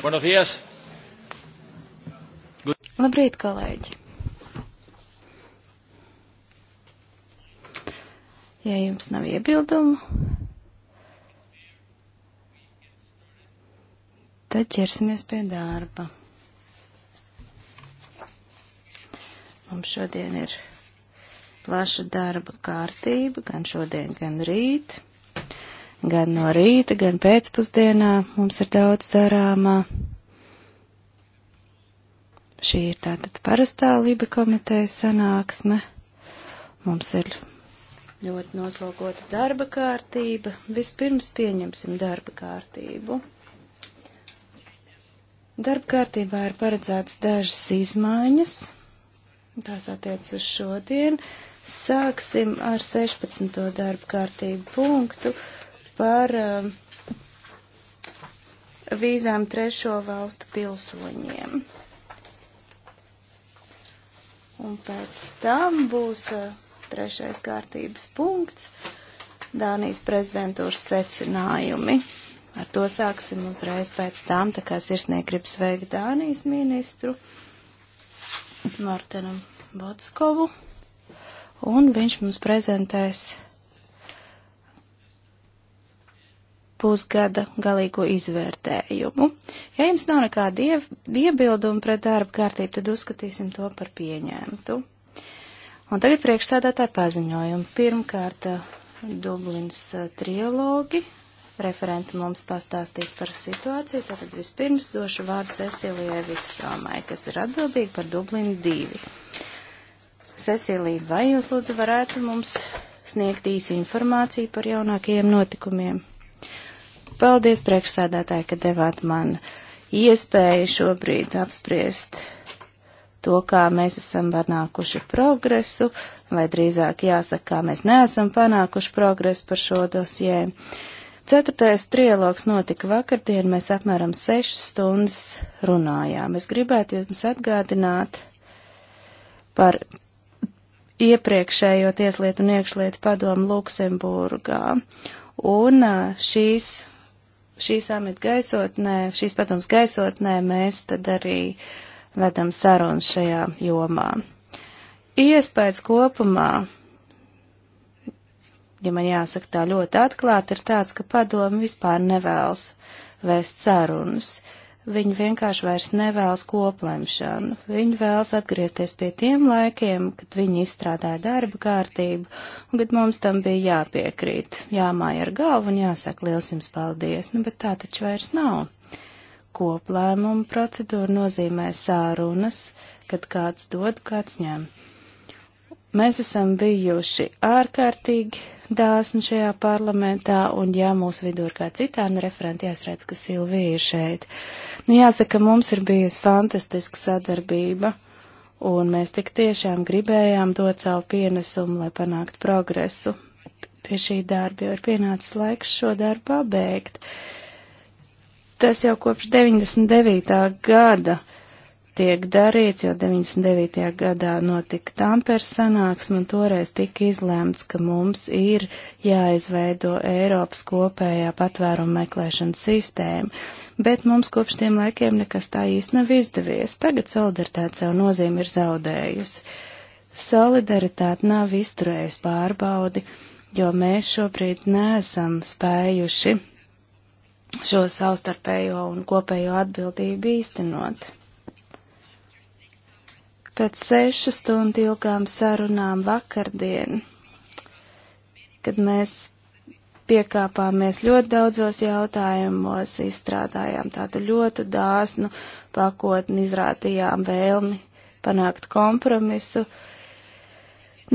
Buenos días. Labrīt, kolēģi. Ja jums nav iebildumu, tad ķersimies pie darba. Mums šodien ir plaša darba kārtība, gan šodien, gan rīt. Gan no rīta, gan pēcpusdienā mums ir daudz darāmā. Šī ir tātad parastā Liba komiteja sanāksme. Mums ir ļoti noslogota darba kārtība. Vispirms pieņemsim darba kārtību. Darba kārtībā ir paredzētas dažas izmaiņas. Tās attiec uz šodien. Sāksim ar 16. darba kārtību punktu par um, vīzām trešo valstu pilsoņiem. Un pēc tam būs uh, trešais kārtības punkts Dānijas prezidentūras secinājumi. Ar to sāksim uzreiz pēc tām, tā kā sirsnieki grib sveikt Dānijas ministru Martinu Botskovu. Un viņš mums prezentēs pusgada galīgo izvērtējumu. Ja jums nav nekāda iebilduma pret darba kārtību, tad uzskatīsim to par pieņemtu. Un tagad priekšstādātāji paziņojumi. Pirmkārt, Dublins eh, trilogi. Referenti mums pastāstīs par situāciju, tātad vispirms došu vārdu Cecilijai Vikstromai, kas ir atbildīga par Dublinu 2. Cecilija, vai jūs lūdzu varētu mums sniegt īsi informāciju par jaunākajiem notikumiem? Paldies priekšsēdētāji, ka devāt man iespēju šobrīd apspriest to, kā mēs esam panākuši progresu, vai drīzāk jāsaka, kā mēs neesam panākuši progresu par šo dosjē. Ceturtais trialogs notika vakardien, mēs apmēram sešas stundas runājām. Es gribētu jums atgādināt par iepriekšējo tieslietu un iekšlietu padomu Luksemburgā. Un šīs šī samita gaisotnē, šīs padomas gaisotnē mēs tad arī vedam sarunas šajā jomā. Iespējas kopumā, ja man jāsaka tā ļoti atklāti, ir tāds, ka padomi vispār nevēlas vēst sarunas. Uh, Viņi vienkārši vairs nevēlas koplemšanu. Viņi vēlas atgriezties pie tiem laikiem, kad viņi izstrādāja darba kārtību, un kad mums tam bija jāpiekrīt, jāmāja ar galvu un jāsaka liels jums paldies. Nu, bet tā taču vairs nav. Koplēmuma procedūra nozīmē sārunas, kad kāds dod, kāds ņem. Mēs esam bijuši ārkārtīgi dāsni šajā parlamentā, un ja mūsu vidū ir kā citāna referenti, jāsredz, ka Silvija ir šeit. Nu, jāsaka, mums ir bijusi fantastiska sadarbība, un mēs tik tiešām gribējām dot savu pienesumu, lai panāktu progresu pie šī darba, jo ir pienācis laiks šo darbu pabeigt. Tas jau kopš 99. gada tiek darīts, jo 99. gadā notika Tampers sanāksme un toreiz tika izlēmts, ka mums ir jāizveido Eiropas kopējā patvēruma meklēšanas sistēma. Bet mums kopš tiem laikiem nekas tā īsti nav izdevies. Tagad solidaritāte savu nozīmi ir zaudējusi. Solidaritāte nav izturējusi pārbaudi, jo mēs šobrīd neesam spējuši šo savstarpējo un kopējo atbildību īstenot pēc sešu stundu ilgām sarunām vakardien, kad mēs piekāpāmies ļoti daudzos jautājumos, izstrādājām tādu ļoti dāsnu pakotni, izrādījām vēlmi panākt kompromisu.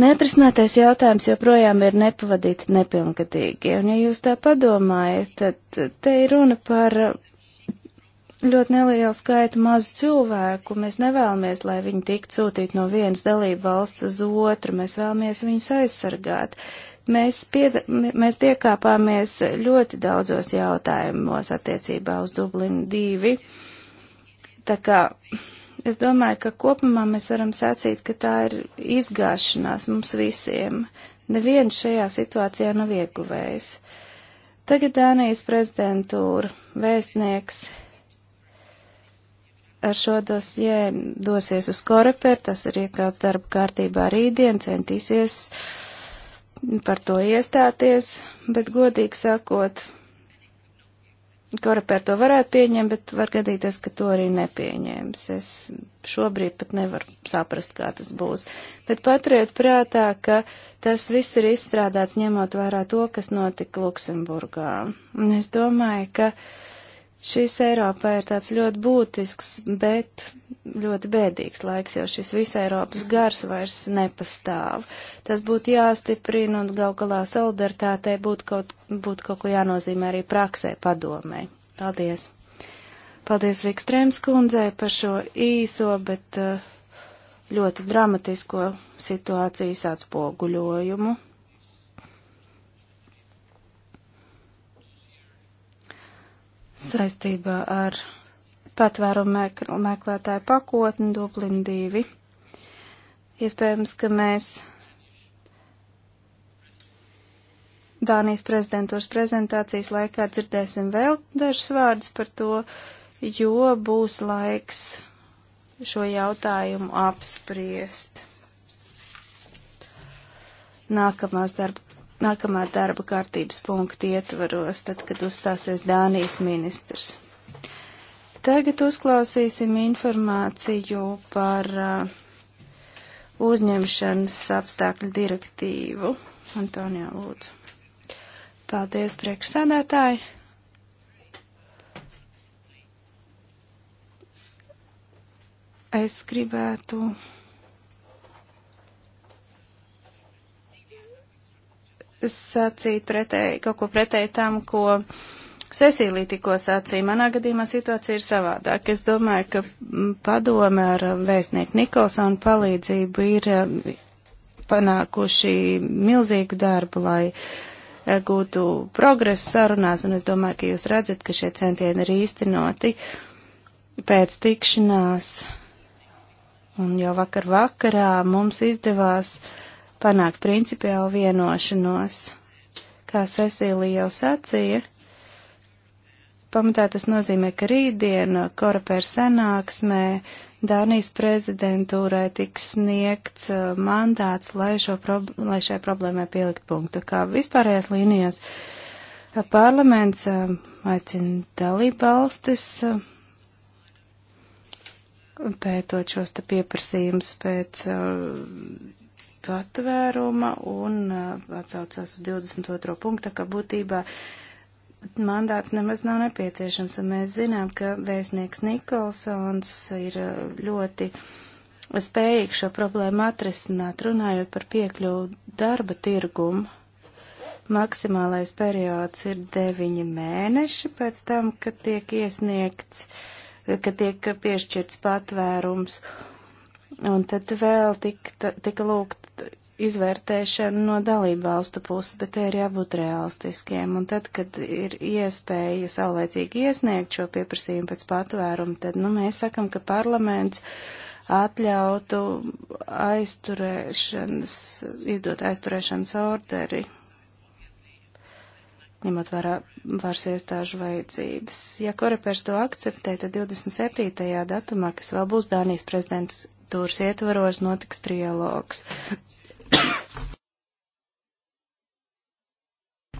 Neatrisinātais jautājums joprojām ir nepavadīti nepilngadīgie, un ja jūs tā padomājat, tad te ir runa par ļoti nelielu skaitu mazu cilvēku. Mēs nevēlamies, lai viņi tiktu sūtīti no vienas dalību valsts uz otru, mēs vēlamies viņus aizsargāt. Mēs, pied, mēs piekāpāmies ļoti daudzos jautājumos attiecībā uz Dublinu 2. Tā kā es domāju, ka kopumā mēs varam sacīt, ka tā ir izgāšanās mums visiem. Neviens šajā situācijā nav ieguvējis. Tagad Dānijas prezidentūra, vēstnieks ar šo dosjē dosies uz koreper, tas ir iekļauts darba kārtībā rītdien, centīsies par to iestāties, bet godīgi sakot, koreper to varētu pieņemt, bet var gadīties, ka to arī nepieņēms. Es šobrīd pat nevaru saprast, kā tas būs. Bet paturiet prātā, ka tas viss ir izstrādāts ņemot vērā to, kas notika Luksemburgā. Un es domāju, ka Šis Eiropā ir tāds ļoti būtisks, bet ļoti bēdīgs laiks, jo šis visa Eiropas gars vairs nepastāv. Tas būtu jāstiprina un gal galā solidaritātei būtu kaut, būtu kaut ko jānozīmē arī praksē padomē. Paldies! Paldies Vikstrēms kundzei par šo īso, bet eh, ļoti dramatisko situācijas atspoguļojumu. saistībā ar patvērumu meklētāju pakotni Dublin 2. Iespējams, ka mēs Dānijas prezidentūras prezentācijas laikā dzirdēsim vēl dažus vārdus par to, jo būs laiks šo jautājumu apspriest. Nākamās darba nākamā darba kārtības punkta ietvaros, tad, kad uzstāsies Dānijas ministrs. Tagad uzklausīsim informāciju par uh, uzņemšanas apstākļu direktīvu. Antonijā lūdzu. Paldies, priekšsēdētāji. Es gribētu sacīt pretēji, kaut ko pretēji tam, ko Cecīlija tikko sacīja. Manā gadījumā situācija ir savādāk. Es domāju, ka mm, padome ar mm, vēstnieku Nikolsonu palīdzību ir mm, panākuši milzīgu darbu, lai gūtu progresu sarunās, un es domāju, ka jūs redzat, ka šie centieni ir īstenoti pēc tikšanās. Un jau vakar vakarā mums izdevās uh, panākt principiālu vienošanos. Kā Cecīlija jau sacīja, pamatā tas nozīmē, ka rītdien Korapēra sanāksmē Dānijas prezidentūrai tiks sniegts uh, mandāts, lai, prob lai šai problēmai pielikt punktu. Kā vispārējās līnijās uh, parlaments uh, aicina dalību valstis pētot šos te pieprasījums pēc uh, patvēruma un uh, atsaucās uz 22. punktu, ka būtībā mandāts nemaz nav nepieciešams, un mēs zinām, ka vēstnieks Nikolsons ir uh, ļoti spējīgs šo problēmu atrisināt, runājot par piekļuvu darba tirgumu. Maksimālais periods ir deviņi mēneši pēc tam, kad tiek iesniegts, kad tiek piešķirts patvērums, Un tad vēl tika, tika lūgt izvērtēšanu no dalību valstu puses, bet te ir jābūt realistiskiem. Un tad, kad ir iespēja saulēcīgi iesniegt šo pieprasījumu pēc patvērumu, tad, nu, mēs sakam, ka parlaments atļautu aizturēšanas, izdot aizturēšanas orderi, ņemot vērā varas iestāžu vajadzības. Ja Korepers to akceptē, tad 27. datumā, kas vēl būs Dānijas prezidents procedūras ietvaros notiks trialogs.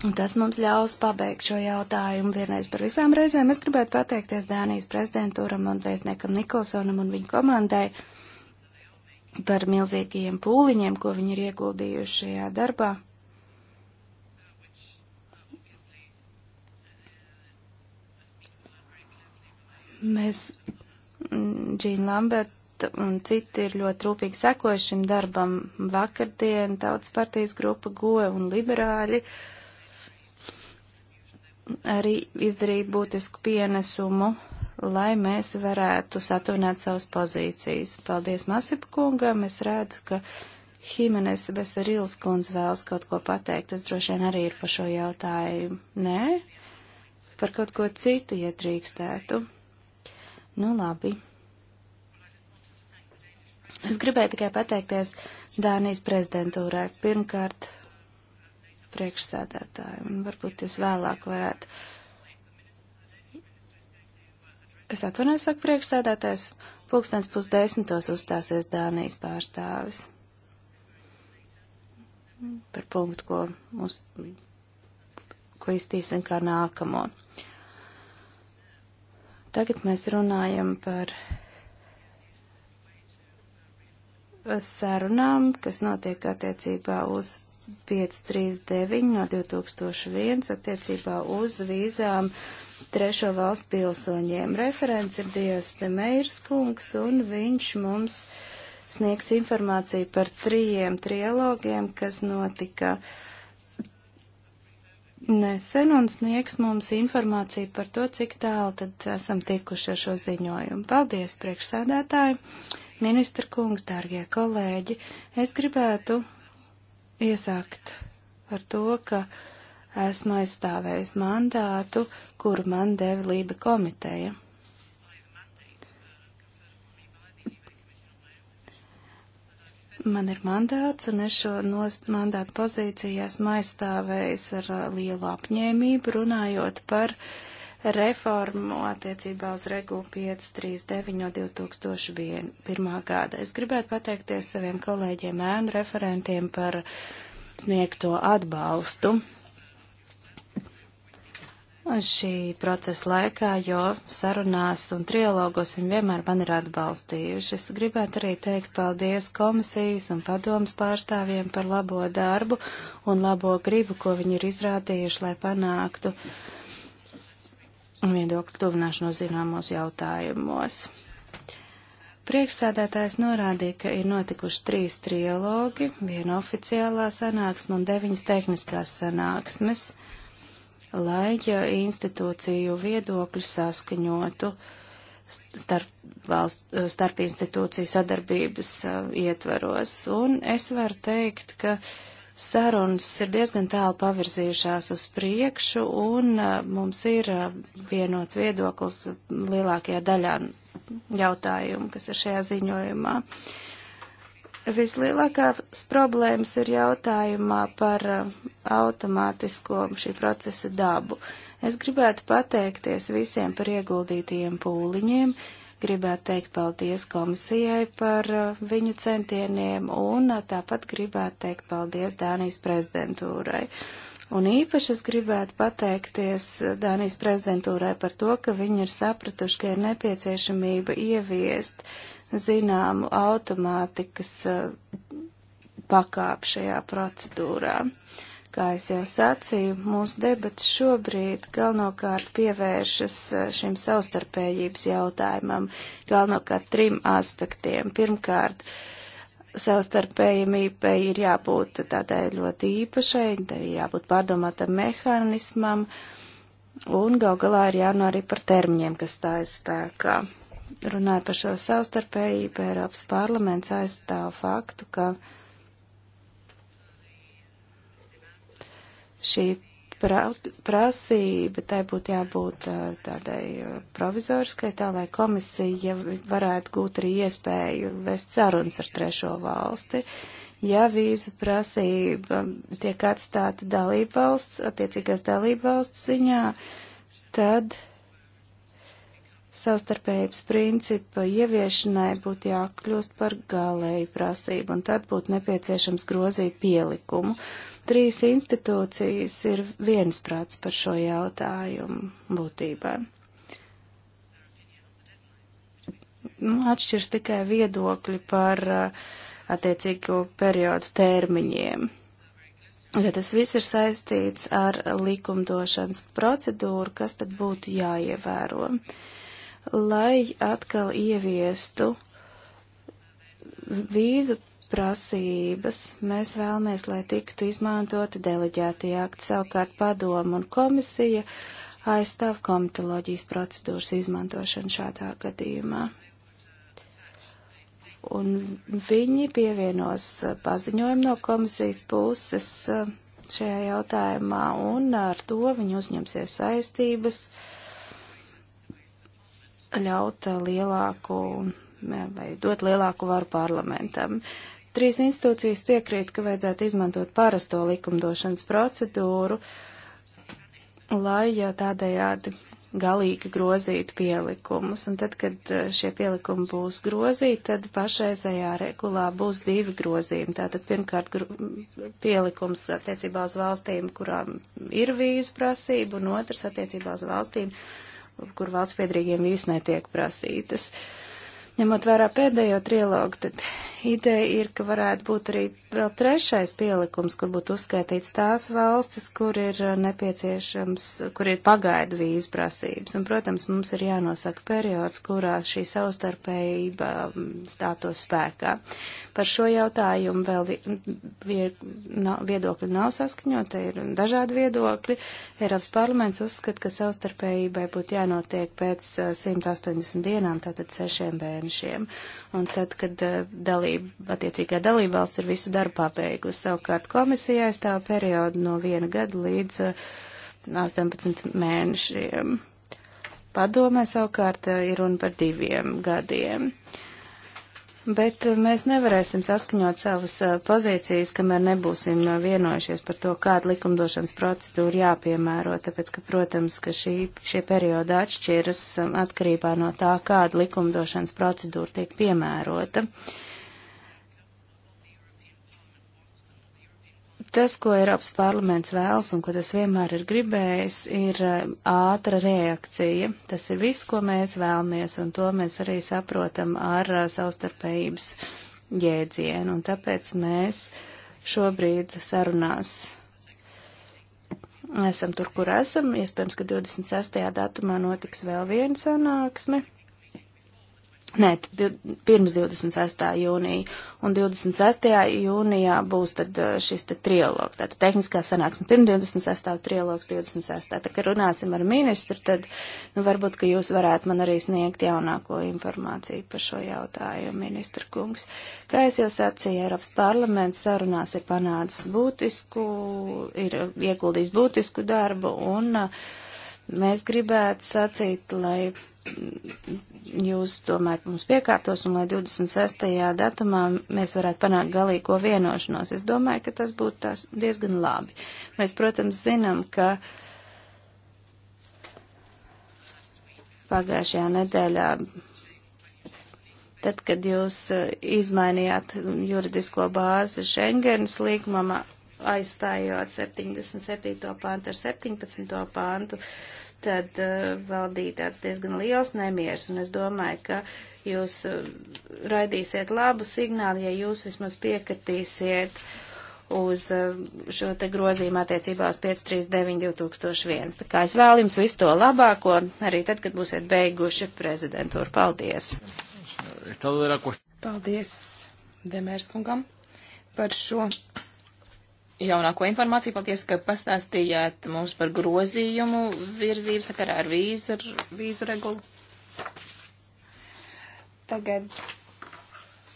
Un tas mums ļaus pabeigt šo jautājumu vienreiz par visām reizēm. Es gribētu pateikties Dānijas prezidentūram un vēstniekam Nikolsonam un viņa komandai par milzīgajiem pūliņiem, ko viņi ir ieguldījuši šajā darbā. Mēs Džīna Lambert un citi ir ļoti rūpīgi sekojuši šim darbam. Vakardien Tautas partijas grupa Goe un liberāļi arī izdarīja būtisku pienesumu, lai mēs varētu satuvināt savas pozīcijas. Paldies Masipa kungam, es redzu, ka Himenes Besarils kundze vēlas kaut ko pateikt, tas droši vien arī ir par šo jautājumu. Nē? Par kaut ko citu ietrīkstētu. Nu labi. Es gribēju tikai pateikties Dānijas prezidentūrai. Pirmkārt, priekšsēdētāji, un varbūt jūs vēlāk varētu. Es atvainojos, saka priekšsēdētājs, pulkstens pusdesmitos uzstāsies Dānijas pārstāvis par punktu, ko, mums, ko iztīsim kā nākamo. Tagad mēs runājam par sarunām, kas notiek attiecībā uz 539 no 2001 attiecībā uz vīzām trešo valstu pilsoņiem. Referents ir Dievs Demeirs kungs, un viņš mums sniegs informāciju par trījiem trialogiem, kas notika nesen, un sniegs mums informāciju par to, cik tālu tad esam tikuši ar šo ziņojumu. Paldies, priekšsēdētāji! Ministra kungs, dārgie kolēģi, es gribētu iesākt ar to, ka esmu aizstāvējis mandātu, kuru man deva Lība komiteja. Man ir mandāts, un es šo nost, mandātu pozīciju esmu aizstāvējis ar uh, lielu apņēmību, runājot par uh, reformu attiecībā uz regulu 539 no 2001. gada. Es gribētu pateikties saviem kolēģiem ēnu referentiem par sniegto atbalstu. Un šī procesa laikā, jo sarunās un trialogos viņi vienmēr man ir atbalstījuši. Es gribētu arī teikt paldies komisijas un padomas pārstāvjiem par labo darbu un labo gribu, ko viņi ir izrādījuši, lai panāktu uh, viedokļu tuvināšanos zināmos jautājumos. Priekšsēdētājs norādīja, ka ir notikuši trīs trilogi, viena oficiālā sanāksme un deviņas tehniskās sanāksmes, lai institūciju viedokļu saskaņotu starp, valst, starp institūciju sadarbības uh, ietvaros. Un es varu teikt, ka uh, sarunas ir diezgan tālu pavirzījušās uz priekšu, un uh, mums ir uh, vienots viedoklis lielākajā daļā jautājumu, kas ir šajā ziņojumā. Vislielākās problēmas ir jautājumā par uh, automātisko šī procesa dabu. Es gribētu pateikties visiem par ieguldītajiem pūliņiem, uh, Gribētu teikt paldies komisijai par uh, viņu centieniem un uh, tāpat gribētu teikt paldies Dānijas prezidentūrai. Un īpaši es gribētu pateikties uh, Dānijas prezidentūrai par to, ka viņi ir sapratuši, ka ir nepieciešamība ieviest zināmu automātikas pakāp šajā procedūrā. Uh, Kā es jau sacīju, mūsu debats šobrīd galvenokārt pievēršas e, šim savstarpējības jautājumam, galvenokārt trim aspektiem. Pirmkārt, savstarpējamībai ir jābūt tādai ļoti īpašai, tai ir jābūt pārdomātam mehānismam, un gal galā ir jāno arī par termiņiem, kas stājas spēkā. Runāju par šo savstarpējību, Eiropas parlaments aizstāv faktu, ka šī pra, prasība, tai būtu jābūt tādai provizoriskai, tā lai komisija varētu gūt arī iespēju vest sarunas ar trešo valsti. Ja vīzu prasība tiek atstāta dalībvalsts, attiecīgās dalībvalsts ziņā, tad savstarpējības principa ieviešanai būtu jākļūst par galēju prasību, un tad būtu nepieciešams grozīt pielikumu. Uh, Trīs institūcijas ir viensprāts par šo jautājumu būtībā. Nu, atšķirs tikai viedokļi par uh, attiecīgo periodu termiņiem. Jo tas viss ir saistīts ar likumdošanas procedūru, kas tad būtu jāievēro, lai atkal ieviestu vīzu prasības. Mēs vēlamies, lai tiktu izmantoti deleģētie akti, savukārt padomu un komisija aizstāv komitoloģijas procedūras izmantošanu šādā gadījumā. Un viņi pievienos paziņojumu no komisijas puses eh, šajā jautājumā, un ar to viņi uzņemsies saistības ļaut lielāku vai dot lielāku varu parlamentam. Uh, Trīs institūcijas piekrīt, ka vajadzētu izmantot parasto likumdošanas procedūru, lai tādējādi galīgi grozītu pielikumus. Un tad, kad e, šie pielikumi būs grozīti, tad pašreizējā regulā būs divi grozījumi. Tātad pirmkārt gru, pielikums attiecībā uz valstīm, kurām ir vīzu prasība, un otrs attiecībā uz valstīm, kur valsts piedrīgiem vīzes netiek prasītas. Ņemot vērā pēdējo trilogu, tad ideja ir, ka varētu būt arī vēl trešais pielikums, kur būtu uzskaitīts tās valstis, kur ir uh, nepieciešams, kur ir pagaidu vīzu prasības. Un, protams, mums ir jānosaka periods, kurā šī savstarpējība um, stātos spēkā. Par šo jautājumu vēl vie, nav, viedokļi nav saskaņoti, ir dažādi viedokļi. Eiropas parlaments uzskata, ka savstarpējībai būtu jānotiek pēc 180 uh, dienām, tātad sešiem bērnišiem un tad, kad eh, dalība, attiecīgā dalībvalsts ir visu darbu pabeigusi. Savukārt komisija aizstāv periodu no viena gada līdz 18 eh, mēnešiem. Padomē savukārt eh, ir runa par diviem gadiem. Uh, bet eh, mēs nevarēsim saskaņot savas eh, pozīcijas, kamēr nebūsim eh, vienojušies par to, kāda likumdošanas procedūra jāpiemēro, tāpēc, ka, protams, ka šī, šie periodi atšķiras atkarībā no tā, kāda likumdošanas procedūra tiek piemērota. Uh, Tas, ko Eiropas parlaments vēlas un ko tas vienmēr ir gribējis, ir eh, ātra reakcija. Tas ir viss, ko mēs vēlamies, un to mēs arī saprotam ar eh, savstarpējības jēdzienu. Un tāpēc mēs šobrīd sarunās esam tur, kur esam. Iespējams, ka 26. datumā notiks vēl viena sanāksme. Nē, pirms 26. jūnija. Un 26. jūnijā būs tad uh, šis te trialogs. Tātad tehniskā sanāksme pirms 26. trialogs 26. Tā kā runāsim ar ministru, tad nu, varbūt, ka jūs varētu man arī sniegt jaunāko informāciju par šo jautājumu, ministra kungs. Kā es jau sacīju, Eiropas parlaments sarunās ir panācis būtisku, ir ieguldījis būtisku darbu un uh, mēs gribētu sacīt, lai jūs tomēr mums piekārtos un lai 26. datumā mēs varētu panākt galīgo vienošanos. Es domāju, ka tas būtu tās diezgan labi. Mēs, protams, zinām, ka pagājušajā nedēļā tad, kad jūs eh, izmainījāt juridisko bāzi Schengenas līgumam, aizstājot 77. pāntu ar 17. pāntu, tad uh, valdīja tāds diezgan liels nemieris, un es domāju, ka jūs uh, raidīsiet labu signālu, ja jūs vismaz piekritīsiet uz uh, šo te grozījumu attiecībā uz 539-2001. Tā kā es vēl jums visu to labāko, arī tad, kad būsiet beiguši prezidentūru. Paldies! Paldies Demērskungam par šo jaunāko informāciju. Paldies, ka pastāstījāt mums par grozījumu virzību sakarā ar vīzu, vīzu regulu. Tagad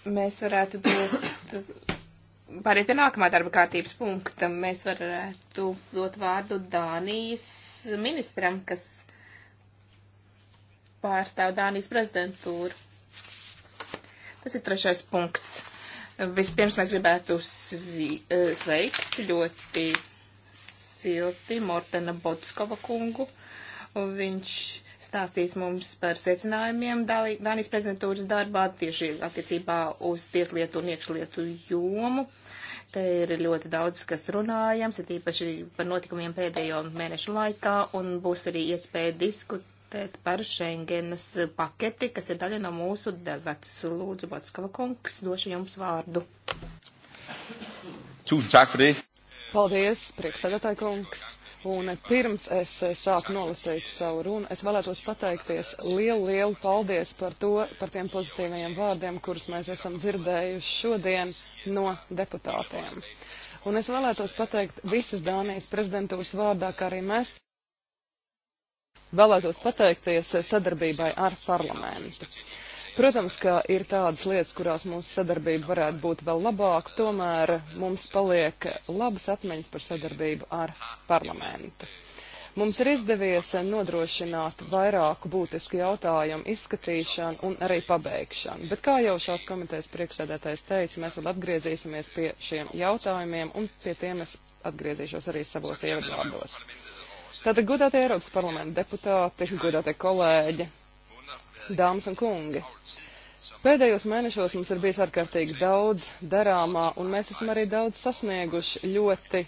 mēs varētu dot pāriet pie nākamā darba kārtības punkta. Mēs varētu dot vārdu Dānijas ministram, kas pārstāv Dānijas prezidentūru. Tas ir trešais punkts. Vispirms mēs gribētu eh, sveikt ļoti silti Mortena Botskova kungu. Viņš stāstīs mums par secinājumiem Dānijas prezidentūras darbā tieši attiecībā uz tieslietu un iekšlietu jomu. Te ir ļoti daudz, kas runājams, ir īpaši par notikumiem pēdējo mēnešu laikā, un būs arī iespēja diskutēt debatēt par Schengenas paketi, kas ir daļa no mūsu debatas. Lūdzu, Batskava kungs, došu jums vārdu. Paldies, priekšsēdētāji kungs. Un pirms es sāku nolasīt savu runu, es vēlētos pateikties lielu, lielu paldies par to, par tiem pozitīvajiem vārdiem, kurus mēs esam dzirdējuši šodien no deputātiem. Un es vēlētos pateikt visas Dānijas prezidentūras vārdā, kā arī mēs Vēlētos pateikties sadarbībai ar parlamentu. Protams, ka ir tādas lietas, kurās mūsu sadarbība varētu būt vēl labāka, tomēr mums paliek labas atmiņas par sadarbību ar parlamentu. Mums ir izdevies nodrošināt vairāku būtisku jautājumu izskatīšanu un arī pabeigšanu. Bet kā jau šās komitejas priekšsēdētājs teica, mēs vēl atgriezīsimies pie šiem jautājumiem un pie tiem es atgriezīšos arī savos ievadvārdos. Tātad, godātie Eiropas parlamenta deputāti, godātie kolēģi, dāmas un kungi. Pēdējos mēnešos mums ir bijis ārkārtīgi daudz darāmā, un mēs esam arī daudz sasnieguši ļoti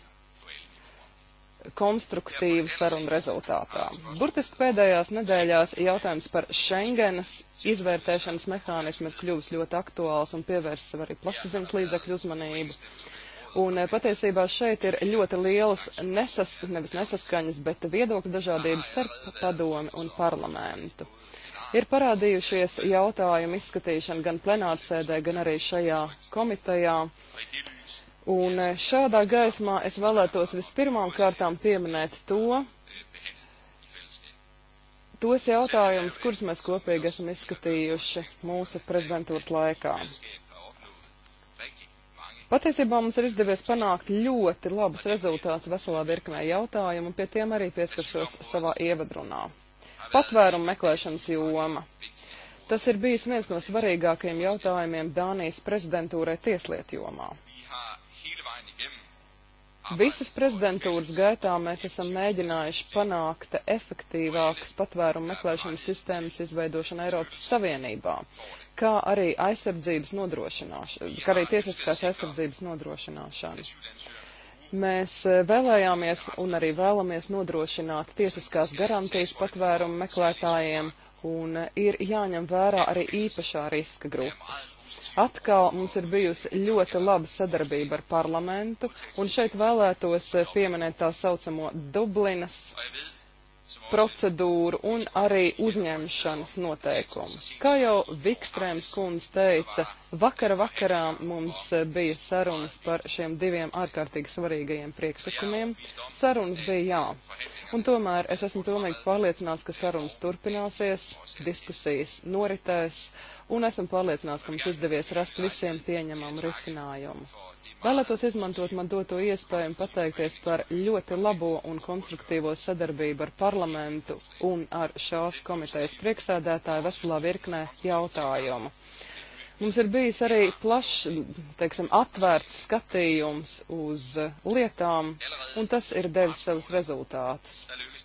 konstruktīvu sarunu rezultātā. Burtiski pēdējās nedēļās jautājums par Schengenas izvērtēšanas mehānismu ir kļuvis ļoti aktuāls un pievērsts arī plašsaziņas līdzakļu uzmanību. Un eh, patiesībā šeit ir ļoti lielas nesas, nevis nesaskaņas, bet viedokļu dažādības starp padomi un parlamentu. Ir parādījušies jautājumu izskatīšana gan plenārsēdē, gan arī šajā komitejā. Un eh, šādā gaismā es vēlētos vispirmām kārtām pieminēt to, tos jautājumus, kurus mēs kopīgi esam izskatījuši mūsu prezidentūras laikā. Patiesībā mums ir izdevies panākt ļoti labus rezultātus veselā virknē jautājumu, un pie tiem arī pieskaršos savā ievadrunā. Patvērumu meklēšanas joma. Tas ir bijis viens no svarīgākajiem jautājumiem Dānijas prezidentūrai tieslietu jomā. Visas prezidentūras gaitā mēs esam mēģinājuši panākt efektīvākas patvērumu meklēšanas sistēmas izveidošanu Eiropas Savienībā kā arī aizsardzības nodrošināšana, kā arī tiesiskās aizsardzības nodrošināšana. Mēs eh, vēlējāmies un arī vēlamies nodrošināt tiesiskās garantijas patvērumu meklētājiem un eh, ir jāņem vērā arī īpašā riska grupas. Atkal mums ir bijusi ļoti laba sadarbība ar parlamentu, un šeit vēlētos eh, pieminēt tā saucamo Dublinas procedūru un arī uzņemšanas noteikumus. Kā jau Vikstrēms kundze teica, vakara vakarā mums bija sarunas par šiem diviem ārkārtīgi svarīgajiem priekšlikumiem. Sarunas bija jā. Un tomēr es esmu pilnīgi pārliecināts, ka sarunas turpināsies, diskusijas noritēs, un esmu pārliecināts, ka mums izdevies rast visiem pieņemamu risinājumu. Vēlētos izmantot man doto iespēju un pateikties par ļoti labo un konstruktīvo sadarbību ar parlamentu un ar šās komitejas priekšsēdētāju veselā virknē jautājumu. Mums ir bijis arī plašs, teiksim, atvērts skatījums uz lietām, un tas ir devis savus rezultātus.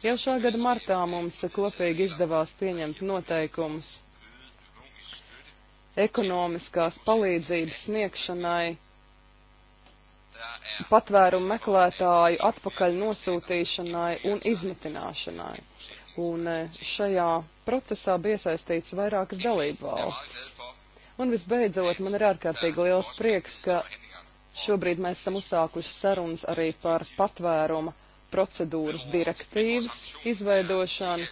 Jau šā gada martā mums kopīgi izdevās pieņemt noteikumus ekonomiskās palīdzības sniegšanai patvērumu meklētāju atpakaļ nosūtīšanai un izmitināšanai. Un e, šajā procesā bija iesaistīts vairākas dalību valstis. Un visbeidzot, man ir ārkārtīgi liels prieks, ka šobrīd mēs esam uzsākuši sarunas arī par patvērumu procedūras direktīvas izveidošanu,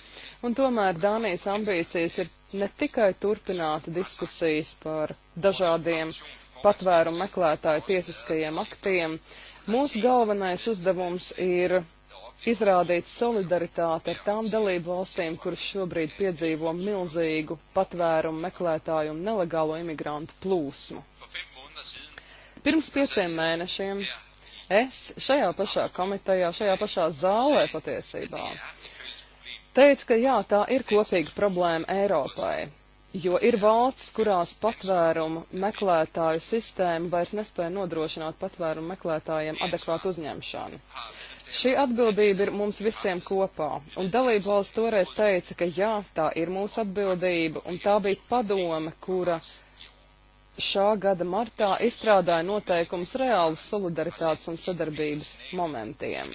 un tomēr Dānijas ambīcijas ir ne tikai turpināt diskusijas par dažādiem patvērumu meklētāju tiesiskajiem aktiem. Mūsu galvenais uzdevums ir izrādīt solidaritāti ar tām dalību valstīm, kuras šobrīd piedzīvo milzīgu patvērumu meklētāju un nelegālo imigrantu plūsmu. Pirms pieciem mēnešiem es šajā pašā komitejā, šajā pašā zālē patiesībā teicu, ka jā, tā ir kopīga problēma Eiropai jo ir valsts, kurās patvērumu meklētāju sistēma vairs nespēja nodrošināt patvērumu meklētājiem adekvātu uzņemšanu. Šī atbildība ir mums visiem kopā, un dalība valsts toreiz teica, ka jā, tā ir mūsu atbildība, un tā bija padome, kura šā gada martā izstrādāja noteikumus reālus solidaritātes un sadarbības momentiem.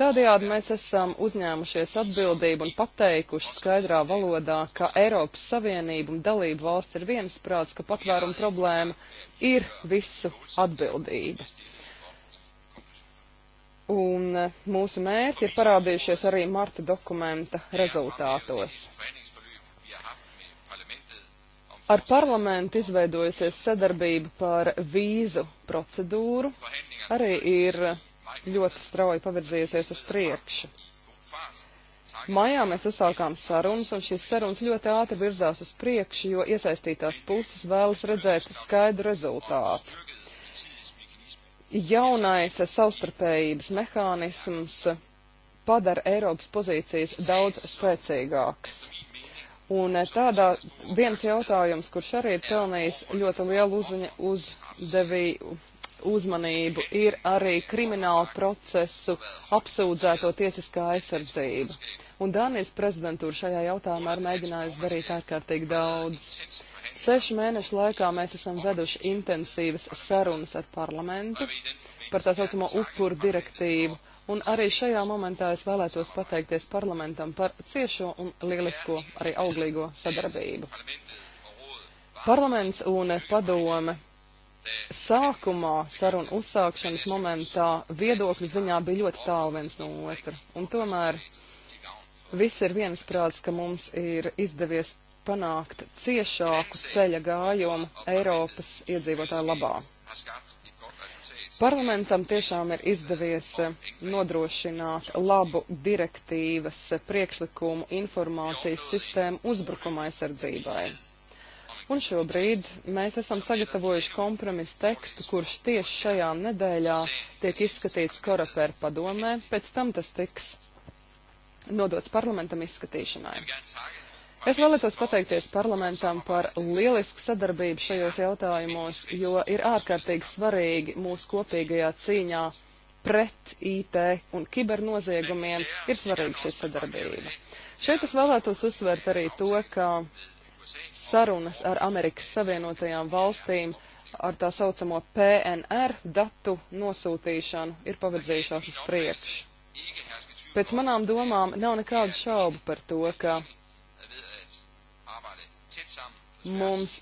Tādējādi mēs esam uzņēmušies atbildību un pateikuši skaidrā valodā, ka Eiropas Savienība un dalību valsts ir viensprāts, ka patvērumu problēma ir visu atbildība. Un e, mūsu mērķi ir parādījušies arī marta dokumenta rezultātos. Ar parlamentu izveidojusies sadarbība par vīzu procedūru. Arī ir ļoti strauji pavirzījusies uz priekšu. Maijā mēs uzsākām sarunas, un šīs sarunas ļoti ātri virzās uz priekšu, jo iesaistītās puses vēlas redzēt skaidru rezultātu. Jaunais savstarpējības mehānisms padara Eiropas pozīcijas daudz spēcīgākas. Un eh, tādā viens jautājums, kurš arī ir pelnījis ļoti lielu uzdevi, uzmanību ir arī kriminālu procesu apsūdzēto tiesiskā aizsardzība. Un Dānijas prezidentūra šajā jautājumā ir mēģinājusi darīt ārkārtīgi daudz. Sešu mēnešu laikā mēs esam veduši intensīvas sarunas ar parlamentu par tā saucamo upuru direktīvu. Un arī šajā momentā es vēlētos pateikties parlamentam par ciešo un lielisko, arī auglīgo sadarbību. Parlaments un padome sākumā, sarunu uzsākšanas momentā, viedokļu ziņā bija ļoti tālu viens no otra. Un tomēr viss ir viensprāts, ka mums ir izdevies panākt ciešāku ceļa gājumu Eiropas iedzīvotāju labā. Parlamentam tiešām ir izdevies nodrošināt labu direktīvas priekšlikumu informācijas sistēmu uzbrukuma aizsardzībai. Un šobrīd mēs esam sagatavojuši kompromisu tekstu, kurš tieši šajā nedēļā tiek izskatīts Koreper padomē, pēc tam tas tiks nodots parlamentam izskatīšanai. Es vēlētos pateikties parlamentam par lielisku sadarbību šajos jautājumos, jo ir ārkārtīgi svarīgi mūsu kopīgajā cīņā pret IT un kibernoziegumiem ir svarīga šī sadarbība. Šeit es vēlētos uzsvērt arī to, ka sarunas ar Amerikas Savienotajām valstīm ar tā saucamo PNR datu nosūtīšanu ir pavedzījušās uz priekšu. Pēc manām domām nav nekādu šaubu par to, ka mums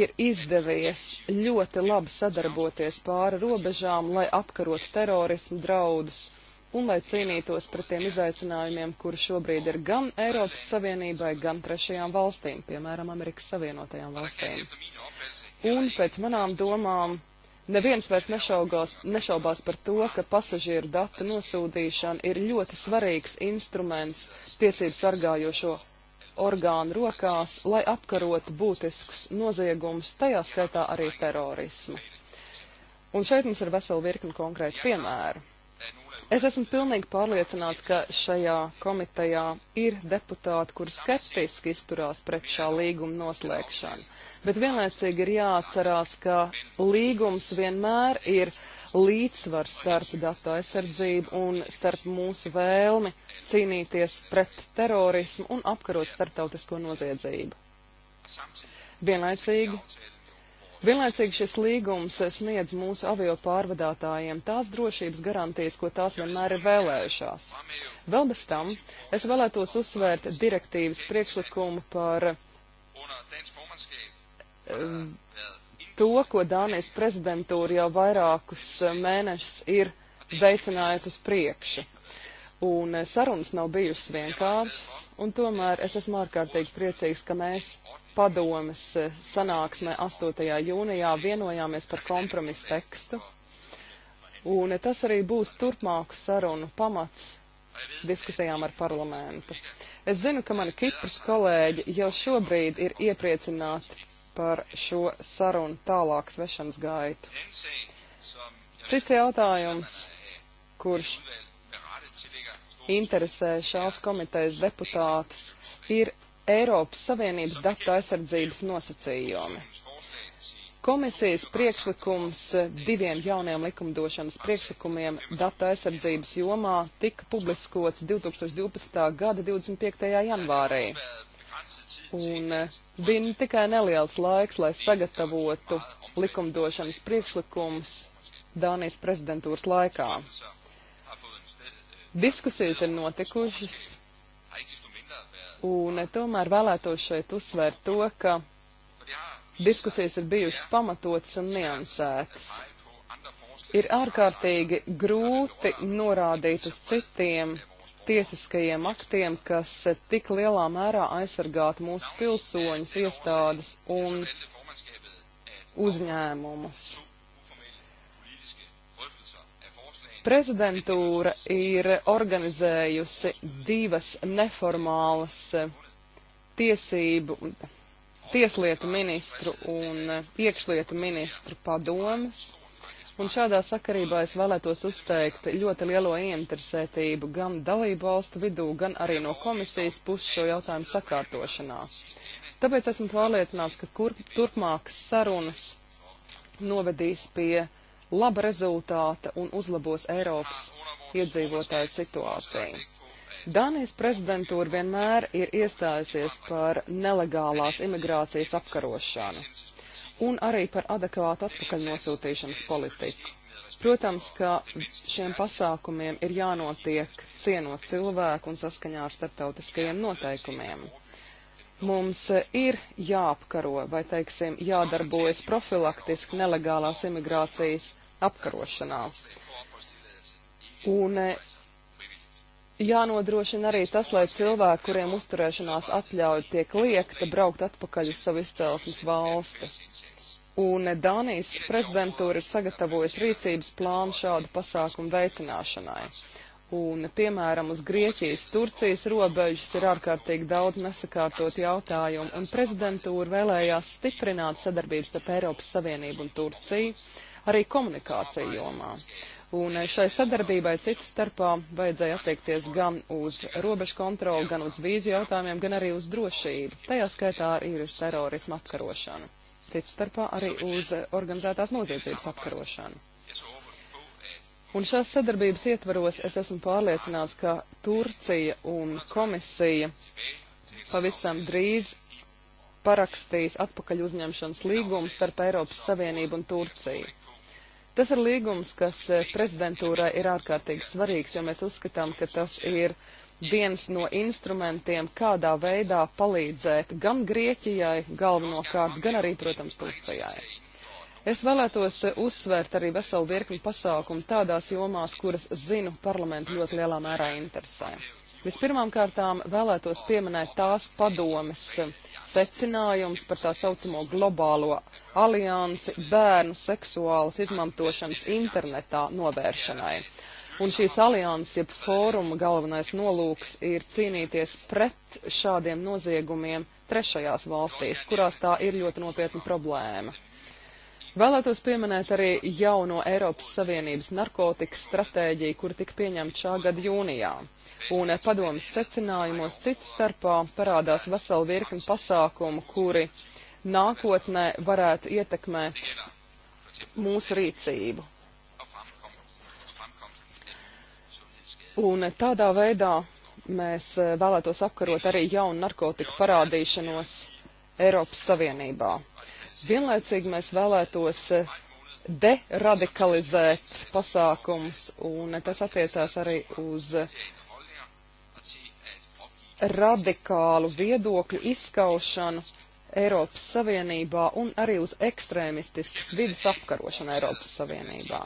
ir izdevies ļoti labi sadarboties pāri robežām, lai apkarotu terorismu draudus un lai cīnītos pret tiem izaicinājumiem, kuri šobrīd ir gan Eiropas Savienībai, gan trešajām valstīm, piemēram, Amerikas Savienotajām valstīm. Un pēc manām domām neviens vairs nešaugās, nešaubās par to, ka pasažieru datu nosūtīšana ir ļoti svarīgs instruments tiesību sargājošo orgānu rokās, lai apkarotu būtiskus noziegumus, tajā skaitā arī terorismu. Un šeit mums ir vesela virkni konkrēti piemēri. Es esmu pilnīgi pārliecināts, ka šajā komitejā ir deputāti, kur skeptiski izturās pret šā līguma noslēgšanu. Bet vienlaicīgi ir jāatcerās, ka līgums vienmēr ir līdzsvars starp datu aizsardzību un starp mūsu vēlmi cīnīties pret terorismu un apkarot starptautisko noziedzību. Vienlaicīgi Vienlaicīgi šis līgums sniedz mūsu avio pārvadātājiem tās drošības garantijas, ko tās vienmēr ir vēlējušās. Vēl bez tam es vēlētos uzsvērt direktīvas priekšlikumu par eh, to, ko Dānijas prezidentūra jau vairākus mēnešus ir veicinājusi uz priekšu. Un eh, sarunas nav bijušas vienkāršas, un tomēr es esmu ārkārtīgi priecīgs, ka mēs padomes eh, sanāksmē 8. jūnijā vienojāmies par kompromisu tekstu. Un eh, tas arī būs turpmāku sarunu pamats diskusijām ar parlamentu. Es zinu, ka mani Kipras kolēģi jau šobrīd ir iepriecināti par šo sarunu tālāk svešanas gaitu. Cits jautājums, kurš interesē šās komitejas deputātus, ir Eiropas Savienības datu aizsardzības nosacījumi. Komisijas priekšlikums diviem jauniem likumdošanas priekšlikumiem data aizsardzības jomā tika publiskots 2012. gada 25. janvārī. Un bija tikai neliels laiks, lai sagatavotu likumdošanas priekšlikumus Dānijas prezidentūras laikā. Diskusijas ir notikušas, un tomēr vēlētos šeit uzsvērt to, ka diskusijas ir bijušas pamatotas un niansētas. Ir ārkārtīgi grūti norādīt uz citiem tiesiskajiem aktiem, kas tik lielā mērā aizsargātu mūsu pilsoņus, iestādes un uzņēmumus. Prezidentūra ir organizējusi divas neformālas eh, tiesību, tieslietu ministru un eh, iekšlietu ministru padomas. Un šādā sakarībā es vēlētos uzteikt ļoti lielo ieinteresētību gan dalību valstu vidū, gan arī no komisijas puses šo jautājumu sakārtošanā. Tāpēc esmu pārliecināts, ka kur, turpmākas sarunas novedīs pie laba rezultāta un uzlabos Eiropas iedzīvotāju situāciju. Danijas prezidentūra vienmēr ir iestājusies par nelegālās imigrācijas apkarošanu un arī par adekvātu atpakaļnosūtīšanas politiku. Protams, ka šiem pasākumiem ir jānotiek cienot cilvēku un saskaņā ar starptautiskajiem noteikumiem. Mums ir jāapkaro vai, teiksim, jādarbojas profilaktiski nelegālās imigrācijas apkarošanā. Un e, jānodrošina arī tas, lai cilvēki, kuriem uzturēšanās atļauja tiek liekta, braukt atpakaļ uz savu izcelsmes valsti. Un e, Dānijas prezidentūra ir sagatavojusi rīcības plānu šādu pasākumu veicināšanai. Un, piemēram, uz Grieķijas, Turcijas robežas ir ārkārtīgi daudz nesakārtot jautājumu, un prezidentūra vēlējās stiprināt sadarbības starp Eiropas Savienību un Turciju arī komunikācija jomā. Un eh, šai sadarbībai citu starpā vajadzēja attiekties gan uz robežu kontroli, gan uz vīzu jautājumiem, gan arī uz drošību. Tajā skaitā ir uz terorismu apkarošanu. Citu starpā arī uz organizētās noziedzības apkarošanu. Un šās sadarbības ietvaros es esmu pārliecināts, ka Turcija un komisija pavisam drīz parakstīs atpakaļ uzņemšanas līgumu starp Eiropas Savienību un Turciju. Tas ir līgums, kas eh, prezidentūrai ir ārkārtīgi svarīgs, jo mēs uzskatām, ka tas ir viens no instrumentiem, kādā veidā palīdzēt gan Grieķijai galvenokārt, gan arī, protams, Turcijai. Es vēlētos eh, uzsvērt arī veselu virkni pasākumu tādās jomās, kuras zinu parlamentu ļoti lielā mērā interesē. Vispirmām kārtām vēlētos pieminēt tās padomes, uh, secinājums par tā saucamo globālo aliansi bērnu seksuālas izmantošanas internetā novēršanai. Un šīs alianses, jeb fóruma galvenais nolūks ir cīnīties pret šādiem noziegumiem trešajās valstīs, kurās tā ir ļoti nopietna problēma. Vēlētos pieminēt arī jauno Eiropas Savienības narkotikas stratēģiju, kur tika pieņemta šā gada jūnijā un eh, padomas secinājumos citu starpā parādās vesela virkni pasākumu, kuri nākotnē varētu ietekmēt mūsu rīcību. Un eh, tādā veidā mēs eh, vēlētos apkarot arī jaunu narkotiku parādīšanos Eiropas Savienībā. Vienlaicīgi mēs vēlētos deradikalizēt pasākums, un tas attiecās arī uz radikālu viedokļu izskaušanu Eiropas Savienībā un arī uz ekstrēmistiskas vidas apkarošanu Eiropas Savienībā.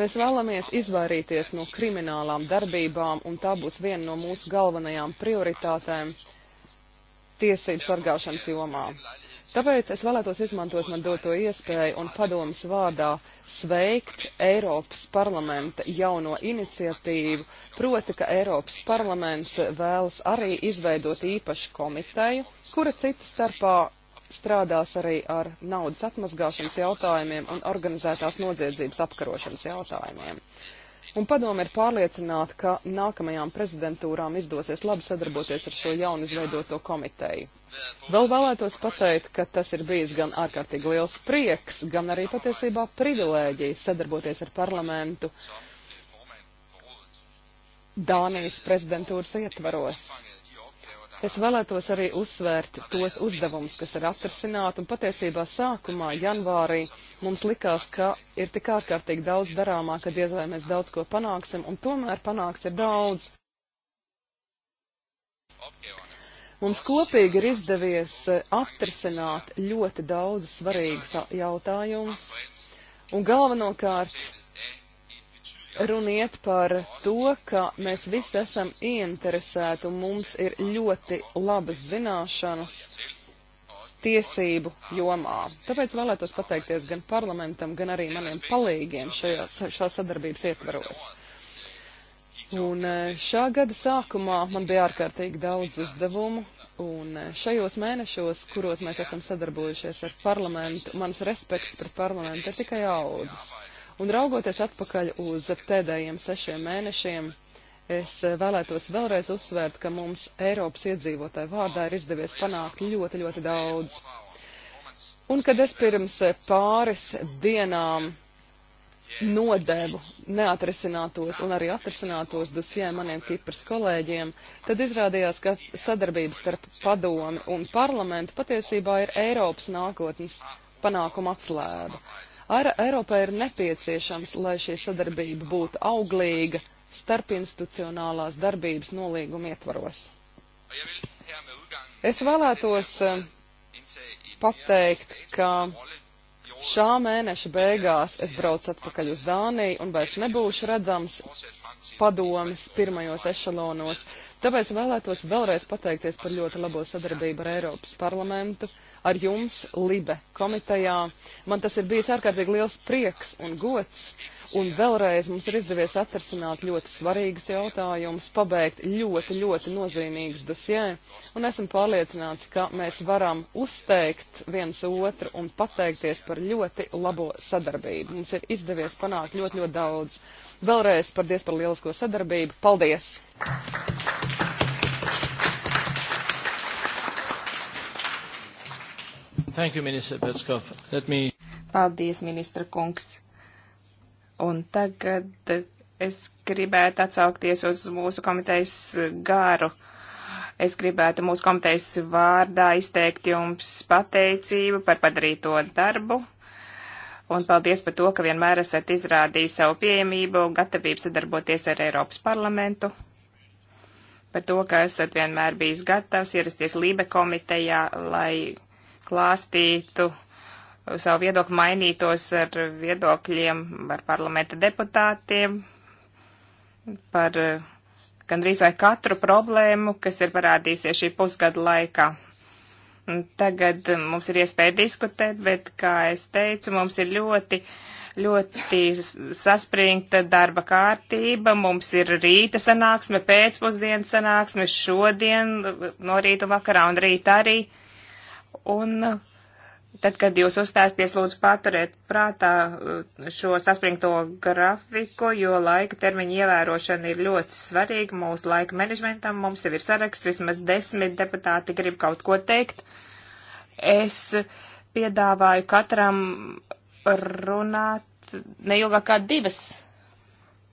Mēs vēlamies izvairīties no kriminālām darbībām, un tā būs viena no mūsu galvenajām prioritātēm tiesību sargāšanas jomā. Tāpēc es vēlētos izmantot man doto iespēju un padomas vārdā sveikt Eiropas parlamenta jauno iniciatīvu, proti, ka Eiropas parlaments vēlas arī izveidot īpašu komiteju, kura citu starpā strādās arī ar naudas atmazgāšanas jautājumiem un organizētās noziedzības apkarošanas jautājumiem. Un padomi ir pārliecināti, ka nākamajām prezidentūrām izdosies labi sadarboties ar šo jaunizveidoto komiteju. Vēl vēlētos pateikt, ka tas ir bijis gan ārkārtīgi liels prieks, gan arī patiesībā privilēģijas sadarboties ar parlamentu Dānijas prezidentūras ietvaros. Es vēlētos arī uzsvērt tos uzdevumus, kas ir atrasināti, un patiesībā sākumā janvārī mums likās, ka ir tik ārkārtīgi daudz darāmā, ka diez vai mēs daudz ko panāksim, un tomēr panāks ir daudz. Okay, Mums kopīgi ir izdevies eh, atrisināt ļoti daudz svarīgus jautājumus, un galvenokārt runiet par to, ka mēs visi esam ieinteresēti un mums ir ļoti labas zināšanas tiesību jomā. Tāpēc vēlētos pateikties gan parlamentam, gan arī maniem palīgiem šajā, šā sadarbības ietvaros. Un e, šā gada sākumā man bija ārkārtīgi daudz uzdevumu, un e, šajos mēnešos, kuros mēs esam sadarbojušies ar parlamentu, mans respekts pret parlamentu ir tikai audzis. Un raugoties atpakaļ uz pēdējiem sešiem mēnešiem, Es e, vēlētos vēlreiz uzsvērt, ka mums Eiropas iedzīvotāju vārdā ir izdevies panākt ļoti, ļoti daudz. Un kad es pirms pāris dienām nodevu neatrisinātos un arī atrisinātos dosjē maniem Kipras kolēģiem, tad izrādījās, ka sadarbības starp padomi un parlamentu patiesībā ir Eiropas nākotnes panākuma atslēga. Ar Eiropai ir nepieciešams, lai šī sadarbība būtu auglīga starpinstitucionālās darbības nolīguma ietvaros. Es vēlētos eh, pateikt, ka Šā mēneša beigās es braucu atpakaļ uz Dāniju un vairs nebūšu redzams padomis pirmajos ešalonos. Tāpēc vēlētos vēlreiz pateikties par ļoti labo sadarbību ar Eiropas parlamentu ar jums Libe komitejā. Man tas ir bijis ārkārtīgi liels prieks un gods, un vēlreiz mums ir izdevies atrasināt ļoti svarīgus jautājumus, pabeigt ļoti, ļoti nozīmīgus dosjē, un esmu pārliecināts, ka mēs varam uzteikt viens otru un pateikties par ļoti labo sadarbību. Mums ir izdevies panākt ļoti, ļoti daudz. Vēlreiz paldies par lielisko sadarbību. Paldies! Thank you. Thank you, Minister Petskov. Let me... Paldies, ministra kungs. Un tagad es gribētu atsaukties uz mūsu komitejas garu. Es gribētu mūsu komitejas vārdā izteikt jums pateicību par padarīto darbu. Un paldies par to, ka vienmēr esat izrādījis savu pieejamību, gatavību sadarboties ar Eiropas parlamentu. Par to, ka esat vienmēr bijis gatavs ierasties Lībe komitejā, lai klāstītu uh, savu viedokli, mainītos ar viedokļiem ar parlamenta deputātiem par uh, gandrīz vai katru problēmu, kas ir parādīsies šī pusgada laikā. Tagad uh, mums ir iespēja diskutēt, bet, kā es teicu, mums ir ļoti, ļoti saspringta darba kārtība. Mums ir rīta sanāksme, pēcpusdienas sanāksme, šodien, no rīta vakarā un rīt arī. Uh, Un uh, tad, kad jūs uzstāsties, lūdzu paturēt prātā uh, šo saspringto grafiku, jo laika termiņa ievērošana ir ļoti svarīga mūsu laika menedžmentam. Mums jau ir saraksts, vismaz desmit deputāti grib kaut ko teikt. Es piedāvāju katram runāt neilgāk kā divas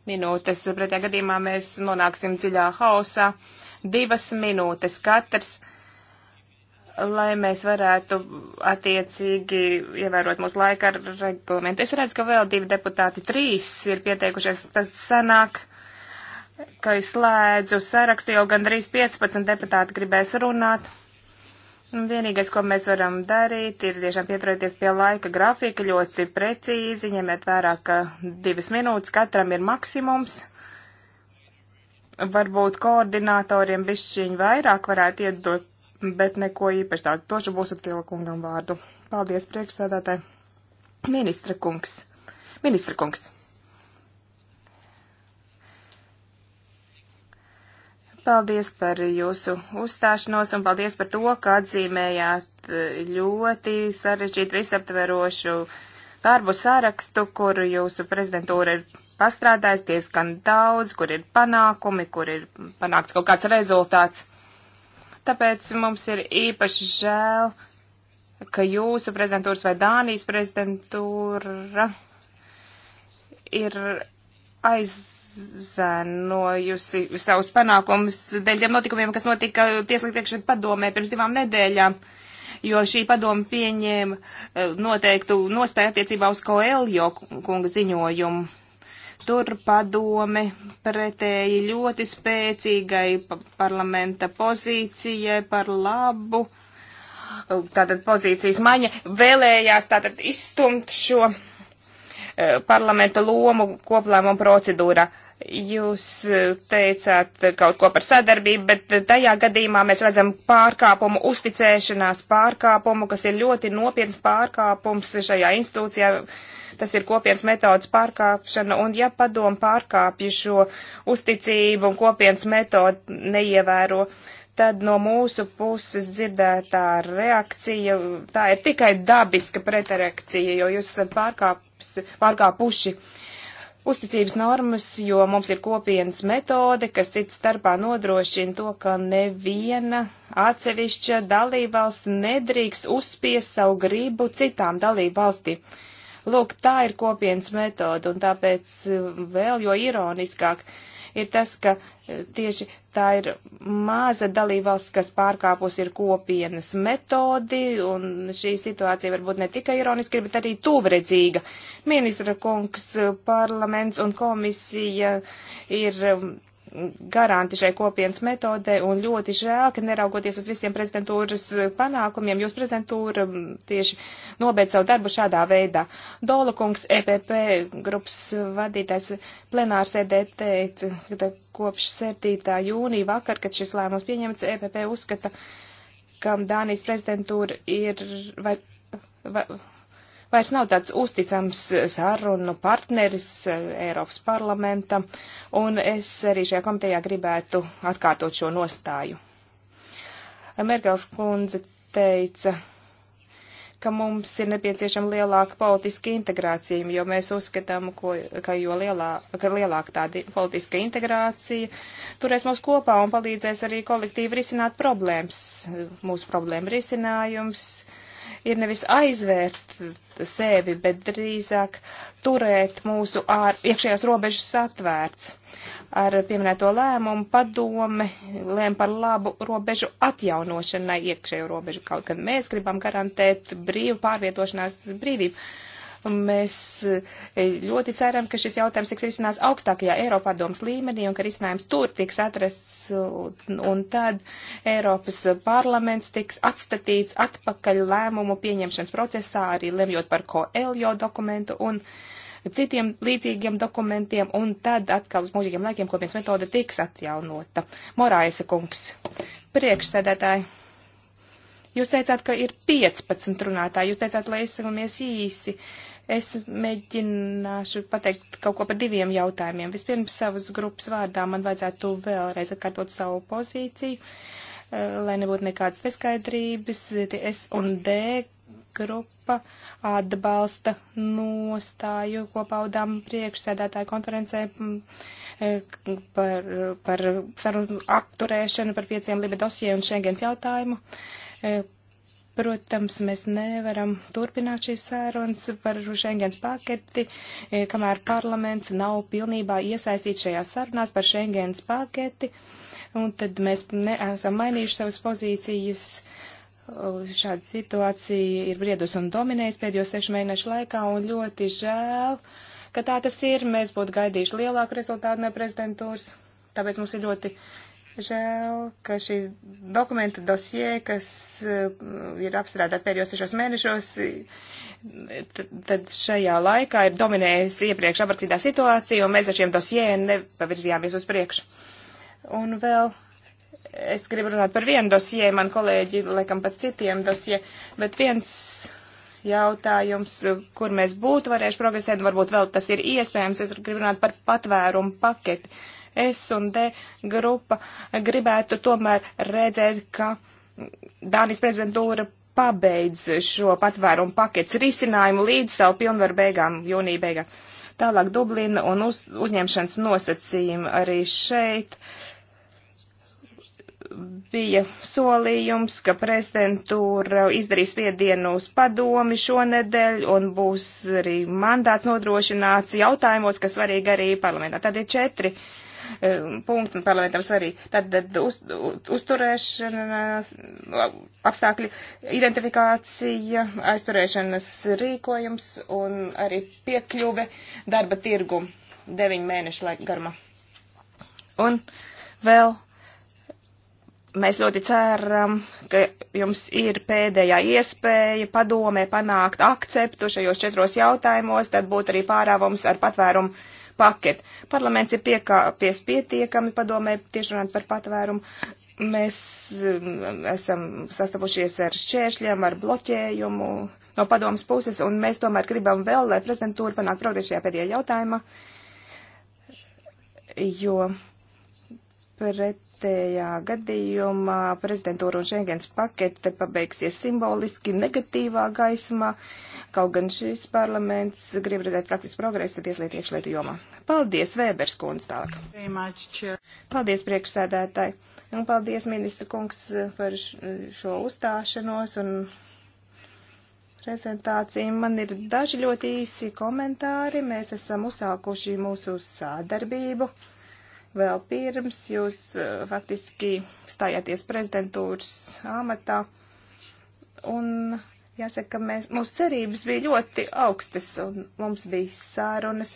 minūtes. Pretējā gadījumā mēs nonāksim dziļā hausā. Divas minūtes katrs lai mēs varētu attiecīgi ievērot mūsu laika reglamentu. Es redzu, ka vēl divi deputāti, trīs ir pieteikušies. Tas sanāk, ka es slēdzu sarakstu, jo gandrīz 15 deputāti gribēs runāt. Un vienīgais, ko mēs varam darīt, ir tiešām pieturēties pie laika grafika ļoti precīzi, ņemiet vērā, ka divas minūtes katram ir maksimums varbūt koordinatoriem bišķiņ vairāk varētu iedot bet neko īpaši tādu. Tošu būs aptila kungam vārdu. Paldies, priekšsēdētāji. Ministra kungs. Ministra kungs. Paldies par jūsu uzstāšanos un paldies par to, ka atzīmējāt eh, ļoti sarežģītu visaptverošu darbu sārakstu, kuru jūsu prezidentūra ir pastrādājusi diezgan daudz, kur ir panākumi, kur ir panākts kaut kāds rezultāts. Tāpēc mums ir īpaši žēl, ka jūsu prezidentūras vai Dānijas prezidentūra ir aizēnojusi savus panākumus dēļ tiem notikumiem, kas notika tieslietu iekšļietu padomē pirms divām nedēļām jo šī padoma pieņēma eh, noteiktu nostāju attiecībā uz Koeljo kunga ziņojumu. Tur padome pretēji ļoti spēcīgai parlamenta pozīcijai par labu. Tātad pozīcijas maiņa vēlējās tātad izstumt šo Eh, parlamenta lomu koplēmuma procedūrā. Jūs eh, teicāt kaut ko par sadarbību, bet tajā gadījumā mēs redzam pārkāpumu, uzticēšanās pārkāpumu, kas ir ļoti nopietns pārkāpums šajā institūcijā. Tas ir kopienas metodas pārkāpšana, un ja padomu pārkāpju šo uzticību un kopienas metodu neievēro, tad no mūsu puses dzirdētā reakcija, tā ir tikai dabiska pretreakcija, jo jūs esat pārkāp, pārkāpuši uzticības normas, jo mums ir kopienas metode, kas cits starpā nodrošina to, ka neviena atsevišķa dalībvalsts nedrīkst uzspies savu gribu citām dalībvalstīm. Lūk, tā ir kopienas metode, un tāpēc eh, vēl jo ironiskāk ir tas, ka e, tieši tā ir maza dalībvalsts, kas pārkāpus ir kopienas metodi, un šī situācija varbūt ne tikai ironiska, bet arī tuvredzīga. Ministra kungs, e, parlaments un komisija ir garanti šai kopienas metodē, un ļoti žēl, ka neraugoties uz visiem prezidentūras panākumiem, jūs prezidentūra tieši nobeidz savu darbu šādā veidā. Dola kungs, EPP grupas vadītājs plenārsēdē teica, ka kopš 7. jūnija vakar, kad šis lēmums pieņemts, EPP uzskata, ka Dānijas prezidentūra ir. Vai, vai, vairs nav tāds uzticams sarunu partneris eh, Eiropas parlamentam, un es arī šajā komitejā gribētu atkārtot šo nostāju. Mergels kundze teica, ka mums ir nepieciešama lielāka politiska integrācija, jo mēs uzskatām, ko, ka jo lielā, ka lielāka tāda politiska integrācija turēs mūs kopā un palīdzēs arī kolektīvi risināt problēmas. Mūsu problēma risinājums ir nevis aizvērt sevi, bet drīzāk turēt mūsu ār, iekšējās robežas atvērts. Ar pieminēto lēmumu padome lēma par labu robežu atjaunošanai iekšējo robežu. Kaut gan mēs gribam garantēt brīvu pārvietošanās brīvību. Mēs eh, ļoti ceram, ka šis jautājums tiks risinās augstākajā Eiropadomas līmenī un ka risinājums tur tiks atrasts un tad Eiropas parlaments tiks atstatīts atpakaļ lēmumu pieņemšanas procesā, arī lemjot par Koeljo dokumentu un citiem līdzīgiem dokumentiem, un tad atkal uz mūžīgiem laikiem kopienas metode tiks atjaunota. Morāisa kungs, priekšsēdētāji, jūs teicāt, ka ir 15 runātāji, jūs teicāt, lai izsakamies īsi. Uh, Es mēģināšu pateikt kaut ko par diviem jautājumiem. Vispirms savas grupas vārdā man vajadzētu vēlreiz atkārtot savu pozīciju, eh, lai nebūtu nekādas neskaidrības. S un D grupa atbalsta nostāju, ko paudām priekšsēdētāju konferencē mm, eh, par, par sarunu apturēšanu par pieciem liba dosiem un šengens jautājumu. Eh, Protams, mēs nevaram turpināt šīs sērunas par Schengens paketi, e, kamēr parlaments nav pilnībā iesaistīts šajās sarunās par Schengens paketi, un tad mēs neesam mainījuši savas pozīcijas. Šāda situācija ir briedus un dominējis pēdējo sešu mēnešu laikā, un ļoti žēl, ka tā tas ir. Mēs būtu gaidījuši lielāku rezultātu no prezidentūras, tāpēc mums ir ļoti Žēl, ka šīs dokumenta dosie, kas uh, ir apstrādāti pēdējos sešos mēnešos, tad šajā laikā ir dominējusi iepriekš aprakstītā situācija, un mēs ar šiem dosie nepavirzījāmies uz priekšu. Un vēl es gribu runāt par vienu dosie, man kolēģi laikam par citiem dosie, bet viens jautājums, kur mēs būtu varējuši progresēt, varbūt vēl tas ir iespējams, es gribu runāt par patvērumu paketi S un D grupa gribētu tomēr redzēt, ka Dānijas prezidentūra pabeidz šo patvērumu paketes risinājumu līdz savu pilnvaru beigām, jūnija beigām. Tālāk Dublina un uz, uzņemšanas nosacījumi arī šeit bija solījums, ka prezidentūra izdarīs spiedienu uz padomi šonedēļ un būs arī mandāts nodrošināts jautājumos, kas svarīgi arī parlamentā. Tad ir četri uh, punkti, un parlamentam arī. Tad uz, uzturēšanās apstākļi, identifikācija, aizturēšanas rīkojums un arī piekļuve darba tirgu deviņu mēnešu garumā. Un vēl mēs ļoti ceram, ka jums ir pēdējā iespēja padomē panākt akceptu šajos četros jautājumos, tad būtu arī pārāvums ar patvērumu paketi. Parlaments ir piekāpies pietiekami padomē, tieši runājot par patvērumu. Mēs um, esam sastapušies ar šķēršļiem, ar bloķējumu no padomas puses, un mēs tomēr gribam vēl, lai prezidentūra panāk progresu šajā pēdējā jautājumā, jo Pretējā gadījumā prezidentūra un Schengens pakete pabeigsies simboliski negatīvā gaismā, kaut gan šis parlaments grib redzēt praktisku progresu tieslietu iekšlietu jomā. Paldies, Vēbers kundze tālāk. Paldies, priekšsēdētāji. Un paldies, ministra kungs, par šo uzstāšanos un prezentāciju. Man ir daži ļoti īsi komentāri. Mēs esam uzsākuši mūsu sādarbību vēl pirms jūs eh, faktiski stājāties prezidentūras amatā. Un jāsaka, ka mēs, mūsu cerības bija ļoti augstas un mums bija sārunas.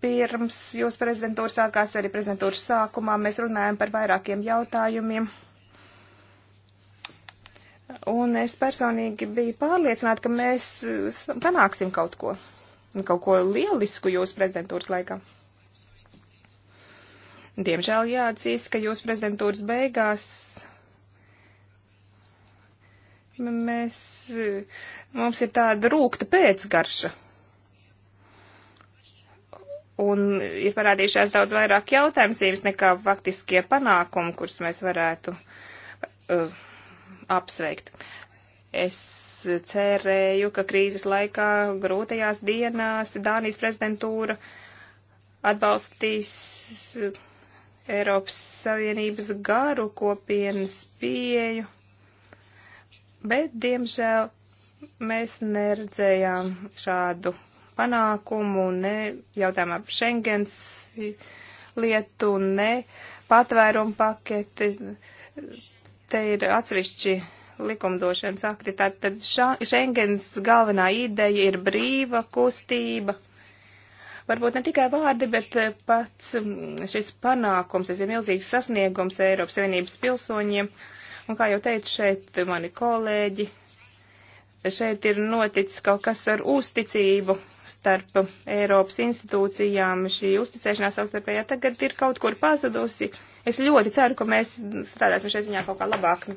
Pirms jūs prezidentūra sākās, arī prezidentūras sākumā mēs runājam par vairākiem jautājumiem. Un es personīgi biju pārliecināta, ka mēs eh, panāksim kaut ko, kaut ko lielisku jūsu prezidentūras laikā. Diemžēl jāatzīst, ka jūs prezidentūras beigās mēs, mums ir tāda rūkta pēcgarša. Un ir parādījušās daudz vairāk jautājumsības nekā faktiskie panākumi, kurus mēs varētu uh, apsveikt. Es cerēju, ka krīzes laikā, grūtajās dienās, Dānijas prezidentūra atbalstīs. Uh, Eiropas Savienības garu kopienas pieeju, bet, diemžēl, mēs neredzējām šādu panākumu ne jautājumā par Schengens lietu, ne patvērumu paketi. Te ir atsevišķi likumdošanas akti. Tātad Schengens galvenā ideja ir brīva kustība varbūt ne tikai vārdi, bet eh, pats mm, šis panākums, tas ir milzīgs sasniegums Eiropas Savienības pilsoņiem. Un kā jau teicu, šeit mani kolēģi, šeit ir noticis kaut kas ar uzticību starp Eiropas institūcijām. Šī uzticēšanās savstarpējā tagad ir kaut kur pazudusi. Es ļoti ceru, ka mēs strādāsim šeit ziņā kaut kā labāk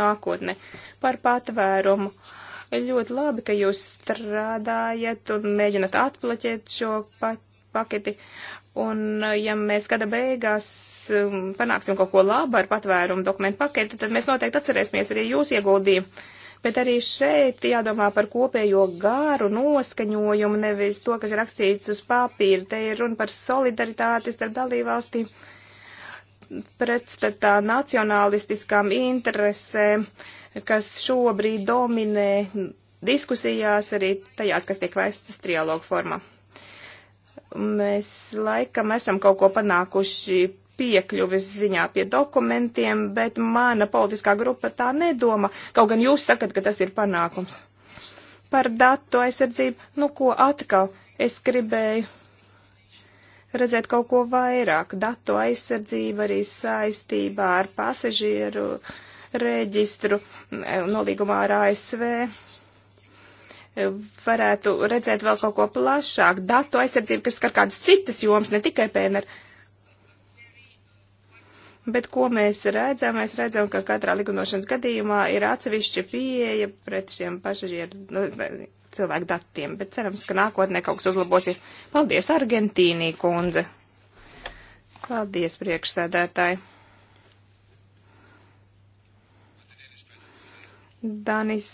nākotnē par patvērumu. Uh, Ļoti labi, ka jūs strādājat un mēģināt atplaķēt šo pa paketi. Un ja mēs gada beigās um, panāksim kaut ko labu ar patvērumu dokumentu paketi, tad mēs noteikti atcerēsimies arī jūsu ieguldījumu. Bet arī šeit jādomā par kopējo gāru noskaņojumu, nevis to, kas rakstīts uz papīra. Te ir runa par solidaritāti starp dalībvalstīm. valstīm pretstatā nacionālistiskām interesēm, kas šobrīd dominē diskusijās, arī tajās, kas tiek vēstas trialogu formā. Mēs laikam esam kaut ko panākuši piekļuves ziņā pie dokumentiem, bet mana politiskā grupa tā nedoma, kaut gan jūs sakat, ka tas ir panākums. Par datu aizsardzību, nu ko atkal, es gribēju redzēt kaut ko vairāk. Datu aizsardzība arī saistībā ar pasažieru reģistru e, nolīgumā ar ASV e, varētu redzēt vēl kaut ko plašāk. Datu aizsardzība, kas skar kādas citas jomas, ne tikai PNR. Bet ko mēs redzam? Mēs redzam, ka katrā likumdošanas gadījumā ir atsevišķa pieeja pret šiem pasažieru nu, cilvēku datiem, bet cerams, ka nākotnē kaut kas uzlabosies. Paldies, Argentīnī kundze! Paldies, priekšsēdētāji! Danis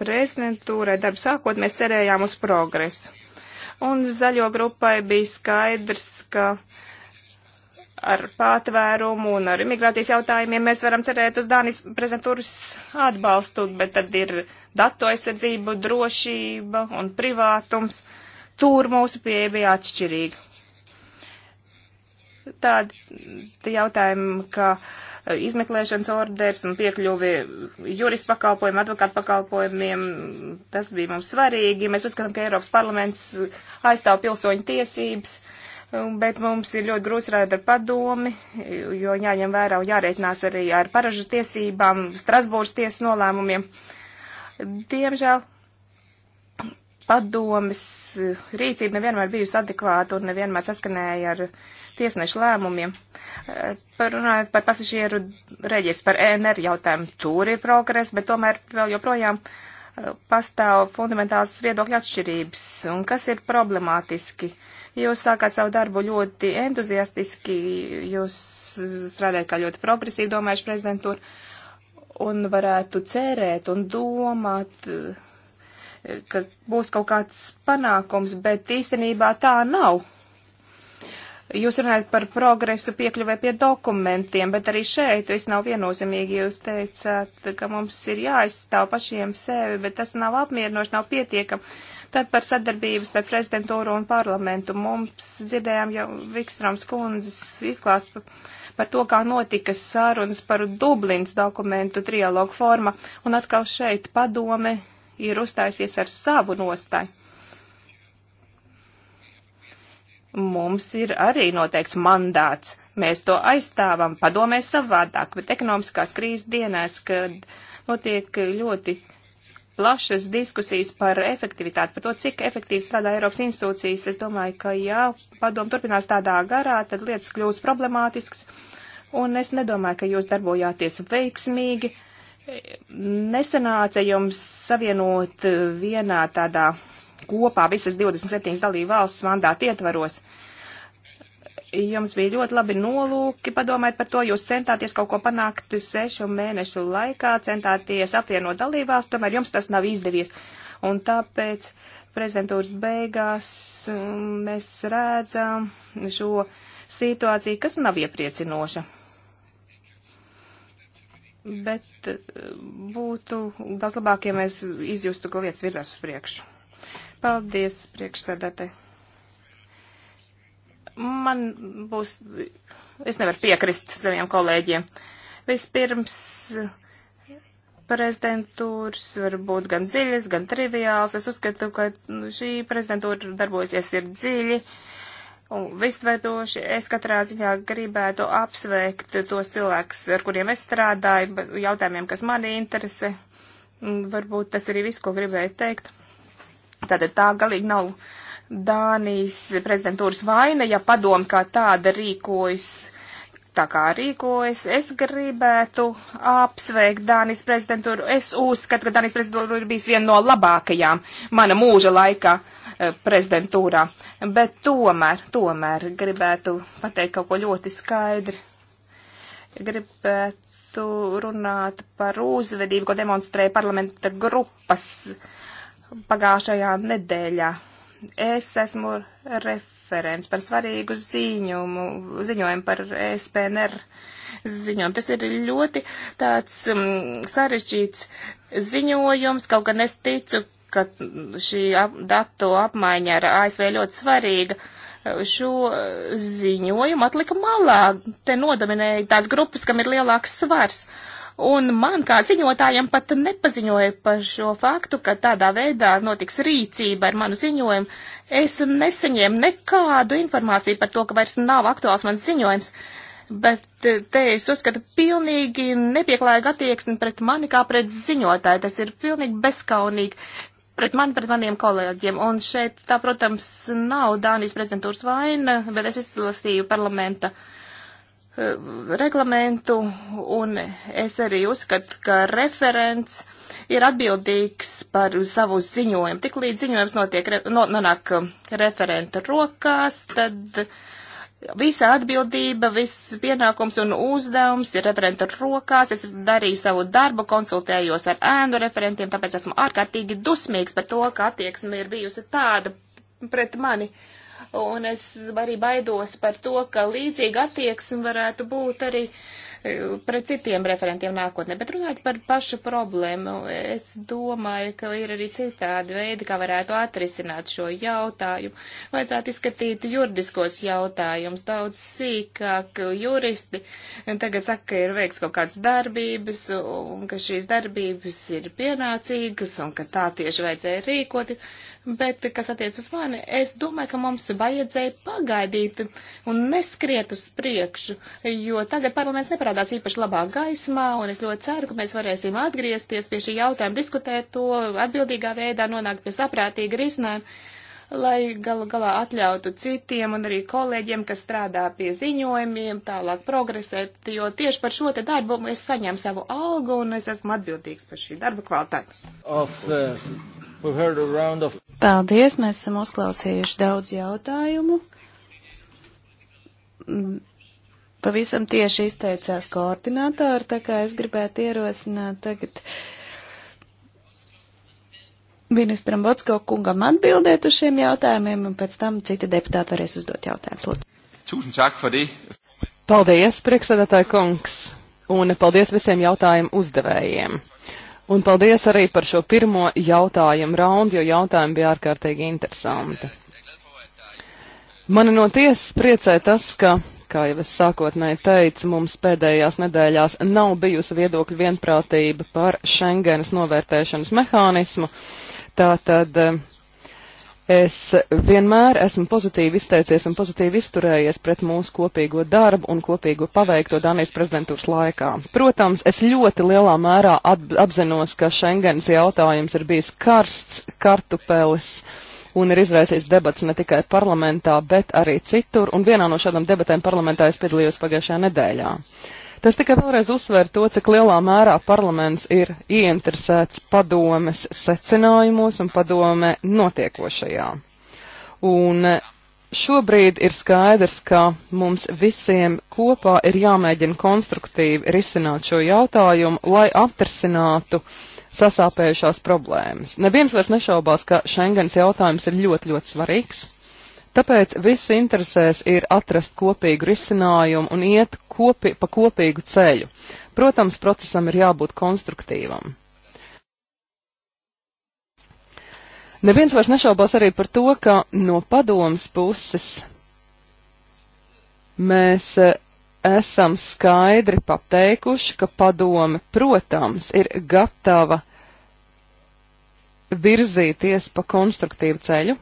prezidentūrai darbu sākot, mēs cerējām uz progresu. Un zaļo grupai bija skaidrs, ka uh, ar pātvērumu un ar imigrācijas jautājumiem mēs varam cerēt uz Dānijas prezentūras atbalstu, bet tad ir datu aizsardzība, drošība un privātums. Tur mūsu pieeja bija atšķirīga. Tādi jautājumi, kā e, izmeklēšanas orders un piekļuvi jurista pakalpojumiem, advokāta pakalpojumiem, tas bija mums svarīgi. Mēs uzskatām, ka Eiropas parlaments aizstāv pilsoņu tiesības. Uh, bet mums ir ļoti grūti strādāt ar padomi, jo jāņem vērā un jārēķinās arī ar paražu tiesībām, Strasbūras tiesas nolēmumiem. Diemžēl padomis rīcība nevienmēr bijusi adekvāta un nevienmēr saskanēja ar tiesnešu lēmumiem. Parunājot par pasažieru reģistru, par EMR jautājumu, tur ir progress, bet tomēr vēl joprojām uh, pastāv fundamentāls viedokļa atšķirības. Un kas ir problemātiski? Uh, Jūs sākāt savu darbu ļoti entuziastiski, jūs strādājat kā ļoti progresīvi domājuši prezidentūru un varētu cerēt un domāt, ka būs kaut kāds panākums, bet īstenībā tā nav. Jūs runājat par progresu piekļuvē pie dokumentiem, bet arī šeit viss nav viennozīmīgi. Jūs teicāt, ka mums ir jāizstāv pašiem sevi, bet tas nav apmierinoši, nav pietiekami Tad par sadarbības ar prezidentūru un parlamentu. Mums dzirdējām jau Vikstrāms kundzes izklāstu par to, kā notika sarunas par Dublins dokumentu trialogu forma, un atkal šeit padome ir uzstājusies ar savu nostāju. Mums ir arī noteikts mandāts. Mēs to aizstāvam, padomē savādāk, bet ekonomiskās krīzes dienās, kad notiek ļoti plašas diskusijas par efektivitāti, par to, cik efektīvi strādā Eiropas institūcijas. Es domāju, ka ja padomu turpinās tādā garā, tad lietas kļūs problemātisks. Un es nedomāju, ka jūs darbojāties veiksmīgi. Nesanāca jums savienot vienā tādā kopā visas 27 dalību valsts mandāti ietvaros. Uh, Jums bija ļoti labi nolūki padomāt par to, jūs centāties kaut ko panākt sešu mēnešu laikā, centāties apvienot dalībās, tomēr jums tas nav izdevies. Un tāpēc prezidentūras beigās mm, mēs redzam šo situāciju, kas nav iepriecinoša bet mm, būtu daudz labāk, ja mēs izjustu, ka lietas virzās uz priekšu. Paldies, priekšsēdētāji! Man būs, es nevaru piekrist saviem kolēģiem. Vispirms prezidentūras var būt gan dziļas, gan triviāls. Es uzskatu, ka šī prezidentūra darbosies ir dziļi. Un vistveidoši es katrā ziņā gribētu apsveikt tos cilvēkus, ar kuriem es strādāju, jautājumiem, kas mani interesē. Varbūt tas arī viss, ko gribēju teikt. Tātad tā galīgi nav Dānijas prezidentūras vaina, ja padomu kā tāda rīkojas tā kā rīkojas. Es gribētu apsveikt Dānijas prezidentūru. Es uzskatu, ka Dānijas prezidentūra ir bijis viena no labākajām mana mūža laika eh, prezidentūrā. Bet tomēr, tomēr gribētu pateikt kaut ko ļoti skaidri. Gribētu runāt par uzvedību, ko demonstrēja parlamenta grupas pagājušajā nedēļā. Es esmu referents par svarīgu ziņumu, ziņojumu par SPNR ziņojumu. Tas ir ļoti tāds um, sarežģīts ziņojums, kaut gan es ticu, ka šī ap, datu apmaiņa ar ASV ļoti svarīga. Šo ziņojumu atlika malā. Te nodominēja tās grupas, kam ir lielāks svars. Uh, Un man kā ziņotājam pat nepaziņoja par šo faktu, ka tādā veidā notiks rīcība ar manu ziņojumu. Es nesaņēmu nekādu informāciju par to, ka vairs nav aktuāls mans ziņojums. Bet te es uzskatu pilnīgi nepieklājīgu attieksmi pret mani kā pret ziņotāju. Tas ir pilnīgi bezskaunīgi pret mani, pret maniem kolēģiem. Un šeit tā, protams, nav Dānijas prezidentūras vaina, bet es izlasīju parlamenta uh, reglamentu, un es arī uzskatu, ka referents ir atbildīgs par savu ziņojumu. Tik līdz ziņojums notiek, no, nonāk referenta rokās, tad visa atbildība, viss pienākums un uzdevums ir referenta rokās. Es darīju savu darbu, konsultējos ar ēnu referentiem, tāpēc esmu ārkārtīgi dusmīgs par to, ka attieksme ir bijusi tāda pret mani. Uh, un es arī baidos par to, ka līdzīga attieksme varētu būt arī e, pret citiem referentiem nākotnē. Bet runājot par pašu problēmu, es domāju, ka ir arī citādi veidi, kā varētu atrisināt šo jautājumu. Vajadzētu izskatīt juridiskos jautājumus daudz sīkāk. Juristi tagad saka, ka ir veikts kaut kāds darbības un ka šīs darbības ir pienācīgas un ka tā tieši vajadzēja rīkoties Bet, kas attiec uz mani, es domāju, ka mums vajadzēja pagaidīt un neskriet uz priekšu, jo tagad parlaments neparādās īpaši labā gaismā, un es ļoti ceru, ka mēs varēsim atgriezties pie šī jautājuma, diskutēt to atbildīgā veidā, nonākt pie saprātīga risinājuma lai galu galā atļautu citiem un arī kolēģiem, kas strādā pie ziņojumiem, tālāk progresēt, jo tieši par šo te darbu es saņemu savu algu un es esmu atbildīgs par šī darba kvalitāti. Of, uh... Of... Paldies, mēs esam uzklausījuši daudz jautājumu. Mm, pavisam tieši izteicās koordinātori, tā kā es gribētu ierosināt tagad ministram Botsko kungam atbildēt uz šiem jautājumiem, un pēc tam citi deputāti varēs uzdot jautājumus. Paldies, priekšsēdētāji kungs, un paldies visiem jautājumu uzdevējiem. Un paldies arī par šo pirmo jautājumu raundu, jo jautājumi bija ārkārtīgi interesanti. Mani no tiesas priecē tas, ka, kā jau es sākotnēji teicu, mums pēdējās nedēļās nav bijusi viedokļu vienprātība par Schengenas novērtēšanas mehānismu. Tātad eh, Es vienmēr esmu pozitīvi izteicies un pozitīvi izturējies pret mūsu kopīgo darbu un kopīgo paveikto Danijas prezidentūras laikā. Protams, es ļoti lielā mērā apzinos, ka Schengens jautājums ir bijis karsts kartupelis un ir izraisījis debats ne tikai parlamentā, bet arī citur, un vienā no šādām debatēm parlamentā es piedalījos pagājušajā nedēļā. Uh, Tas tikai vēlreiz uzsver to, cik lielā mērā parlaments ir ieinteresēts padomes secinājumos un padome notiekošajā. Un e, šobrīd ir skaidrs, ka mums visiem kopā ir jāmēģina konstruktīvi risināt šo jautājumu, lai atrisinātu sasāpējušās problēmas. Neviens vairs nešaubās, ka Schengens jautājums ir ļoti, ļoti svarīgs. Tāpēc viss interesēs ir atrast kopīgu risinājumu un iet kopi, pa kopīgu ceļu. Protams, procesam ir jābūt konstruktīvam. Neviens vairs nešaubās arī par to, ka no padomas puses mēs eh, esam skaidri pateikuši, ka padome, protams, ir gatava virzīties pa konstruktīvu ceļu,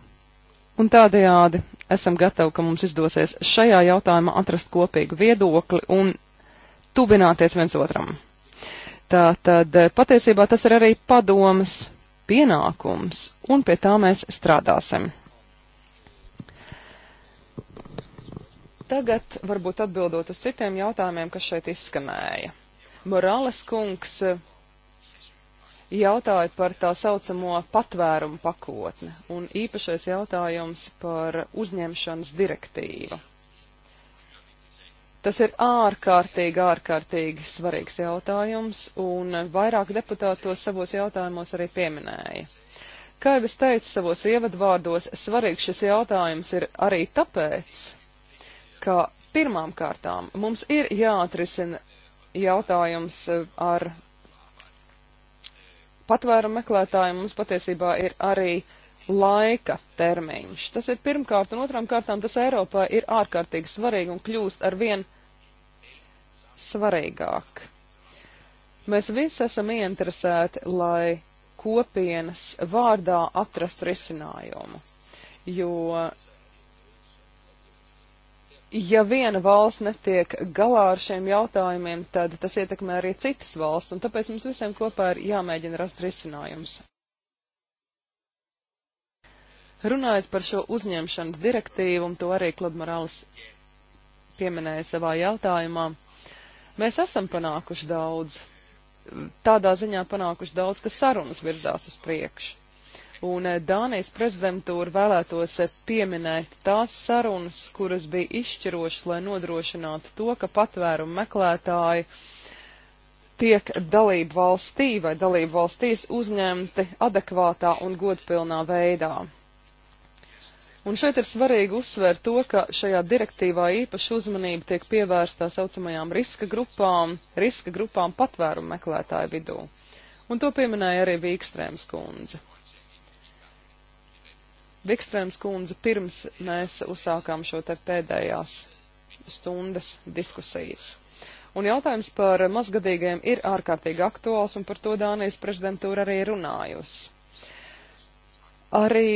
un tādējādi esam gatavi, ka mums izdosies šajā jautājumā atrast kopīgu viedokli un tubināties viens otram. Tā tad eh, patiesībā tas ir arī padomas pienākums, un pie tā mēs strādāsim. Tagad varbūt atbildot uz citiem jautājumiem, kas šeit izskanēja. Morāles kungs jautāja par tā saucamo patvērumu pakotni un īpašais jautājums par uzņemšanas direktīvu. Tas ir ārkārtīgi, ārkārtīgi svarīgs jautājums, un vairāk deputāti to savos jautājumos arī pieminēja. Kā jau es teicu savos ievadvārdos, svarīgs šis jautājums ir arī tāpēc, ka pirmām kārtām mums ir jāatrisina jautājums eh, ar patvērumu meklētājiem mums patiesībā ir arī laika termiņš. Tas ir pirmkārt, un otrām kārtām tas Eiropā ir ārkārtīgi svarīgi un kļūst ar vien svarīgāk. Mēs visi esam ieinteresēti, lai kopienas vārdā atrast risinājumu, jo ja viena valsts netiek galā ar šiem jautājumiem, tad tas ietekmē arī citas valsts, un tāpēc mums visiem kopā ir jāmēģina rast risinājums. Runājot par šo uzņemšanas direktīvu, un to arī Klodmorāls pieminēja savā jautājumā, mēs esam panākuši daudz, tādā ziņā panākuši daudz, ka sarunas virzās uz priekšu. Un eh, Dānijas prezidentūra vēlētos eh, pieminēt tās sarunas, kuras bija izšķirošas, lai nodrošinātu to, ka patvērumu meklētāji tiek dalību valstī vai dalību valstīs uzņemti adekvātā un godpilnā veidā. Un šeit ir svarīgi uzsvērt to, ka šajā direktīvā īpaši uzmanība tiek pievērsta tā saucamajām riska grupām, riska grupām patvērumu meklētāju vidū. Un to pieminēja arī Vīkstrēms kundze. Vikstrēms kundze, pirms mēs uzsākām šo te pēdējās stundas diskusijas. Un jautājums par mazgadīgajiem ir ārkārtīgi aktuāls, un par to Dānijas prezidentūra arī runājusi. Arī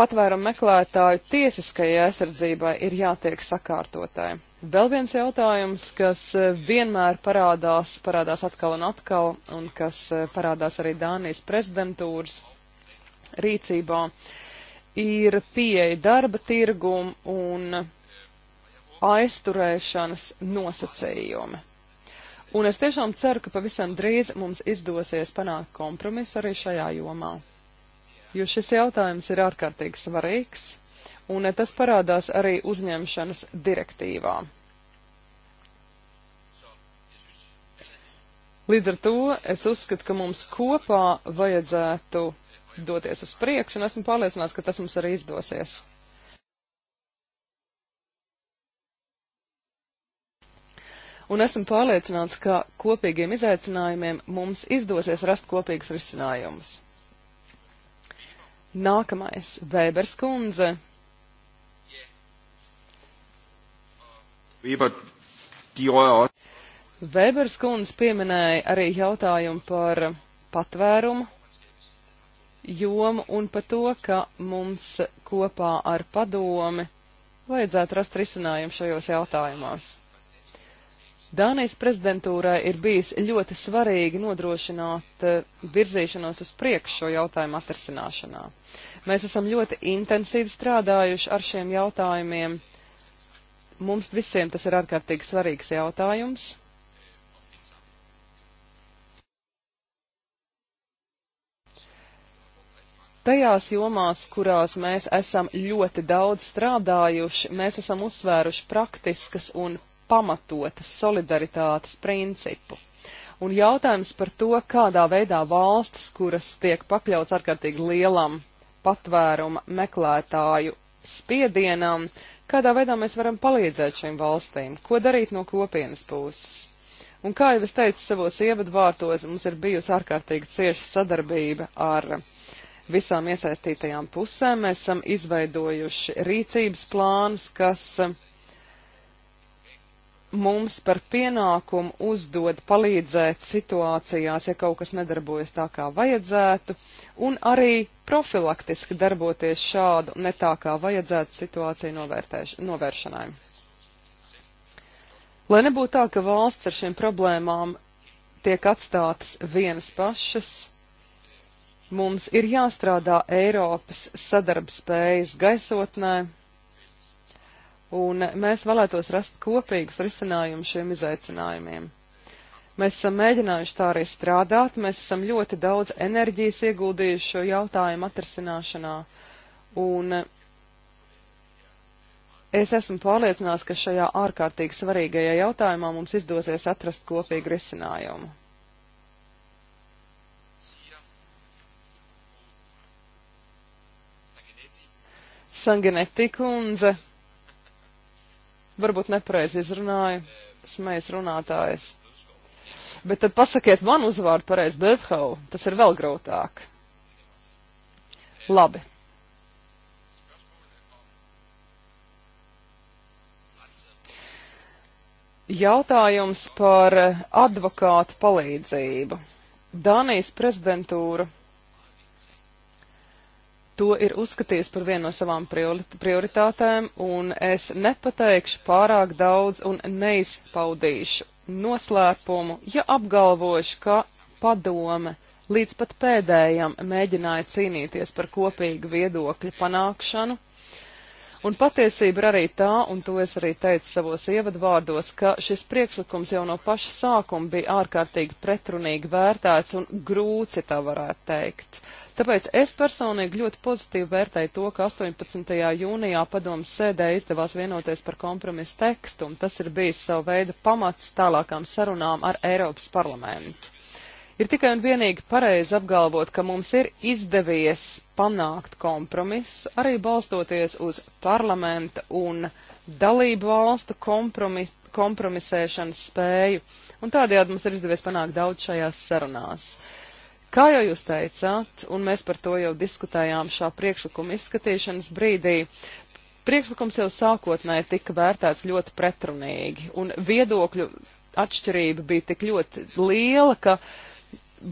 patvērumu meklētāju tiesiskajai aizsardzībai ir jātiek sakārtotai. Vēl viens jautājums, kas vienmēr parādās, parādās atkal un atkal, un kas parādās arī Dānijas prezidentūras rīcībā, ir pieeja darba tirgum un aizturēšanas nosacījumi. Un es tiešām ceru, ka pavisam drīz mums izdosies panākt kompromisu arī šajā jomā. Jo šis jautājums ir ārkārtīgi svarīgs, un tas parādās arī uzņemšanas direktīvā. Līdz ar to es uzskatu, ka mums kopā vajadzētu doties uz priekšu, un esmu pārliecināts, ka tas mums arī izdosies. Un esmu pārliecināts, ka kopīgiem izaicinājumiem mums izdosies rast kopīgs risinājums. Nākamais - Vēbers kundze. Vēbers kundze pieminēja arī jautājumu par patvērumu jomu un par to, ka mums kopā ar padomi vajadzētu rast risinājumu šajos jautājumos. Dānijas prezidentūrai ir bijis ļoti svarīgi nodrošināt eh, virzīšanos uz priekšu šo jautājumu atrisināšanā. Mēs esam ļoti intensīvi strādājuši ar šiem jautājumiem. Mums visiem tas ir ārkārtīgi svarīgs jautājums. Tajās jomās, kurās mēs esam ļoti daudz strādājuši, mēs esam uzsvēruši praktiskas un pamatotas solidaritātes principu. Un jautājums par to, kādā veidā valstis, kuras tiek pakļauts ārkārtīgi lielam patvēruma meklētāju spiedienam, kādā veidā mēs varam palīdzēt šīm valstīm, ko darīt no kopienas puses. Un kā jau es teicu savos ievadvārtos, mums ir bijusi ārkārtīgi cieša sadarbība ar visām iesaistītajām pusēm. Mēs esam izveidojuši rīcības plānus, kas eh, mums par pienākumu uzdod palīdzēt situācijās, ja kaut kas nedarbojas tā, kā vajadzētu, un arī profilaktiski darboties šādu ne tā, kā vajadzētu situāciju novēršanai. Lai nebūtu tā, ka valsts ar šīm problēmām tiek atstātas vienas pašas, Mums ir jāstrādā Eiropas sadarbspējas gaisotnē, un mēs vēlētos rast kopīgus risinājumus šiem izaicinājumiem. Mēs esam mēģinājuši tā arī strādāt, mēs esam ļoti daudz enerģijas ieguldījuši šo jautājumu atrisināšanā, un es esmu pārliecināts, ka šajā ārkārtīgi svarīgajā jautājumā mums izdosies atrast kopīgu risinājumu. Sangeneti kundze. Varbūt nepareizi izrunāju, smējas runātājs. Bet tad pasakiet man uzvārdu pareizi Bethau, tas ir vēl grūtāk. Labi. Jautājums par advokātu palīdzību. Dānijas prezidentūra to ir uzskatījis par vienu no savām prioritātēm, un es nepateikšu pārāk daudz un neizpaudīšu noslēpumu, ja apgalvošu, ka padome līdz pat pēdējam mēģināja cīnīties par kopīgu viedokļu panākšanu. Un patiesība ir arī tā, un to es arī teicu savos ievadvārdos, ka šis priekšlikums jau no paša sākuma bija ārkārtīgi pretrunīgi vērtēts un grūts, ja tā varētu teikt. Tāpēc es personīgi ļoti pozitīvi vērtēju to, ka 18. jūnijā padomas sēdē izdevās vienoties par kompromisu tekstu, un tas ir bijis savu veidu pamats tālākām sarunām ar Eiropas parlamentu. Ir tikai un vienīgi pareizi apgalvot, ka mums ir izdevies panākt kompromisu, arī balstoties uz parlamenta un dalību valstu kompromis, kompromisēšanas spēju, un tādējādi mums ir izdevies panākt daudz šajās sarunās. Uh, Kā jau jūs teicāt, un mēs par to jau diskutējām šā priekšlikuma izskatīšanas brīdī, priekšlikums jau sākotnēji tika vērtēts ļoti pretrunīgi, un viedokļu atšķirība bija tik ļoti liela, ka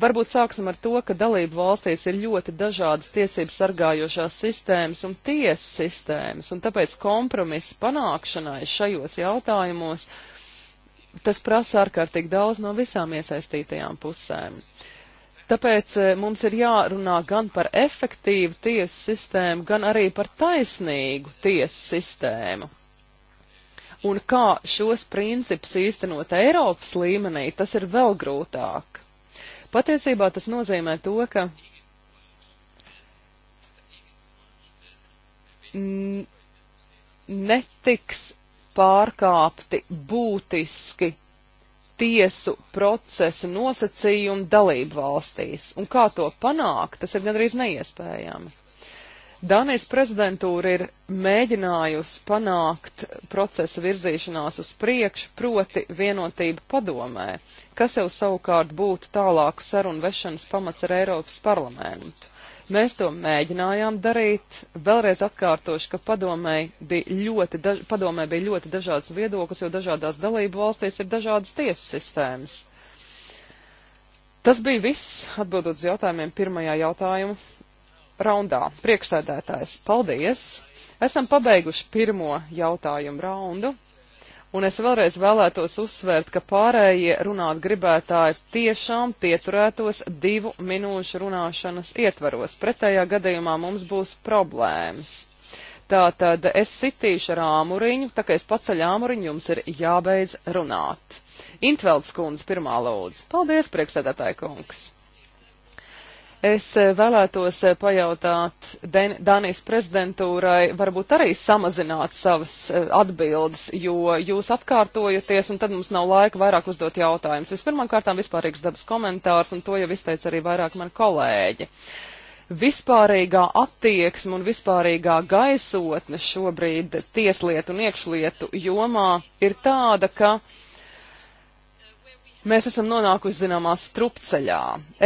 varbūt sāksim ar to, ka dalību valstīs ir ļoti dažādas tiesības sargājošās sistēmas un tiesu sistēmas, un tāpēc kompromiss panākšanai šajos jautājumos tas prasa ārkārtīgi daudz no visām iesaistītajām pusēm. Tāpēc eh, mums ir jārunā gan par efektīvu tiesu sistēmu, gan arī par taisnīgu tiesu sistēmu. Un kā šos principus īstenot Eiropas līmenī, tas ir vēl grūtāk. Patiesībā tas nozīmē to, ka netiks pārkāpti būtiski tiesu procesu nosacījumu dalību valstīs. Un kā to panākt, tas ir gandrīz neiespējami. Dānijas prezidentūra ir mēģinājusi panākt procesa virzīšanās uz priekšu, proti vienotību padomē, kas jau savukārt būtu tālāku sarunu vešanas pamats ar Eiropas parlamentu. Mēs to mēģinājām darīt. Vēlreiz atkārtošu, ka padomēji bija ļoti, daž padomē bija ļoti dažādas viedoklis, jo dažādās dalību valstīs ir dažādas tiesu sistēmas. Tas bija viss, atbildot uz jautājumiem pirmajā jautājuma raundā. Priekšsēdētājs, paldies! Esam pabeiguši pirmo jautājumu raundu. Un es vēlreiz vēlētos uzsvērt, ka pārējie runāt gribētāji tiešām pieturētos divu minūšu runāšanas ietvaros. Pretējā gadījumā mums būs problēmas. Tātad es sitīšu ar āmuriņu, tā kā es paceļu āmuriņu, jums ir jābeidz runāt. Intvelds kundze pirmā lūdzu. Paldies, priekšsēdētāji kungs! Es eh, vēlētos eh, pajautāt Den Danijas prezidentūrai, varbūt arī samazināt savas eh, atbildes, jo jūs atkārtojaties un tad mums nav laika vairāk uzdot jautājumus. Vispirmām kārtām vispārīgs dabas komentārs, un to jau izteica arī vairāk mani kolēģi. Vispārīgā attieksme un vispārīgā gaisotne šobrīd tieslietu un iekšlietu jomā ir tāda, ka Mēs esam nonākuši zināmā strupceļā.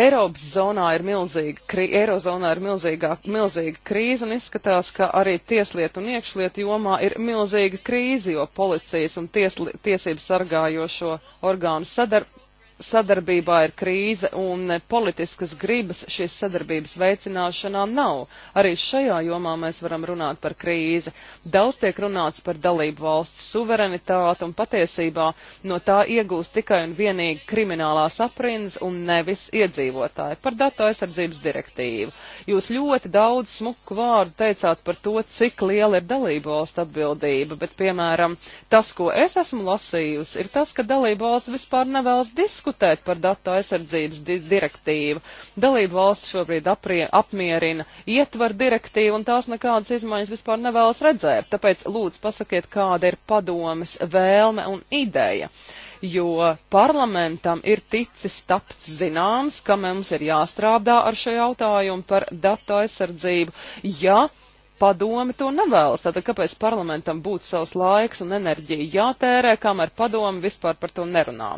Eiropas zonā ir milzīga, krī, Eirozonā ir milzīgā, milzīga krīze un izskatās, ka arī tieslietu un iekšlietu jomā ir milzīga krīze, jo policijas un tiesli, tiesību sargājošo orgānu sadar, sadarbībā ir krīze un politiskas gribas šīs sadarbības veicināšanā nav. Arī šajā jomā mēs varam runāt par krīzi. Daudz tiek runāts par dalību valsts suverenitāti un patiesībā no tā iegūst tikai un vienīgi kriminālās aprindas un nevis iedzīvotāji par datu aizsardzības direktīvu. Jūs ļoti daudz smuku vārdu teicāt par to, cik liela ir dalību valsts atbildība, bet, piemēram, tas, ko es esmu lasījusi, ir tas, ka dalību valsts vispār nevēlas diskutēt diskutēt par datu aizsardzības di direktīvu. Dalību valsts šobrīd aprie, apmierina ietvar direktīvu un tās nekādas izmaiņas vispār nevēlas redzēt. Tāpēc lūdzu pasakiet, kāda ir padomas vēlme un ideja. Jo parlamentam ir ticis tapts zināms, ka mums ir jāstrādā ar šo jautājumu par datu aizsardzību. Ja padome to nevēlas. Tātad kāpēc parlamentam būtu savs laiks un enerģija jātērē, kamēr padome vispār par to nerunā?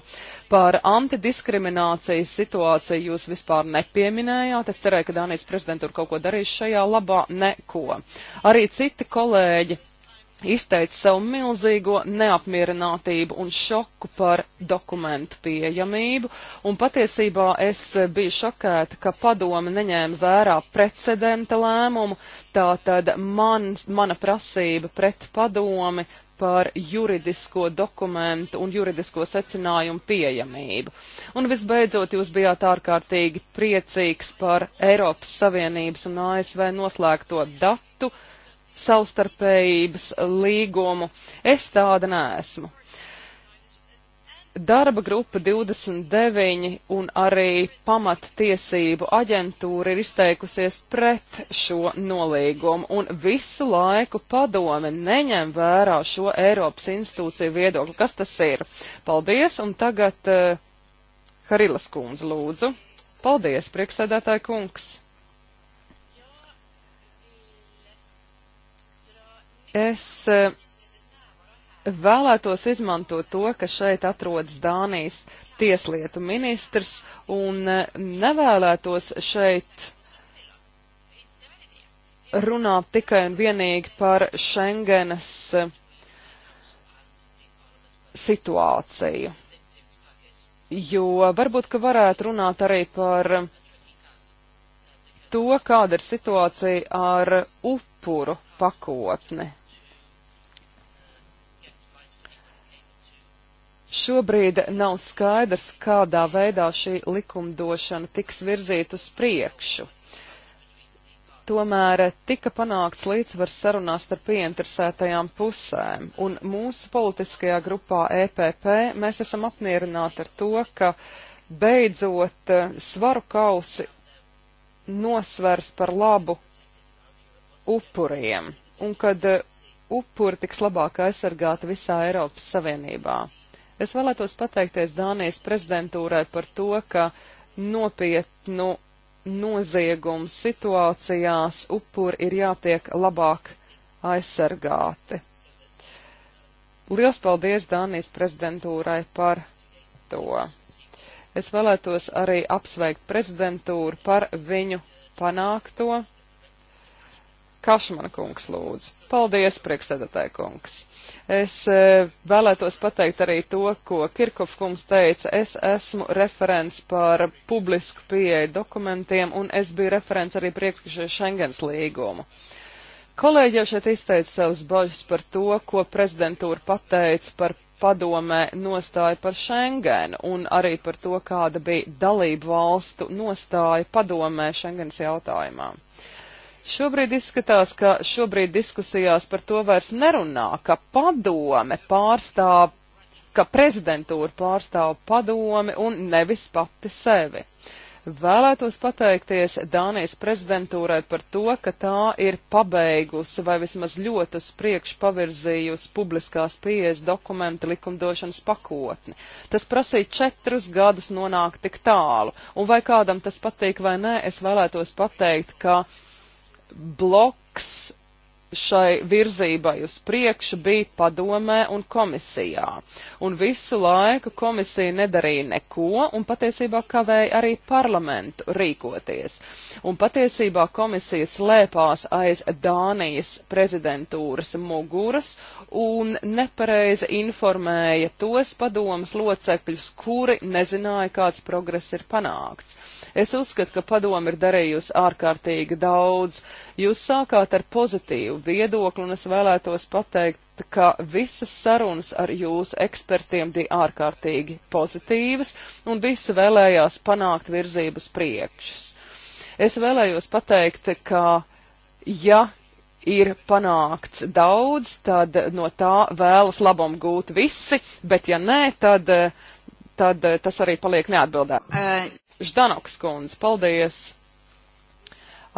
Par antidiskriminācijas situāciju jūs vispār nepieminējāt. Es cerēju, ka Dānijas prezidentūra kaut ko darīs šajā labā. Neko. Arī citi kolēģi izteica savu milzīgo neapmierinātību un šoku par dokumentu pieejamību, un patiesībā es biju šokēta, ka padome neņēma vērā precedenta lēmumu, tātad man, mana prasība pret padomi par juridisko dokumentu un juridisko secinājumu pieejamību. Un visbeidzot, jūs bijāt ārkārtīgi priecīgs par Eiropas Savienības un ASV noslēgto datu savstarpējības līgumu. Es tāda neesmu. Darba grupa 29 un arī pamattiesību aģentūra ir izteikusies pret šo nolīgumu, un visu laiku padome neņem vērā šo Eiropas institūciju viedokli. Kas tas ir? Paldies, un tagad uh, Harilas kundze lūdzu. Paldies, priekšsēdētāji kungs. Es uh, vēlētos izmantot to, ka šeit atrodas Dānijas tieslietu ministrs un e, nevēlētos šeit runāt tikai un vienīgi par Schengenas e, situāciju. Jo varbūt, ka varētu runāt arī par to, kāda ir situācija ar upuru pakotni Šobrīd nav skaidrs, kādā veidā šī likumdošana tiks virzīta uz priekšu. Tomēr tika panākts līdzsvars sarunās starp ieinteresētajām pusēm, un mūsu politiskajā grupā EPP mēs esam apmierināti ar to, ka beidzot eh, svaru kausi nosvers par labu upuriem, un kad eh, upuri tiks labāk aizsargāti visā Eiropas Savienībā. Es vēlētos pateikties Dānijas prezidentūrai par to, ka nopietnu noziegumu situācijās upuri ir jātiek labāk aizsargāti. Liels paldies Dānijas prezidentūrai par to. Es vēlētos arī apsveikt prezidentūru par viņu panākto. Kašmana kungs lūdzu. Paldies, priekšstādātāja kungs. Es e, vēlētos pateikt arī to, ko Kirkofkungs teica. Es esmu referents par publisku pieeju dokumentiem, un es biju referents arī priekšējā Schengens līgumu. Kolēģi jau šeit izteica savas bažas par to, ko prezidentūra pateica par padomē nostāju par Schengenu un arī par to, kāda bija dalību valstu nostāja padomē Schengens jautājumā. Šobrīd izskatās, ka šobrīd diskusijās par to vairs nerunā, ka padome pārstāv, ka prezidentūra pārstāv padomi un nevis pati sevi. Vēlētos pateikties Dānijas prezidentūrai par to, ka tā ir pabeigusi vai vismaz ļoti uz priekšu pavirzījusi publiskās pieejas dokumenta likumdošanas pakotni. Tas prasīja četrus gadus nonākt tik tālu, un vai kādam tas patīk vai nē, es vēlētos pateikt, ka uh, bloks šai virzībai uz priekšu bija padomē un komisijā. Un visu laiku komisija nedarīja neko un patiesībā kavēja arī parlamentu rīkoties. Un patiesībā komisija slēpās aiz Dānijas prezidentūras muguras un nepareizi informēja tos padomas locekļus, kuri nezināja, kāds progress ir panākts. Es uzskatu, ka padomi ir darījusi ārkārtīgi daudz. Jūs sākāt ar pozitīvu viedokli, un es vēlētos pateikt, ka visas sarunas ar jūsu ekspertiem bija ārkārtīgi pozitīvas, un visi vēlējās panākt virzības priekšus. Es vēlējos pateikt, ka ja ir panākts daudz, tad no tā vēlas labumu gūt visi, bet ja nē, tad, tad tas arī paliek neatbildēt. Uh, Ždanoks kundze, paldies!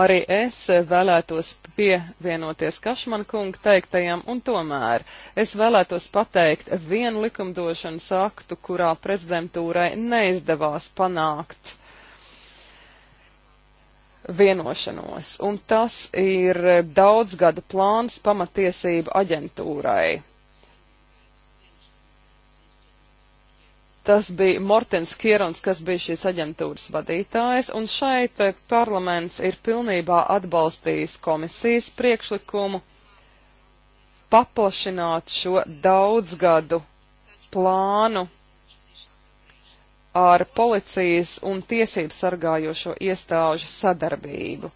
Arī es vēlētos pievienoties Kašman kunga teiktajam, un tomēr es vēlētos pateikt vienu likumdošanas aktu, kurā prezidentūrai neizdevās panākt vienošanos, un tas ir daudzgada plāns pamatiesību aģentūrai. Tas bija Mortens Kierons, kas bija šīs aģentūras vadītājs, un šeit eh, parlaments ir pilnībā atbalstījis komisijas priekšlikumu paplašināt šo daudzgadu plānu ar policijas un tiesību sargājošo iestāžu sadarbību.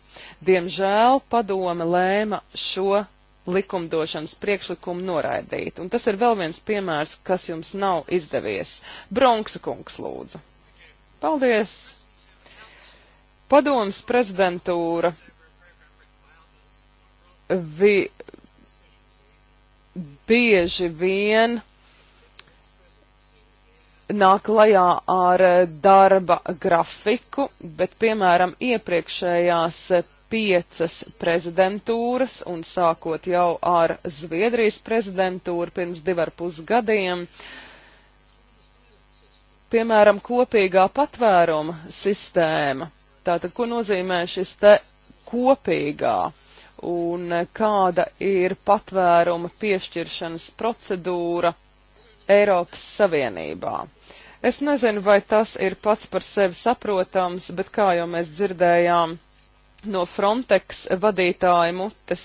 Diemžēl padome lēma šo likumdošanas priekšlikumu noraidīt. Un tas ir vēl viens piemērs, kas jums nav izdevies. Bronksa kungs lūdzu. Paldies! Padomas prezidentūra vi, bieži vien nāk lajā ar darba grafiku, bet, piemēram, iepriekšējās piecas prezidentūras un sākot jau ar Zviedrijas prezidentūru pirms divar pus gadiem. Piemēram, kopīgā patvēruma sistēma. Tātad, ko nozīmē šis te kopīgā? un kāda ir patvēruma piešķiršanas procedūra Eiropas Savienībā. Es nezinu, vai tas ir pats par sevi saprotams, bet kā jau mēs dzirdējām, no Frontex vadītāja mutes.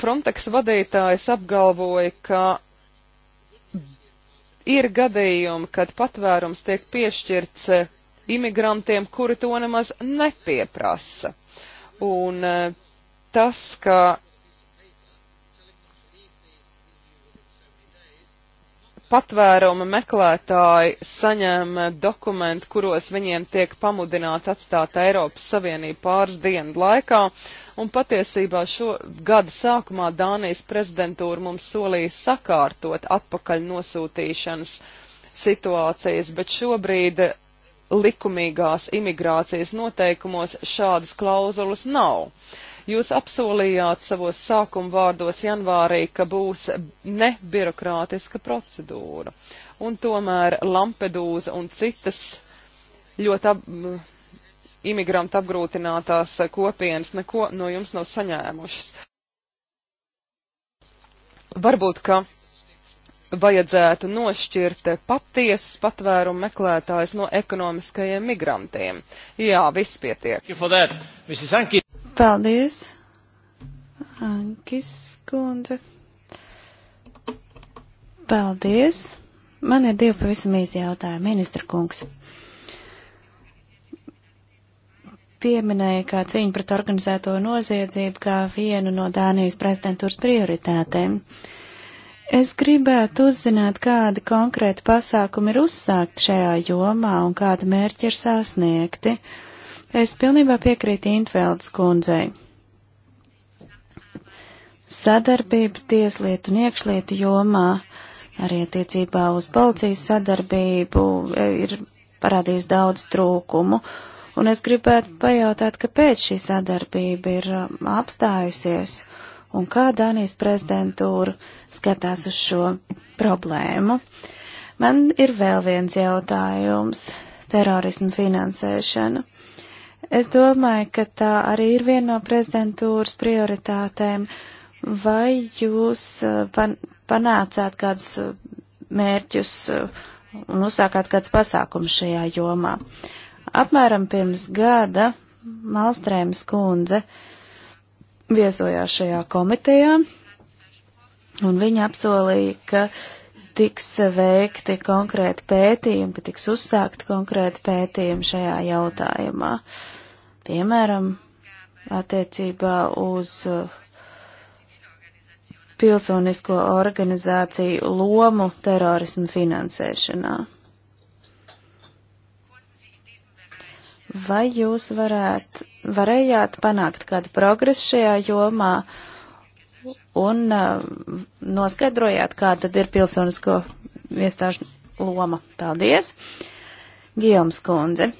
Frontex vadītājs apgalvoja, ka ir gadījumi, kad patvērums tiek piešķirts imigrantiem, kuri to nemaz nepieprasa. Un eh, tas, ka patvēruma meklētāji saņem dokumentu, kuros viņiem tiek pamudināts atstāt Eiropas Savienību pāris dienu laikā, un patiesībā šo gada sākumā Dānijas prezidentūra mums solīja sakārtot atpakaļ nosūtīšanas situācijas, bet šobrīd likumīgās imigrācijas noteikumos šādas klauzulas nav. Jūs apsolījāt savos sākuma vārdos janvārī, ka būs nebirokrātiska procedūra. Un tomēr Lampedūza un citas ļoti ap, mm, imigrantu apgrūtinātās kopienas neko no jums nav saņēmušas. Varbūt, ka vajadzētu nošķirt patiesus patvērumu meklētājus no ekonomiskajiem migrantiem. Jā, viss pietiek. Paldies, Ankis kundze. Paldies. Man ir divi pavisam īsi jautājumi, ministra kungs. Pieminēja, kā cīņa pret organizēto noziedzību kā vienu no Dānijas prezidentūras prioritātēm. Es gribētu uzzināt, kādi konkrēti pasākumi ir uzsākt šajā jomā un kāda mērķi ir sasniegti. Uh, Es pilnībā piekrītu Intveldes kundzei. Sadarbība tieslietu un iekšlietu jomā arī attiecībā uz policijas sadarbību e, ir parādījis daudz trūkumu. Un es gribētu pajautāt, kāpēc šī sadarbība ir um, apstājusies un kā Dānijas prezidentūra skatās uz šo problēmu. Man ir vēl viens jautājums - terorismu finansēšana. Es domāju, ka tā arī ir viena no prezidentūras prioritātēm. Vai jūs uh, pan, panācāt kādus uh, mērķus uh, un uzsākāt kādus pasākumus šajā jomā? Apmēram pirms gada Malstrēmas kundze viesojās šajā komitejā, un viņa apsolīja, ka tiks veikti konkrēti pētījumi, ka tiks uzsākt konkrēti pētījumi šajā jautājumā. Uh, Piemēram, attiecībā uz uh, pilsonisko organizāciju lomu terorismu finansēšanā. Vai jūs varēt, varējāt panākt kādu progresu šajā jomā un uh, noskaidrojāt, kā tad ir pilsonisko iestāžu loma? Paldies! Gijoms Kundze.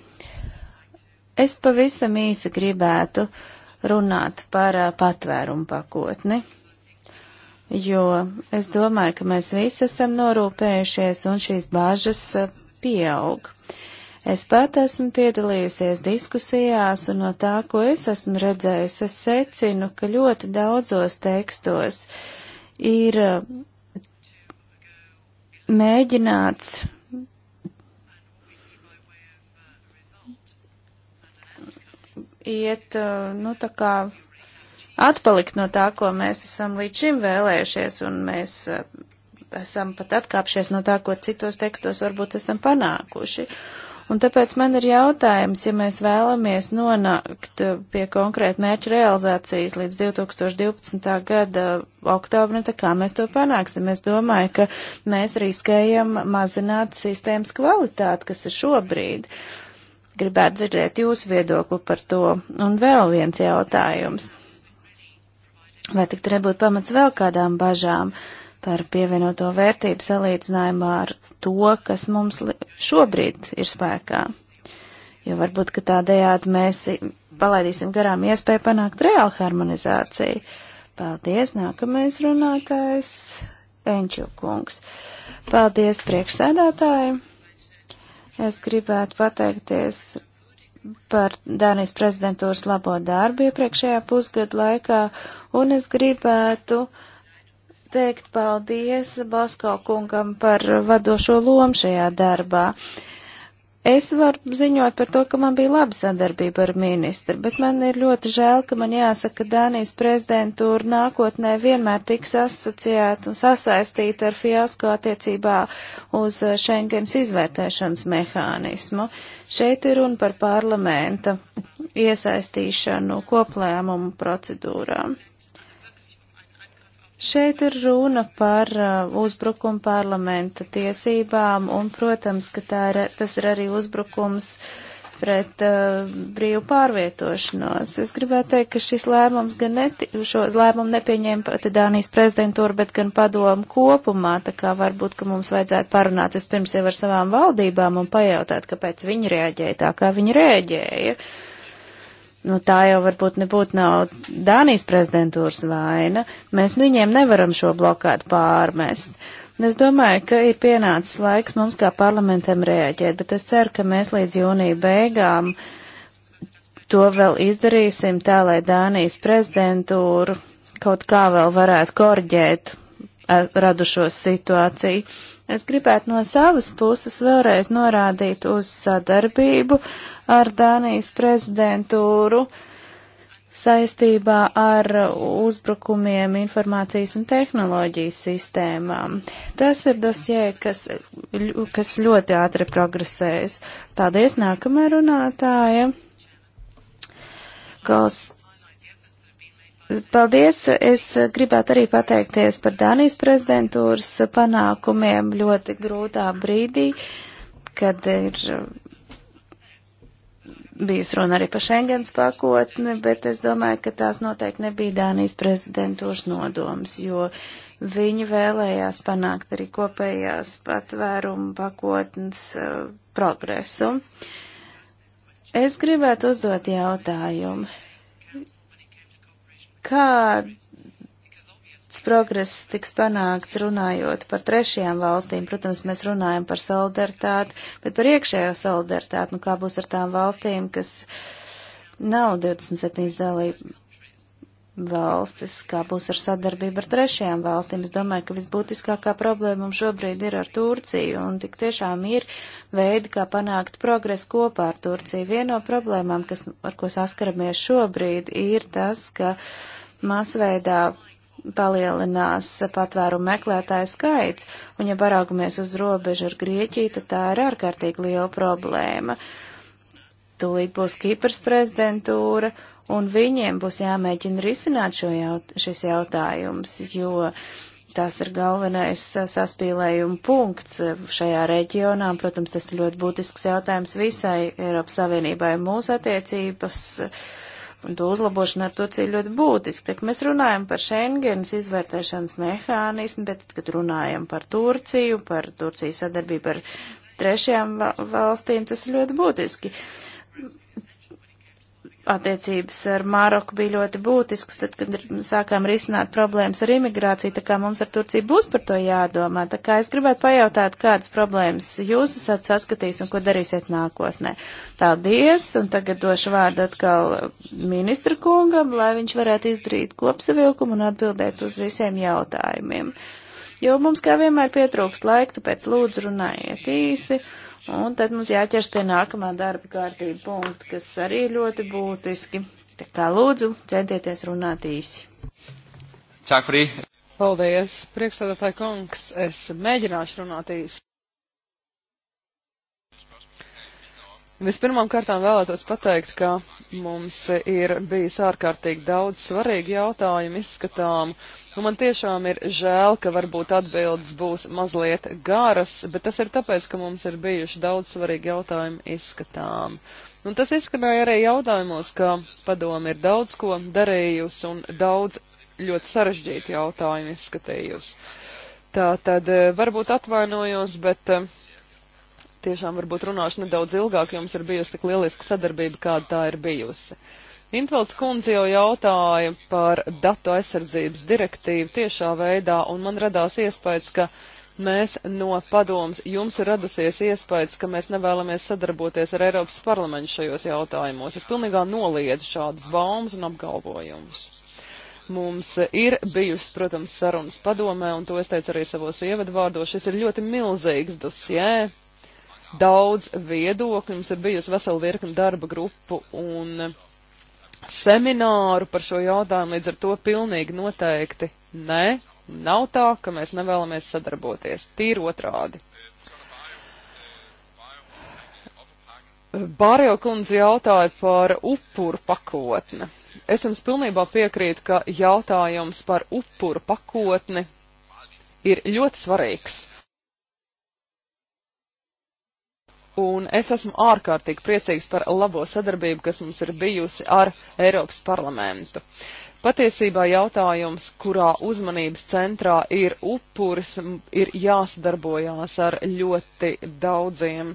Es pavisam īsi gribētu runāt par patvērumu pakotni, jo es domāju, ka mēs visi esam norūpējušies un šīs bāžas pieaug. Es pat esmu piedalījusies diskusijās, un no tā, ko es esmu redzējusi, es secinu, ka ļoti daudzos tekstos ir mēģināts iet, nu, tā kā atpalikt no tā, ko mēs esam līdz šim vēlējušies, un mēs esam pat atkāpšies no tā, ko citos tekstos varbūt esam panākuši. Un tāpēc man ir jautājums, ja mēs vēlamies nonākt pie konkrēta mērķa realizācijas līdz 2012. gada oktobrim, tad kā mēs to panāksim? Es domāju, ka mēs riskējam mazināt sistēmas kvalitāti, kas ir šobrīd. Uh, gribētu dzirdēt jūsu viedokli par to. Un vēl viens jautājums. Vai tik tur būtu pamats vēl kādām bažām par pievienoto vērtību salīdzinājumā ar to, kas mums šobrīd ir spēkā? Jo varbūt, ka tādējādi mēs palaidīsim garām iespēju panākt reālu harmonizāciju. Paldies, nākamais runātājs Enčukungs. Paldies, priekšsēdētāji! Es gribētu pateikties par Dānijas prezidentūras labo darbu iepriekšējā pusgada laikā, un es gribētu teikt paldies Bosko kungam par vadošo lomu šajā darbā. Uh, Es varu ziņot par to, ka man bija laba sadarbība ar ministru, bet man ir ļoti žēl, ka man jāsaka, ka Dānijas prezidentūra nākotnē vienmēr tiks asociēta un sasaistīta ar fiasko attiecībā uz eh, Schengens izvērtēšanas mehānismu. Šeit ir runa par parlamenta iesaistīšanu koplēmumu procedūrām. Šeit ir runa par uh, uzbrukumu parlamenta tiesībām, un, protams, ka tā ir, tas ir arī uzbrukums pret uh, brīvu pārvietošanos. Es gribētu teikt, ka šis lēmums gan neti, šo lēmumu nepieņēma pati Dānijas prezidentūra, bet gan padomu kopumā, tā kā varbūt, ka mums vajadzētu parunāt vispirms jau ar savām valdībām un pajautāt, kāpēc viņi reaģēja tā, kā viņi reaģēja. Uh, nu, tā jau varbūt nebūtu nav Dānijas prezidentūras vaina. Mēs nu viņiem nevaram šo blokādu pārmest. Es domāju, ka ir pienācis laiks mums kā parlamentam reaģēt, bet es ceru, ka mēs līdz jūnija beigām to vēl izdarīsim tā, lai Dānijas prezidentūru kaut kā vēl varētu korģēt eh, radušos situāciju. Es gribētu no savas puses vēlreiz norādīt uz sadarbību ar Dānijas prezidentūru saistībā ar uzbrukumiem informācijas un tehnoloģijas sistēmām. Tas ir dosie, kas, kas ļoti ātri progresēs. Paldies nākamā runātāja. Kals Paldies! Es gribētu arī pateikties par Dānijas prezidentūras panākumiem ļoti grūtā brīdī, kad ir uh, bijusi runa arī par Schengens pakotni, bet es domāju, ka tās noteikti nebija Dānijas prezidentūras nodoms, jo viņi vēlējās panākt arī kopējās patvērumu pakotnes uh, progresu. Es gribētu uzdot jautājumu Kāds progress tiks panākts runājot par trešajām valstīm? Protams, mēs runājam par solidaritāti, bet par iekšējo solidaritāti, nu kā būs ar tām valstīm, kas nav 27 dalība valstis, kā būs ar sadarbību ar trešajām valstīm. Es domāju, ka visbūtiskākā problēma mums šobrīd ir ar Turciju, un tik tiešām ir veidi, kā panākt progresu kopā ar Turciju. Viena no problēmām, kas, ar ko saskaramies šobrīd, ir tas, ka uh, masveidā palielinās patvērumu meklētāju skaits, un ja paraugamies uz robežu ar Grieķiju, tad tā ir ārkārtīgi liela problēma. Tūlīt būs Kipras prezidentūra, un viņiem būs jāmēģina risināt šo jaut šis jautājums, jo tas ir galvenais saspīlējuma punkts šajā reģionā. Protams, tas ir ļoti būtisks jautājums visai Eiropas Savienībai mūsu attiecības. Uh, un to uzlabošana ar Turciju ļoti būtiski. Tad mēs runājam par Schengens izvērtēšanas mehānismu, bet tad, kad runājam par Turciju, par Turcijas sadarbību ar trešajām valstīm, tas ir ļoti būtiski. Uh, attiecības ar Maroku bija ļoti būtisks, tad, kad sākām risināt problēmas ar imigrāciju, tā kā mums ar Turciju būs par to jādomā. Tā kā es gribētu pajautāt, kādas problēmas jūs esat saskatījis un ko darīsiet nākotnē. Paldies, un tagad došu vārdu atkal ministra kungam, lai viņš varētu izdarīt kopsavilkumu un atbildēt uz visiem jautājumiem. Jo mums kā vienmēr pietrūkst laika, tāpēc lūdzu runājiet īsi Un tad mums jāķers pie nākamā darba kārtība punkta, kas arī ir ļoti būtiski. Tā kā lūdzu, centieties runāt īsi. Čakfrī. Paldies, priekšstādātāji kungs. Es mēģināšu runāt īsi. Vispirmām kārtām vēlētos pateikt, ka mums ir bijis ārkārtīgi daudz svarīgu jautājumu izskatām, Un nu, man tiešām ir žēl, ka varbūt atbildes būs mazliet garas, bet tas ir tāpēc, ka mums ir bijuši daudz svarīgi jautājumi izskatām. Un nu, tas izskanēja arī jautājumos, ka padomi ir daudz ko darījusi un daudz ļoti sarežģītu jautājumu izskatījusi. Tā tad eh, varbūt atvainojos, bet eh, tiešām varbūt runāšu nedaudz ilgāk, jums ir bijusi tik lieliska sadarbība, kāda tā ir bijusi. Intvalds kundze jau jautāja par datu aizsardzības direktīvu tiešā veidā, un man radās iespējas, ka mēs no padoms, jums ir radusies iespējas, ka mēs nevēlamies sadarboties ar Eiropas parlamentu šajos jautājumos. Es pilnīgā noliedzu šādas baumas un apgalvojumus. Mums ir bijusi, protams, sarunas padomē, un to es teicu arī savos ievadvārdos. Šis ir ļoti milzīgs dosjē, daudz viedokļu, mums ir bijusi vesela virkni darba grupu, un semināru par šo jautājumu, līdz ar to pilnīgi noteikti nē, nav tā, ka mēs nevēlamies sadarboties. Tīri otrādi. Bārjo kundze jautāja par upuru pakotni. Es jums pilnībā piekrītu, ka jautājums par upuru pakotni ir ļoti svarīgs. un es esmu ārkārtīgi priecīgs par labo sadarbību, kas mums ir bijusi ar Eiropas parlamentu. Patiesībā jautājums, kurā uzmanības centrā ir upuris, ir jāsadarbojās ar ļoti daudziem,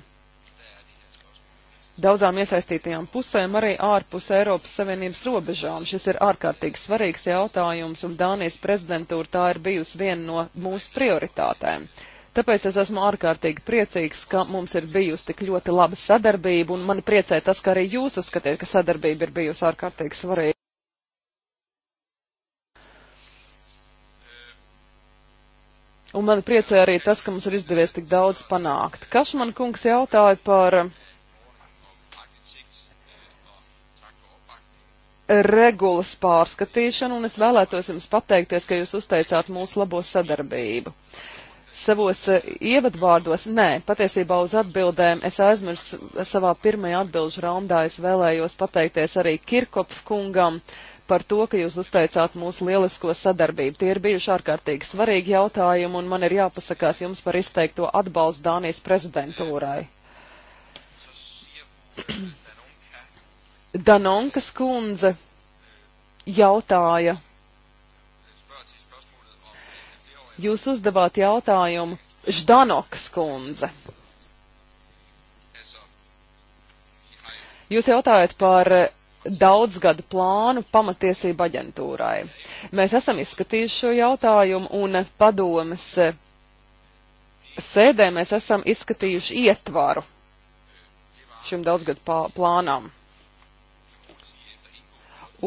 daudzām iesaistītajām pusēm, arī ārpus Eiropas Savienības robežām. Šis ir ārkārtīgi svarīgs jautājums, un Dānijas prezidentūra tā ir bijusi viena no mūsu prioritātēm. Tāpēc es esmu ārkārtīgi priecīgs, ka mums ir bijusi tik ļoti laba sadarbība, un mani priecē tas, ka arī jūs uzskatiet, ka sadarbība ir bijusi ārkārtīgi svarīga. Un mani priecē arī tas, ka mums ir izdevies tik daudz panākt. Kašman kungs jautāja par regulas pārskatīšanu, un es vēlētos jums pateikties, ka jūs uzteicāt mūsu labo sadarbību. Uh, savos eh, ievadvārdos, nē, patiesībā uz atbildēm es aizmirsu eh, savā pirmajā atbilžu raundā, es vēlējos pateikties arī Kirkopf kungam par to, ka jūs uzteicāt mūsu lielisko sadarbību. Tie ir bijuši ārkārtīgi svarīgi jautājumi, un man ir jāpasakās jums par izteikto atbalstu Dānijas prezidentūrai. Danonkas kundze jautāja Jūs uzdevāt jautājumu Ždanokas kundze. Jūs jautājat par daudzgadu plānu pamatiesību aģentūrai. Mēs esam izskatījuši šo jautājumu un padomas sēdē mēs esam izskatījuši ietvaru šim daudzgadu plānām.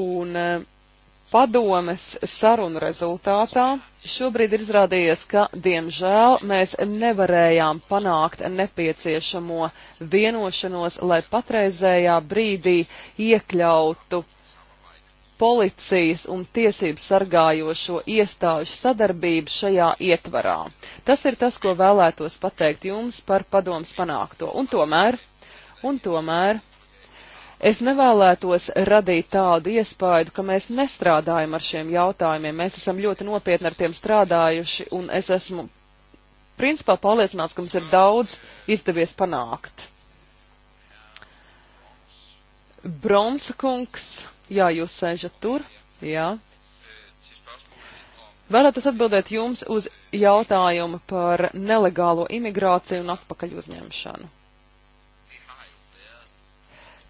Un padomes sarunu rezultātā šobrīd ir izrādījies, ka, diemžēl, mēs nevarējām panākt nepieciešamo vienošanos, lai patreizējā brīdī iekļautu policijas un tiesību sargājošo iestāžu sadarbību šajā ietvarā. Tas ir tas, ko vēlētos pateikt jums par padomus panākto. Un tomēr, un tomēr Es nevēlētos radīt tādu iespaidu, ka mēs nestrādājam ar šiem jautājumiem. Mēs esam ļoti nopietni ar tiem strādājuši, un es esmu principā pārliecināts, ka mums ir daudz izdevies panākt. Bronsa kungs, jā, jūs sēžat tur, jā. Varat es atbildēt jums uz jautājumu par nelegālo imigrāciju un atpakaļ uzņemšanu.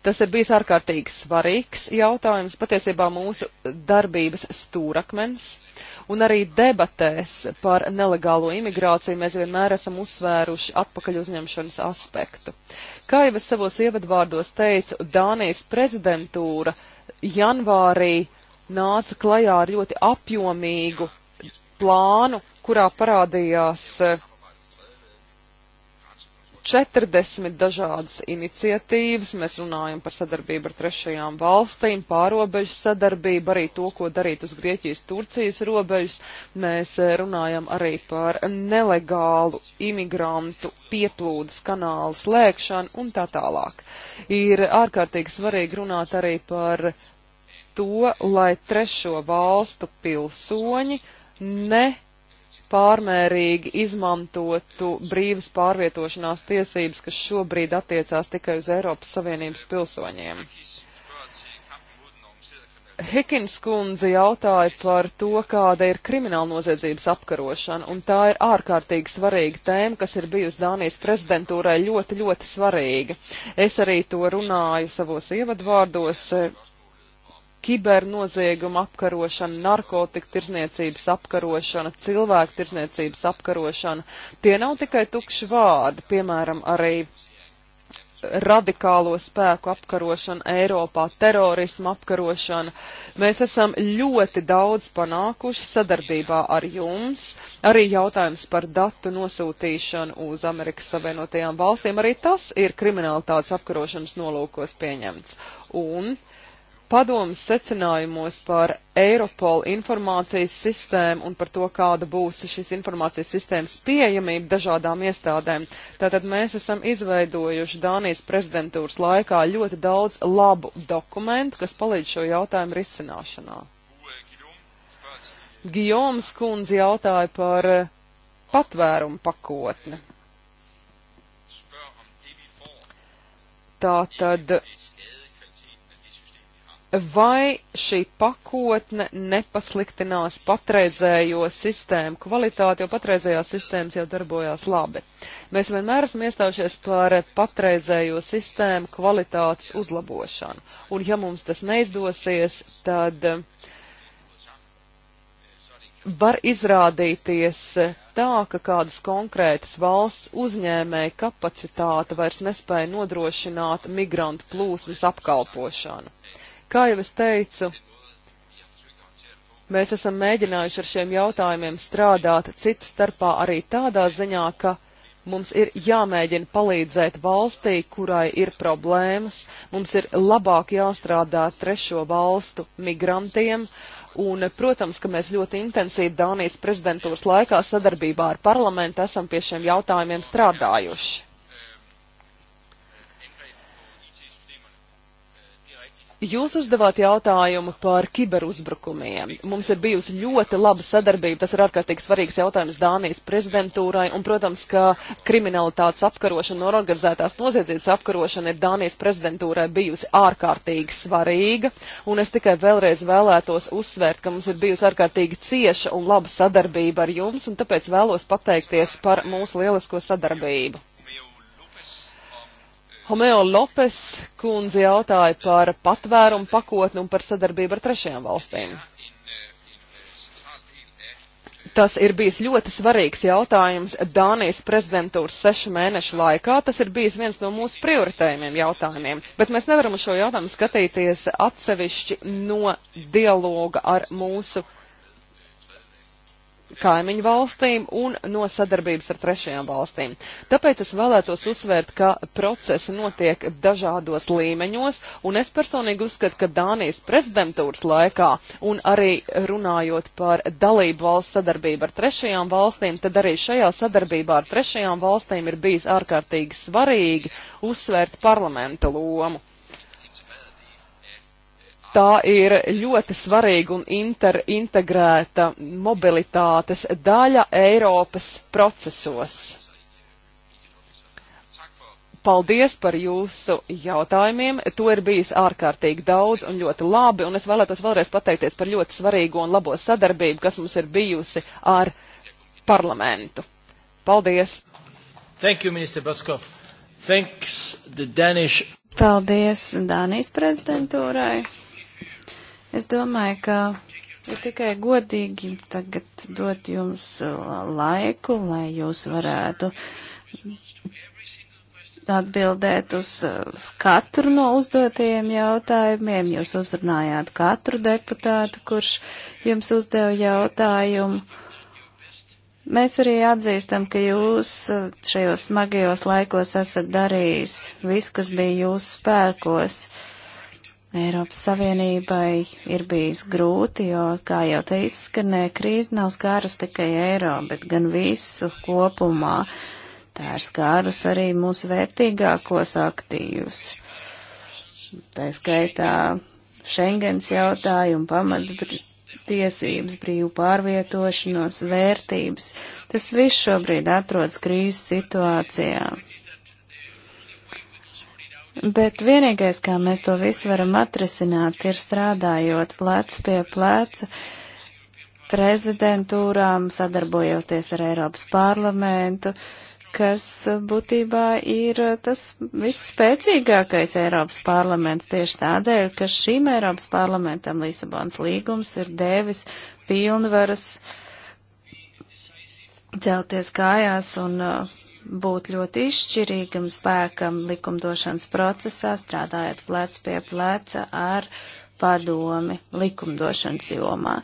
Tas ir bijis ārkārtīgi svarīgs jautājums, patiesībā mūsu darbības stūrakmens, un arī debatēs par nelegālo imigrāciju mēs vienmēr esam uzsvēruši atpakaļ uzņemšanas aspektu. Kā jau es savos ievadvārdos teicu, Dānijas prezidentūra janvārī nāca klajā ar ļoti apjomīgu plānu, kurā parādījās 40 dažādas iniciatīvas. Mēs runājam par sadarbību ar trešajām valstīm, pārobežu sadarbību, arī to, ko darīt uz Grieķijas-Turcijas robežas. Mēs eh, runājam arī par nelegālu imigrantu pieplūdes kanālu slēgšanu un tā tālāk. Ir ārkārtīgi svarīgi runāt arī par to, lai trešo valstu pilsoņi ne pārmērīgi izmantotu brīvas pārvietošanās tiesības, kas šobrīd attiecās tikai uz Eiropas Savienības pilsoņiem. Hikins kundze jautāja par to, kāda ir krimināla noziedzības apkarošana, un tā ir ārkārtīgi svarīga tēma, kas ir bijusi Dānijas prezidentūrai ļoti, ļoti svarīga. Es arī to runāju savos ievadvārdos kibernozieguma apkarošana, narkotika tirzniecības apkarošana, cilvēku tirzniecības apkarošana. Tie nav tikai tukši vārdi, piemēram, arī radikālo spēku apkarošana Eiropā, terorismu apkarošana. Mēs esam ļoti daudz panākuši sadarbībā ar jums. Arī jautājums par datu nosūtīšanu uz Amerikas Savienotajām valstīm, arī tas ir kriminalitātes apkarošanas nolūkos pieņemts. Un uh, padomas secinājumos par Eiropol informācijas sistēmu un par to, kāda būs šīs informācijas sistēmas pieejamība dažādām iestādēm. Tātad mēs esam izveidojuši Dānijas prezidentūras laikā ļoti daudz labu dokumentu, kas palīdz šo jautājumu risināšanā. Gijoms kundze jautāja par patvērumu pakotni. Tātad vai šī pakotne nepasliktinās patreizējo sistēmu kvalitāti, jo patreizējās sistēmas jau darbojās labi. Mēs vienmēr esam iestājušies par patreizējo sistēmu kvalitātes uzlabošanu, un ja mums tas neizdosies, tad eh, var izrādīties eh, tā, ka kādas konkrētas valsts uzņēmēja kapacitāte vairs nespēja nodrošināt migrantu plūsmas apkalpošanu. Kā jau es teicu, mēs esam mēģinājuši ar šiem jautājumiem strādāt citu starpā arī tādā ziņā, ka mums ir jāmēģina palīdzēt valstī, kurai ir problēmas, mums ir labāk jāstrādā trešo valstu migrantiem. Un, protams, ka mēs ļoti intensīvi Dānijas prezidentūras laikā sadarbībā ar parlamentu esam pie šiem jautājumiem strādājuši. Jūs uzdevāt jautājumu par kiberuzbrukumiem. Mums ir bijusi ļoti laba sadarbība. Tas ir ārkārtīgi svarīgs jautājums Dānijas prezidentūrai. Un, protams, ka kriminalitātes apkarošana un organizētās noziedzības apkarošana ir Dānijas prezidentūrai bijusi ārkārtīgi svarīga. Un es tikai vēlreiz vēlētos uzsvērt, ka mums ir bijusi ārkārtīgi cieša un laba sadarbība ar jums. Un tāpēc vēlos pateikties par mūsu lielisko sadarbību. Homeo Lopes kundze jautāja par patvērumu pakotni un par sadarbību ar trešajām valstīm. Tas ir bijis ļoti svarīgs jautājums Dānijas prezidentūras sešu mēnešu laikā. Tas ir bijis viens no mūsu prioritējumiem jautājumiem, bet mēs nevaram uz šo jautājumu skatīties atsevišķi no dialoga ar mūsu kaimiņu valstīm un no sadarbības ar trešajām valstīm. Tāpēc es vēlētos uzsvērt, ka procesi notiek dažādos līmeņos, un es personīgi uzskatu, ka Dānijas prezidentūras laikā un arī runājot par dalību valsts sadarbību ar trešajām valstīm, tad arī šajā sadarbībā ar trešajām valstīm ir bijis ārkārtīgi svarīgi uzsvērt parlamenta lomu. Tā ir ļoti svarīga un inter, integrēta mobilitātes daļa Eiropas procesos. Paldies par jūsu jautājumiem. To ir bijis ārkārtīgi daudz un ļoti labi, un es vēlētos vēlreiz pateikties par ļoti svarīgo un labo sadarbību, kas mums ir bijusi ar parlamentu. Paldies! Thank you, Minister Batsko. Thanks the Danish. Paldies Dānijas prezidentūrai. Es domāju, ka ir tikai godīgi tagad dot jums uh, laiku, lai jūs varētu atbildēt uz uh, katru no uzdotajiem jautājumiem. Jūs uzrunājāt katru deputātu, kurš jums uzdeva jautājumu. Mēs arī atzīstam, ka jūs uh, šajos smagajos laikos esat darījis visu, kas bija jūsu spēkos. Uh, Eiropas Savienībai ir bijis grūti, jo, kā jau te izskanē, eh, krīze nav skārus tikai eiro, bet gan visu kopumā. Tā ir skārus arī mūsu vērtīgākos aktīvus. Tā skaitā Schengens jautājumu, pamattiesības, brīvu pārvietošanos, vērtības. Tas viss šobrīd atrodas krīzes situācijā. Bet vienīgais, kā mēs to visu varam atrisināt, ir strādājot plecu pie pleca prezidentūrām, sadarbojoties ar Eiropas parlamentu, kas būtībā ir tas visspēcīgākais Eiropas parlaments tieši tādēļ, ka šim Eiropas parlamentam Lisabonas līgums ir devis pilnvaras celties kājās un uh, būt ļoti izšķirīgam spēkam likumdošanas procesā, strādājot plec pie pleca ar padomi likumdošanas jomā.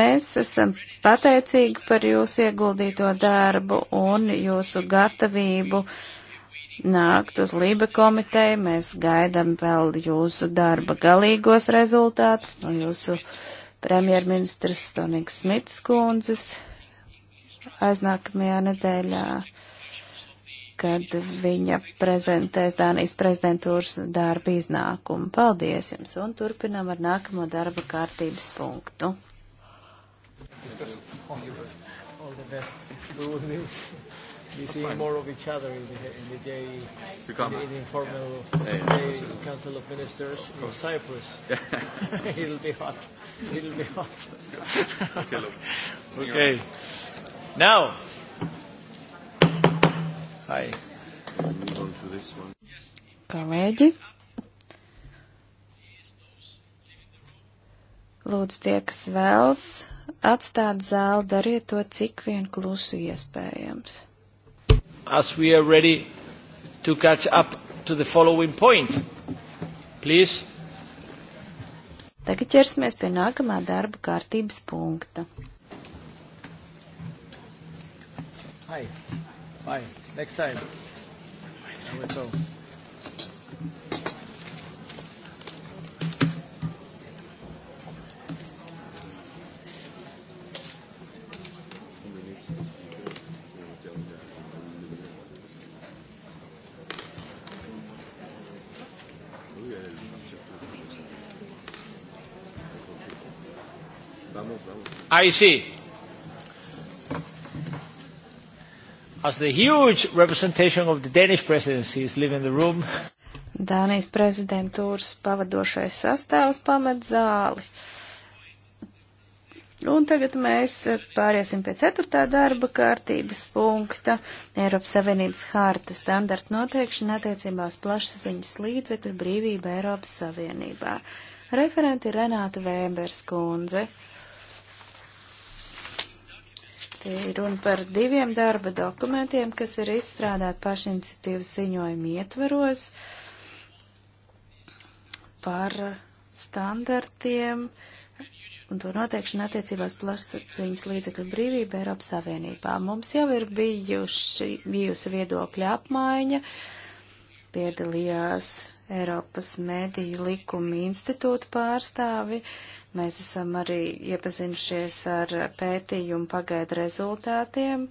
Mēs esam pateicīgi par jūsu ieguldīto darbu un jūsu gatavību nākt uz Lība komiteju. Mēs gaidam vēl jūsu darba galīgos rezultātus no jūsu premjerministras Toniks Smits kundzes aiznākamajā nedēļā kad viņa prezentēs Dānijas prezidentūras darba iznākumu. Paldies jums un turpinām ar nākamo darba kārtības punktu. All the best. We will miss be seeing more of each other in the, in the day, to come. In, the, in the informal yeah. Yeah, day yeah. Council of Ministers of in Cyprus. It'll be hot. It'll be hot. okay, look. okay. Now. Hi. Kolēģi, lūdzu tie, kas vēlas atstāt zāli, dariet to cik vien klusu iespējams. As we are ready to catch up to the following point, please. Tagad ķersimies pie nākamā darba kārtības punkta. Hi. Hi. Next time. There we go. Ahí sí. as the huge representation of the Danish presidency is leaving the room. Dānijas prezidentūras pavadošais sastāvs pamet zāli. Un tagad mēs pāriesim pie ceturtā darba kārtības punkta - Eiropas Savienības harta standarta noteikšana attiecībās plašsaziņas līdzekļu brīvība Eiropas Savienībā. Referenti Renāta Vēbers kundze. Uh, Te ir runa par diviem darba dokumentiem, kas ir izstrādāti pašiniciatīvas ziņojuma ietvaros par standartiem un to noteikšanu attiecībās plašsaziņas līdzekļu brīvība Eiropas Savienībā. Mums jau ir bijuši, bijusi viedokļa apmaiņa, piedalījās Eiropas mēdīju likumu institūta pārstāvi. Mēs esam arī iepazinušies ar pētījumu pagaidu rezultātiem,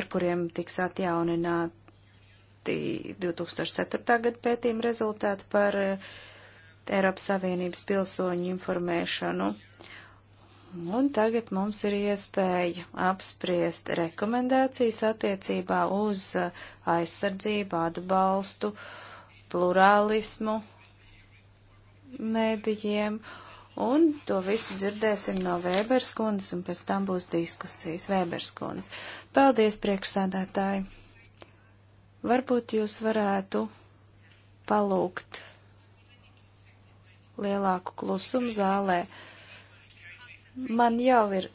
ar kuriem tiks atjaunināti 2004. gada pētījuma rezultāti par Eiropas Savienības pilsoņu informēšanu. Un tagad mums ir iespēja apspriest rekomendācijas attiecībā uz aizsardzību, atbalstu, uh, plurālismu mēdījiem. Un to visu dzirdēsim no Vēberskundas, un pēc tam būs diskusijas Vēberskundas. Paldies, priekšsādātāji! Varbūt jūs varētu palūgt lielāku klusumu zālē. Man jau ir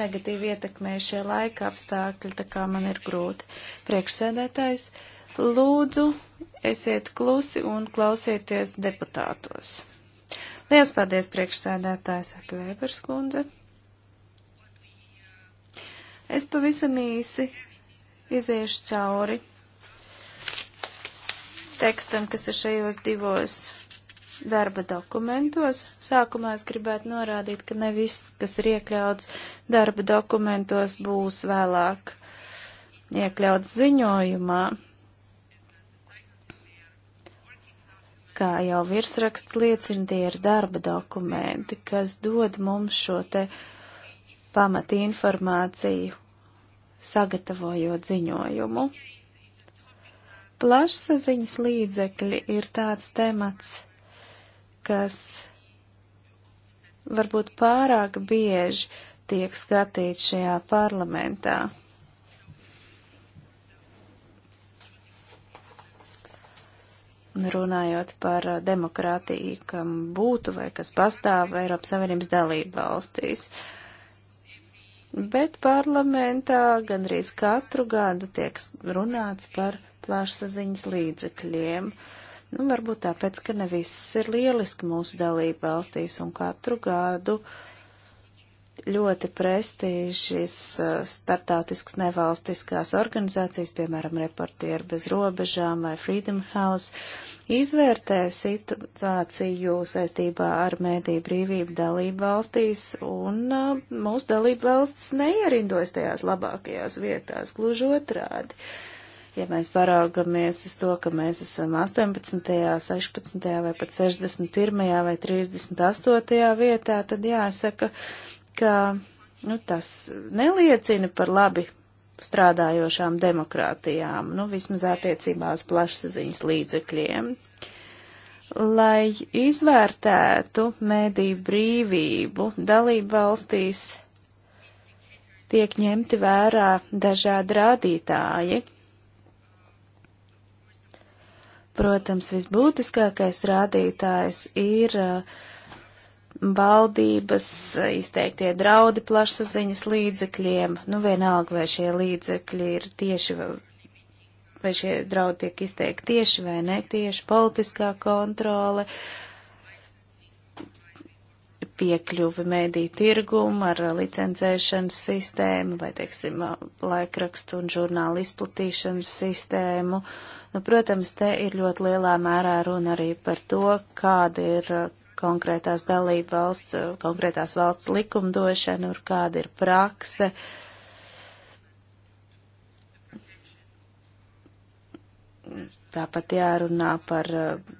negatīvi ietekmējušie laika apstākļi, tā kā man ir grūti. Priekšsēdētājs. Lūdzu, esiet klusi un klausieties deputātos. Lielas paldies priekšsēdētāji, saka Vēbers kundze. Es pavisam īsi iziešu cauri tekstam, kas ir šajos divos darba dokumentos. Sākumā es gribētu norādīt, ka ne viss, kas ir iekļauts darba dokumentos, būs vēlāk iekļauts ziņojumā. Kā jau virsraksts liecina, tie ir darba dokumenti, kas dod mums šo te pamati informāciju, sagatavojot ziņojumu. Plašsaziņas līdzekļi ir tāds temats, kas varbūt pārāk bieži tiek skatīts šajā parlamentā. runājot par uh, demokrātiju, kam būtu vai kas pastāv Eiropas Savienības dalību valstīs. Bet parlamentā gandrīz katru gadu tiek runāts par plašsaziņas līdzekļiem. Nu, varbūt tāpēc, ka ne viss ir lieliski mūsu dalību valstīs un katru gadu uh, ļoti prestīžas uh, startautiskas nevalstiskās organizācijas, piemēram, Reportieri bez robežām vai Freedom House, izvērtē situāciju saistībā ar mēdīju brīvību dalību valstīs, un uh, mūsu dalību valsts neierindojas tajās labākajās vietās, gluži otrādi. Ja mēs paraugamies uz to, ka mēs esam 18., 16. vai pat 61. vai 38. vietā, tad jāsaka, ka nu, tas neliecina par labi strādājošām demokrātijām, nu, vismaz attiecībās plašsaziņas līdzekļiem. Lai izvērtētu mēdīju brīvību, dalību valstīs tiek ņemti vērā dažādi rādītāji. Protams, visbūtiskākais rādītājs ir uh, valdības izteiktie draudi plašsaziņas līdzekļiem, nu vienalga, vai šie līdzekļi ir tieši, vai šie draudi tiek izteikti tieši vai netieši, politiskā kontrole, piekļuvi mēdī tirgumu ar licencēšanas sistēmu vai, teiksim, laikrakstu un žurnālu izplatīšanas sistēmu. Nu, protams, te ir ļoti lielā mērā runa arī par to, kāda ir konkrētās dalība valsts, eh, konkrētās valsts likumdošana, un kāda ir prakse. Tāpat jārunā par eh,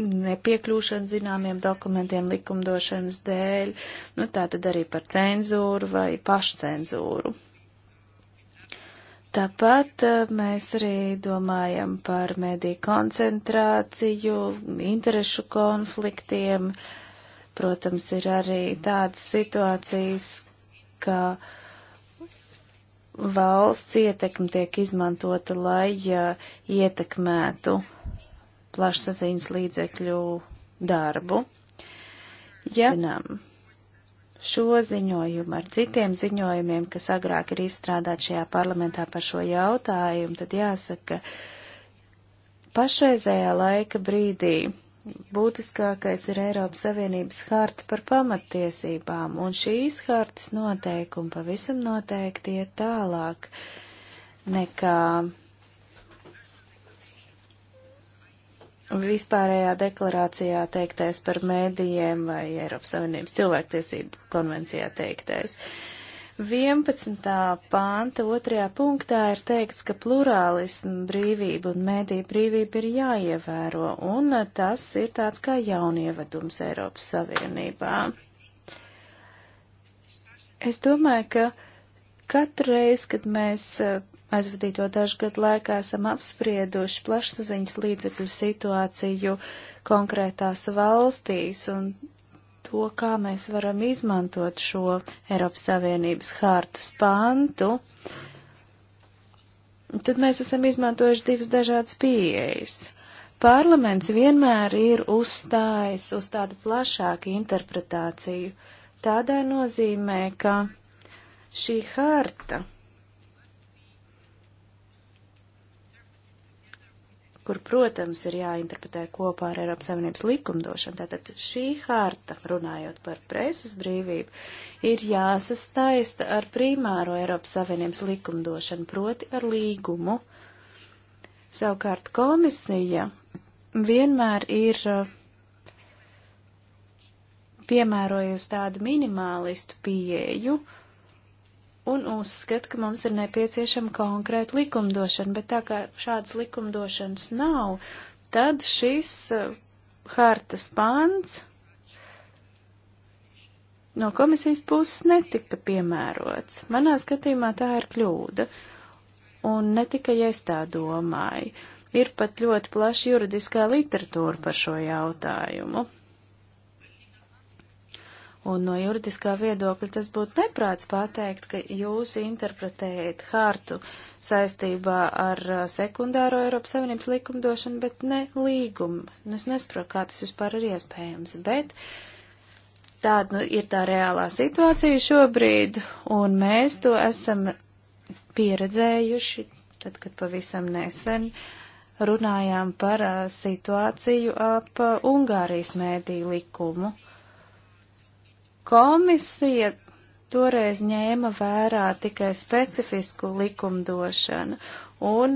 nepiekļūšanu zināmiem dokumentiem likumdošanas dēļ, nu tā tad arī par cenzūru vai pašcenzūru. Tāpat eh, mēs arī domājam par mediju koncentrāciju, interešu konfliktiem. Protams, ir arī tādas situācijas, ka valsts ietekme tiek izmantota, lai ietekmētu plašsaziņas līdzekļu darbu. Ja, zinām, šo ziņojumu ar citiem ziņojumiem, kas agrāk ir izstrādāti šajā parlamentā par šo jautājumu, tad jāsaka, pašreizējā laika brīdī būtiskākais ir Eiropas Savienības harta par pamattiesībām, un šīs hartas noteikumi pavisam noteikti iet tālāk nekā vispārējā deklarācijā teiktais par mēdījiem vai Eiropas Savienības cilvēktiesību konvencijā teiktais. 11. panta otrajā punktā ir teikts, ka plurālismu brīvība un mēdīja brīvība ir jāievēro, un tas ir tāds kā jaunievedums Eiropas Savienībā. Es domāju, ka katru reizi, kad mēs aizvadīto dažu gadu laikā esam apsprieduši plašsaziņas līdzekļu situāciju konkrētās valstīs un to, kā mēs varam izmantot šo Eiropas Savienības hārtas pantu, tad mēs esam izmantojuši divas dažādas pieejas. Parlaments vienmēr ir uzstājis uz tādu plašāku interpretāciju, tādā nozīmē, ka šī harta kur, protams, ir jāinterpretē kopā ar Eiropas Savienības likumdošanu. Tātad šī harta, runājot par preses brīvību, ir jāsastaista ar primāro Eiropas Savienības likumdošanu, proti ar līgumu. Savukārt komisija vienmēr ir uh, piemērojusi tādu minimālistu pieeju, uh, un uzskata, ka mums ir nepieciešama konkrēta likumdošana, bet tā kā šādas likumdošanas nav, tad šis eh, hartas pāns no komisijas puses netika piemērots. Manā skatījumā tā ir kļūda, un ne tikai es tā domāju. Ir pat ļoti plaša juridiskā literatūra par šo jautājumu. Un no juridiskā viedokļa tas būtu neprāts pateikt, ka jūs interpretējat hartu saistībā ar sekundāro Eiropas Savienības likumdošanu, bet ne līgumu. Nu, es nesaprotu, kā tas vispār ir iespējams, bet tāda nu, ir tā reālā situācija šobrīd, un mēs to esam pieredzējuši, tad, kad pavisam nesen runājām par situāciju ap Ungārijas mēdī likumu. Komisija toreiz ņēma vērā tikai specifisku likumdošanu un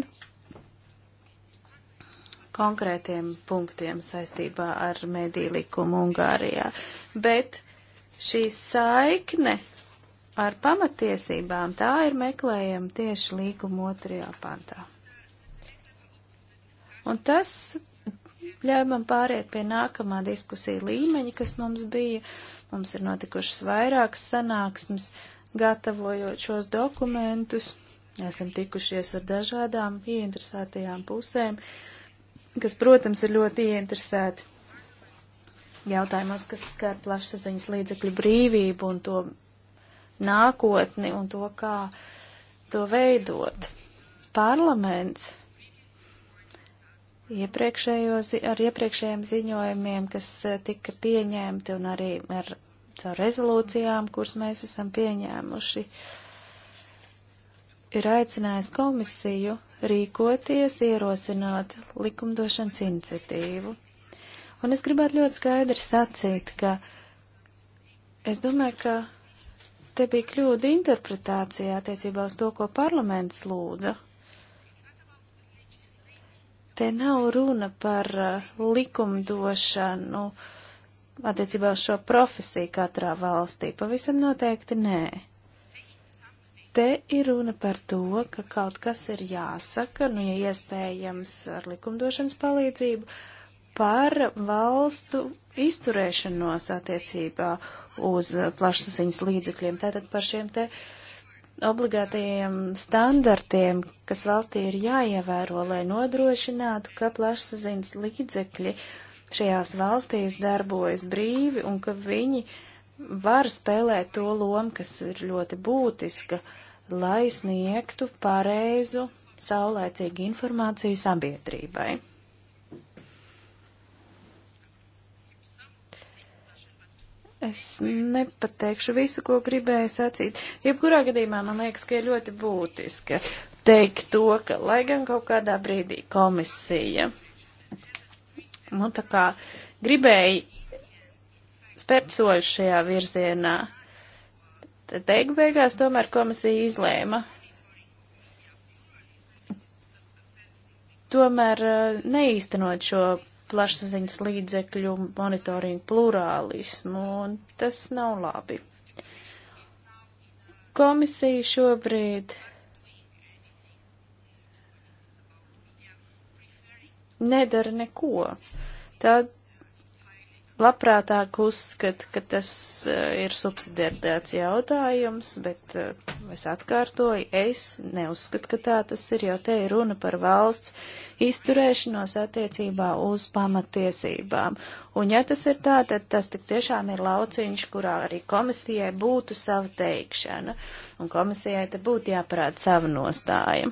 konkrētiem punktiem saistībā ar mediju likumu Ungārijā. Bet šī saikne ar pamatiesībām tā ir meklējama tieši līguma otrajā pantā. Un tas ļauj man pāriet pie nākamā diskusija līmeņa, kas mums bija Mums ir notikušas vairākas sanāksmes, gatavojot šos dokumentus. Esam tikušies ar dažādām ieinteresētajām pusēm, kas, protams, ir ļoti ieinteresēti jautājumos, kas skar plašsaziņas līdzekļu brīvību un to nākotni un to, kā to veidot. Parlaments iepriekšējos, ar iepriekšējiem ziņojumiem, kas eh, tika pieņemti un arī ar caur rezolūcijām, kuras mēs esam pieņēmuši, ir aicinājis komisiju rīkoties, ierosināt likumdošanas iniciatīvu. Un es gribētu ļoti skaidri sacīt, ka es domāju, ka te bija kļūda interpretācijā attiecībā uz to, ko parlaments lūdza. Te nav runa par uh, likumdošanu. Uh, attiecībā uz šo profesiju katrā valstī? Pavisam noteikti nē. Te ir runa par to, ka kaut kas ir jāsaka, nu, ja iespējams, ar likumdošanas palīdzību, par valstu izturēšanos attiecībā uz plašsaziņas līdzekļiem, tātad par šiem te obligātajiem standartiem, kas valstī ir jāievēro, lai nodrošinātu, ka plašsaziņas līdzekļi uh, šajās valstīs darbojas brīvi un ka viņi var spēlēt to lomu, kas ir ļoti būtiska, lai sniegtu pareizu, saulēcīgu informāciju sabiedrībai. Es nepateikšu visu, ko gribēju sacīt. Jebkurā gadījumā man liekas, ka ir ļoti būtiski teikt to, ka lai gan kaut kādā brīdī komisija nu, tā kā gribēja spērt soļus šajā virzienā. Tad beigu beigās tomēr komisija izlēma. Tomēr eh, neīstenot šo plašsaziņas līdzekļu monitoringu plurālismu, un tas nav labi. Komisija šobrīd nedara neko tad labprātāk uzskata, ka tas eh, ir subsidiardēts jautājums, bet eh, es atkārtoju, es neuzskatu, ka tā tas ir, jo te ir runa par valsts izturēšanos attiecībā uz pamatiesībām. Un ja tas ir tā, tad tas tik tiešām ir lauciņš, kurā arī komisijai būtu sava teikšana, un komisijai te būtu jāparāda sava nostāja.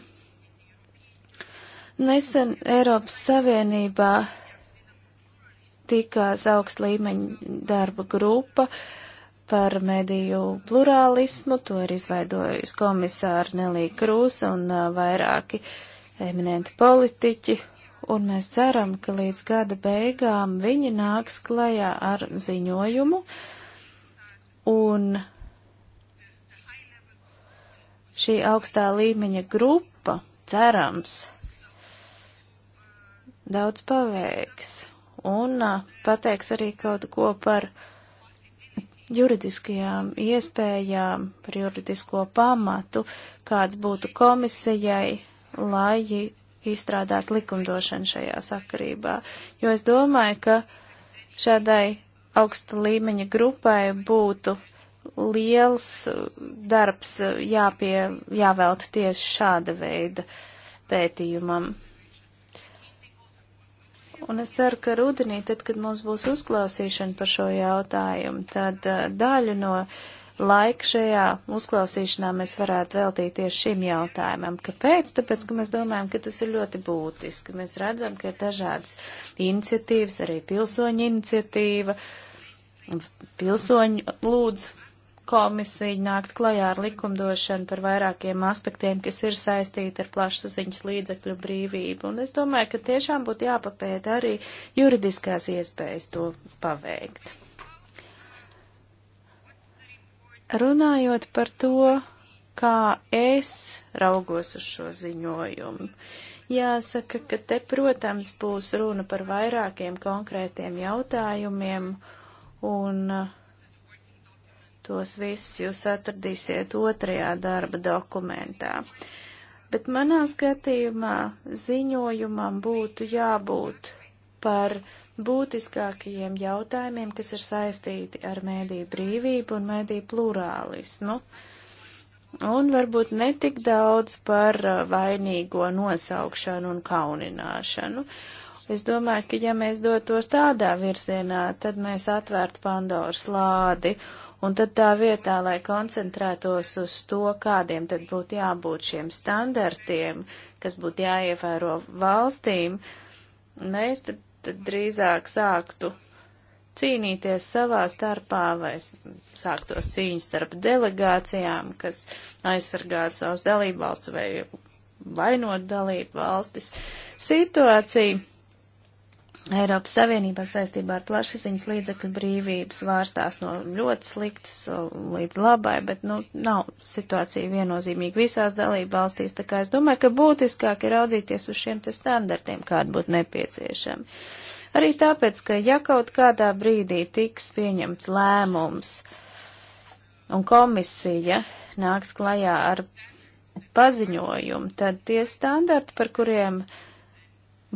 Nesen Eiropas Savienībā tikās augst līmeņa darba grupa par mediju plurālismu, to ir izveidojusi komisāra Nelī Krūsa un vairāki eminenti politiķi, un mēs ceram, ka līdz gada beigām viņi nāks klajā ar ziņojumu, un šī augstā līmeņa grupa, cerams, daudz paveiks un pateiks arī kaut ko par juridiskajām iespējām, par juridisko pamatu, kāds būtu komisijai, lai izstrādāt likumdošanu šajā sakarībā. Jo es domāju, ka šādai augsta līmeņa grupai būtu liels darbs jāpie, jāvelta tieši šāda veida pētījumam. Un es ceru, ka rudenī, tad, kad mums būs uzklausīšana par šo jautājumu, tad uh, daļu no laika šajā uzklausīšanā mēs varētu veltīt tieši šim jautājumam. Kāpēc? Tāpēc, ka mēs domājam, ka tas ir ļoti būtiski. Mēs redzam, ka ir dažādas iniciatīvas, arī pilsoņu iniciatīva, pilsoņu lūdzu komisija nākt klajā ar likumdošanu par vairākiem aspektiem, kas ir saistīti ar plašsaziņas līdzekļu brīvību. Un es domāju, ka tiešām būtu jāpapēta arī juridiskās iespējas to paveikt. Runājot par to, kā es raugos uz šo ziņojumu. Jāsaka, ka te, protams, būs runa par vairākiem konkrētiem jautājumiem, un uh, Tos visus jūs atradīsiet otrajā darba dokumentā. Bet manā skatījumā ziņojumam būtu jābūt par būtiskākajiem jautājumiem, kas ir saistīti ar mēdīju brīvību un mēdīju plurālismu. Un varbūt netik daudz par uh, vainīgo nosaukšanu un kaunināšanu. Es domāju, ka ja mēs dotos tādā virzienā, tad mēs atvērtu Pandoras lādi Un tad tā vietā, lai koncentrētos uz to, kādiem tad būtu jābūt šiem standartiem, kas būtu jāievēro valstīm, mēs tad, tad drīzāk sāktu cīnīties savā starpā vai sāktos cīņas starp delegācijām, kas aizsargātu savus dalībvalsts vai vainot dalību valstis. Situācija Eiropas Savienībā saistībā ar plašsaziņas līdzekļu brīvības vārstās no ļoti sliktas līdz labai, bet, nu, nav situācija viennozīmīga visās dalība valstīs, tā kā es domāju, ka būtiskāk ir raudzīties uz šiem te standartiem, kādi būtu nepieciešami. Arī tāpēc, ka ja kaut kādā brīdī tiks pieņemts lēmums un komisija nāks klajā ar paziņojumu, tad tie standarti, par kuriem uh,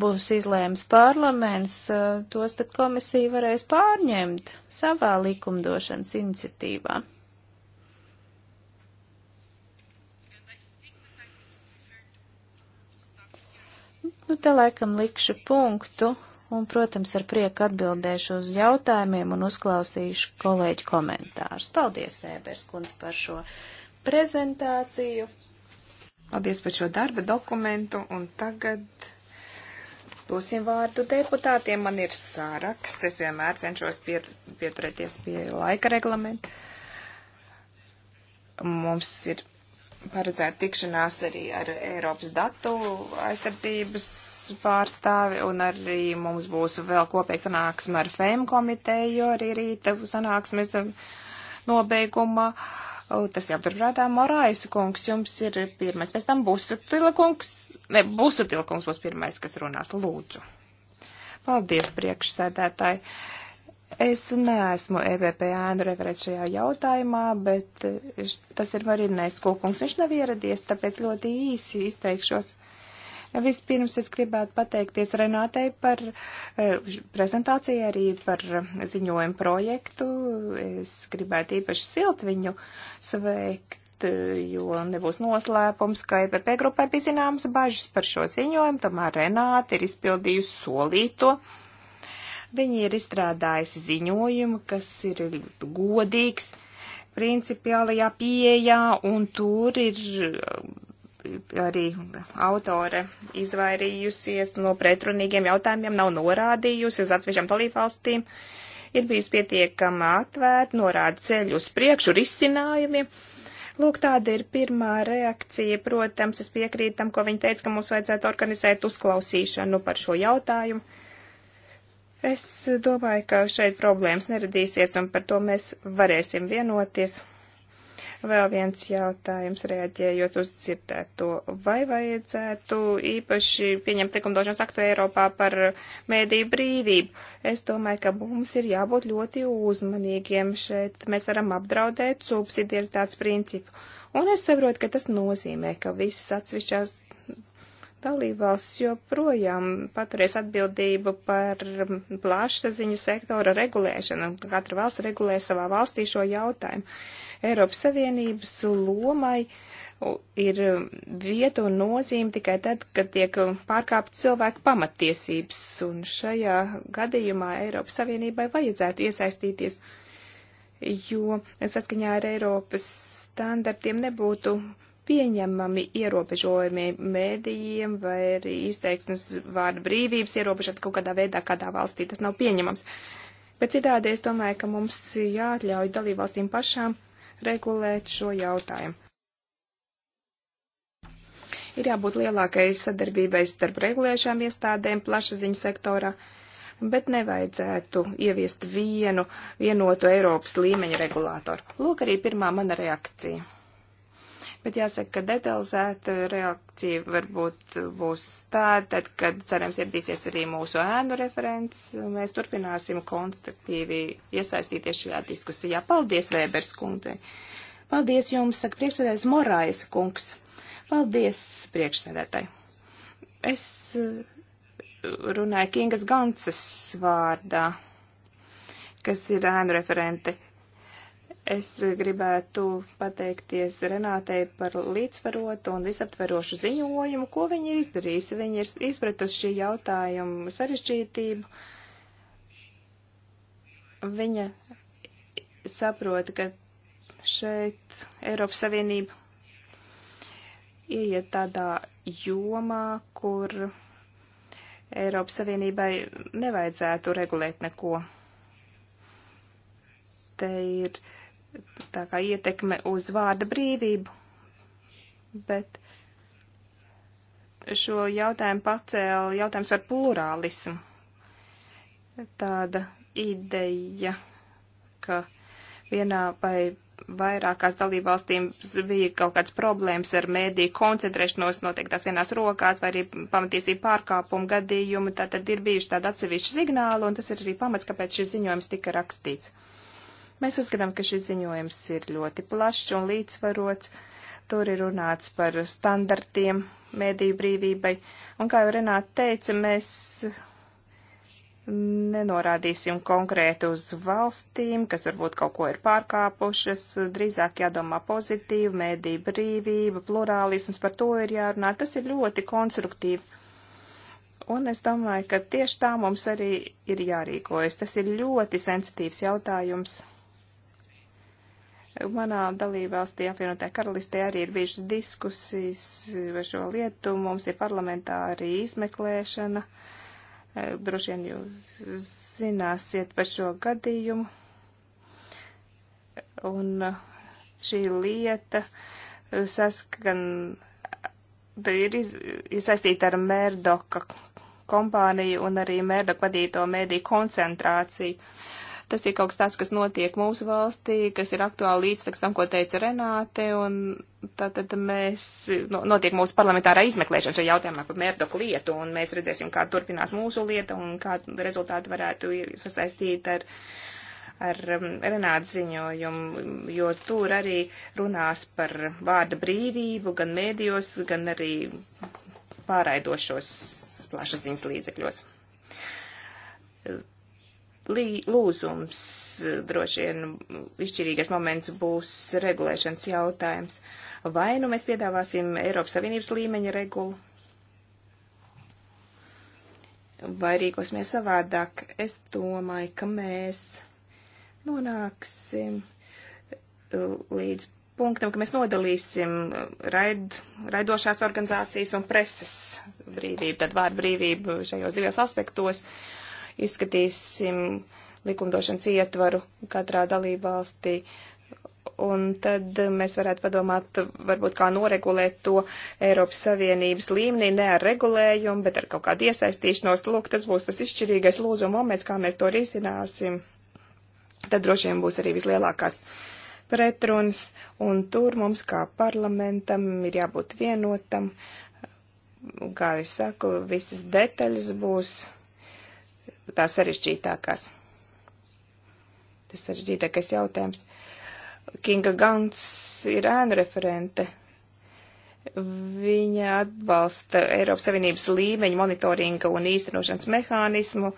būs izlēms parlaments, tos tad komisija varēs pārņemt savā likumdošanas iniciatīvā. Nu, te laikam likšu punktu, un, protams, ar prieku atbildēšu uz jautājumiem un uzklausīšu kolēģu komentārus. Paldies, Vēbers kundz, par šo prezentāciju. Paldies par šo darba dokumentu, un tagad Dosim vārdu deputātiem. Man ir sāraksts. Es vienmēr cenšos pier, pieturēties pie laika reglamenta. Mums ir paredzēta tikšanās arī ar Eiropas datu aizsardzības pārstāvi, un arī mums būs vēl kopēja sanāksme ar FEM komiteju, jo arī rīta sanāksmes nobeiguma. Tas jāpaturprātā, Morais kungs, jums ir pirmais, pēc tam būs Tila kungs, Ne, būs utilkums būs pirmais, kas runās. Lūdzu. Paldies, priekšsēdētāji. Es neesmu EVP ēnu referēt šajā jautājumā, bet eh, tas ir Marinais Kulkungs. Viņš nav ieradies, tāpēc ļoti īsi izteikšos. Vispirms es gribētu pateikties Renātei par eh, prezentāciju, arī par ziņojumu projektu. Es gribētu īpaši silti viņu sveikt jo nebūs noslēpums, ka EPP grupai bija zināmas bažas par šo ziņojumu, tomēr Renāte ir izpildījusi solīto. Viņi ir izstrādājusi ziņojumu, kas ir godīgs principiālajā pieejā, un tur ir um, arī autore izvairījusies no pretrunīgiem jautājumiem, nav norādījusi uz atsevišķām dalībvalstīm, ir bijusi pietiekama atvērta, norāda ceļu uz priekšu risinājumiem. Ar Lūk, tāda ir pirmā reakcija. Protams, es piekrītu tam, ko viņi teica, ka mums vajadzētu organizēt uzklausīšanu par šo jautājumu. Es domāju, ka šeit problēmas neradīsies, un par to mēs varēsim vienoties. Vēl viens jautājums reaģējot uz dzirdēto. Vai vajadzētu īpaši pieņemt likumdošanas aktu Eiropā par mēdīju brīvību? Es domāju, ka mums ir jābūt ļoti uzmanīgiem šeit. Mēs varam apdraudēt subsidiaritātes principu. Un es saprotu, ka tas nozīmē, ka visas atsevišķās Dalībvalsts joprojām paturēs atbildību par plašsaziņas sektora regulēšanu. Katra valsts regulē savā valstī šo jautājumu. Eiropas Savienības lomai ir vieta un nozīme tikai tad, kad tiek pārkāpt cilvēku pamatiesības, un šajā gadījumā Eiropas Savienībai vajadzētu iesaistīties, jo saskaņā ar Eiropas standartiem nebūtu pieņemami ierobežojumi mēdījiem vai arī izteiksmes vārda brīvības ierobežot kaut kādā veidā, kādā valstī tas nav pieņemams. Bet citādi es domāju, ka mums jāatļauj dalībvalstīm pašām regulēt šo jautājumu. Ir jābūt lielākai sadarbībai starp regulējušām iestādēm plašsaziņu sektorā, bet nevajadzētu ieviest vienu vienotu Eiropas līmeņa regulātoru. Lūk arī pirmā mana reakcija. Bet jāsaka, ka detalizēta reakcija varbūt būs tāda, tad, kad cerams ieradīsies arī mūsu ēnu referents, mēs turpināsim konstruktīvi iesaistīties šajā diskusijā. Paldies, Vēbers kundze! Paldies jums, saka priekšsēdētājs Morājas kungs! Paldies, priekšsēdētāji! Es eh, runāju Kingas Gancas vārdā, kas ir ēnu referente Es gribētu pateikties Renātei par līdzsvarotu un visaptverošu ziņojumu, ko viņi ir izdarījusi. Viņi ir izpratusi šī jautājuma sarežģītību. Viņa saprota, ka šeit Eiropas Savienība ieiet tādā jomā, kur Eiropas Savienībai nevajadzētu regulēt neko. Te ir tā kā ietekme uz vārda brīvību, bet šo jautājumu pacēla jautājums par plurālismu. Tāda ideja, ka vienā vai vairākās dalībvalstīm bija kaut kāds problēmas ar mēdīju koncentrēšanos noteiktās vienās rokās vai arī pamatiesību pārkāpumu gadījumu, tad ir bijuši tādi atsevišķi signāli, un tas ir arī pamats, kāpēc šis ziņojums tika rakstīts. Mēs uzskatām, ka šis ziņojums ir ļoti plašs un līdzsvarots. Tur ir runāts par standartiem mēdīju brīvībai. Un, kā jau Renāta teica, mēs nenorādīsim konkrēti uz valstīm, kas varbūt kaut ko ir pārkāpušas. Drīzāk jādomā pozitīvi, mēdīja brīvība, plurālisms, par to ir jārunā. Tas ir ļoti konstruktīvi. Un es domāju, ka tieši tā mums arī ir jārīkojas. Tas ir ļoti sensitīvs jautājums. Manā dalībvalstī apvienotā karalistē arī ir bijušas diskusijas par šo lietu. Mums ir parlamentāri izmeklēšana. E, droši vien jūs zināsiet par šo gadījumu. Un e, šī lieta saskan, ir iesaistīta ar Mērdoka kompāniju un arī Mērdoka vadīto mēdī koncentrāciju. Uh, Tas ir kaut kas tāds, kas notiek mūsu valstī, kas ir aktuāli līdz tam, ko teica Renāte, un tātad mēs, no, notiek mūsu parlamentārā izmeklēšana šajā jautājumā par mērdoku lietu, un mēs redzēsim, kā turpinās mūsu lieta, un kā rezultāti varētu sasaistīt ar ar um, Renāta ziņojumu, jo tur arī runās par vārda brīvību gan mēdījos, gan arī pārraidošos plašsaziņas līdzekļos lūzums, droši vien izšķirīgais moments būs regulēšanas jautājums. Vai nu mēs piedāvāsim Eiropas Savienības līmeņa regulu, vai rīkosimies savādāk. Es domāju, ka mēs nonāksim līdz punktam, ka mēs nodalīsim raid, raidošās organizācijas un preses brīvību, tad vārdu brīvību šajos divos aspektos. Uh, izskatīsim likumdošanas ietvaru katrā dalībvalstī. Un tad mēs varētu padomāt, varbūt kā noregulēt to Eiropas Savienības līmenī, ne ar regulējumu, bet ar kaut kādu iesaistīšanos. Lūk, tas būs tas izšķirīgais lūzuma moments, kā mēs to risināsim. Tad droši vien būs arī vislielākās pretrunas, un tur mums kā parlamentam ir jābūt vienotam. Kā es saku, visas detaļas būs tās sarežģītākās. Tas sarežģītākais jautājums. Kinga Gants ir ēnu referente. Viņa atbalsta Eiropas Savienības līmeņa monitoringa un īstenošanas mehānismu.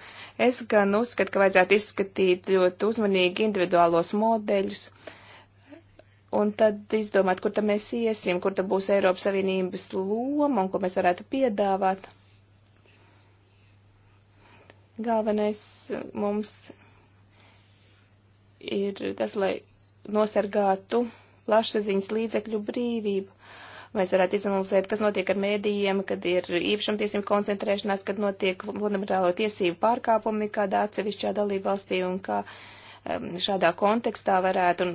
Es gan uzskatu, ka vajadzētu izskatīt ļoti uzmanīgi individuālos modeļus un tad izdomāt, kur tam mēs iesim, kur tam būs Eiropas Savienības loma un ko mēs varētu piedāvāt. Galvenais mums ir tas, lai nosargātu plašsaziņas līdzekļu brīvību. Mēs varētu izanalizēt, kas notiek ar mēdījiem, kad ir īpašumtiesību koncentrēšanās, kad notiek fundamentālo tiesību pārkāpumi kādā atsevišķā dalība valstī un kā um, šādā kontekstā varētu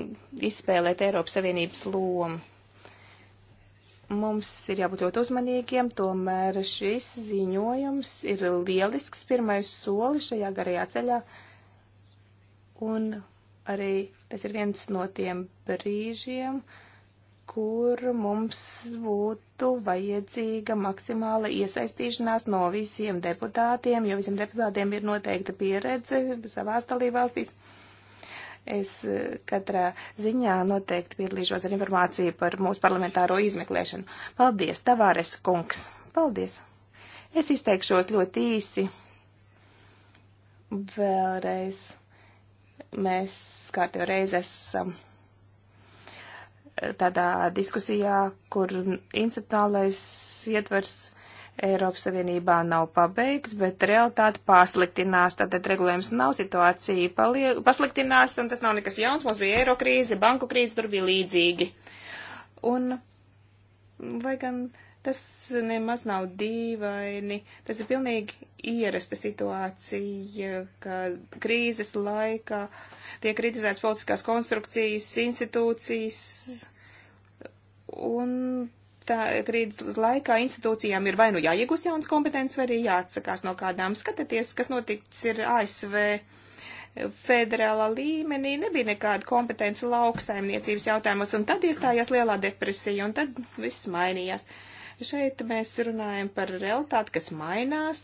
izspēlēt Eiropas Savienības lomu mums ir jābūt ļoti uzmanīgiem, tomēr šis ziņojums ir lielisks pirmais solis šajā garajā ceļā. Un arī tas ir viens no tiem brīžiem, kur mums būtu vajadzīga maksimāla iesaistīšanās no visiem deputātiem, jo visiem deputātiem ir noteikta pieredze savās dalībvalstīs. valstīs Es eh, katrā ziņā noteikti piedalīšos ar informāciju par mūsu parlamentāro izmeklēšanu. Paldies, Tavāres kungs! Paldies! Es izteikšos ļoti īsi. Vēlreiz mēs kā tev reiz esam tādā diskusijā, kur institucionālais ietvers Eiropas Savienībā nav pabeigts, bet realitāte pasliktinās. Tātad regulējums nav situācija palie, pasliktinās, un tas nav nekas jauns. Mums bija eiro krīze, banku krīze, tur bija līdzīgi. Un vai gan tas nemaz nav dīvaini, tas ir pilnīgi ierasta situācija, ka krīzes laikā tiek kritizēts politiskās konstrukcijas, institūcijas, un tā krīzes laikā institūcijām ir vai nu jāiegūst jaunas kompetences, vai arī jāatsakās no kādām. Skatieties, kas noticis ir ASV federālā līmenī, nebija nekāda kompetence lauksaimniecības jautājumos, un tad iestājās lielā depresija, un tad viss mainījās. Šeit mēs runājam par realitāti, kas mainās,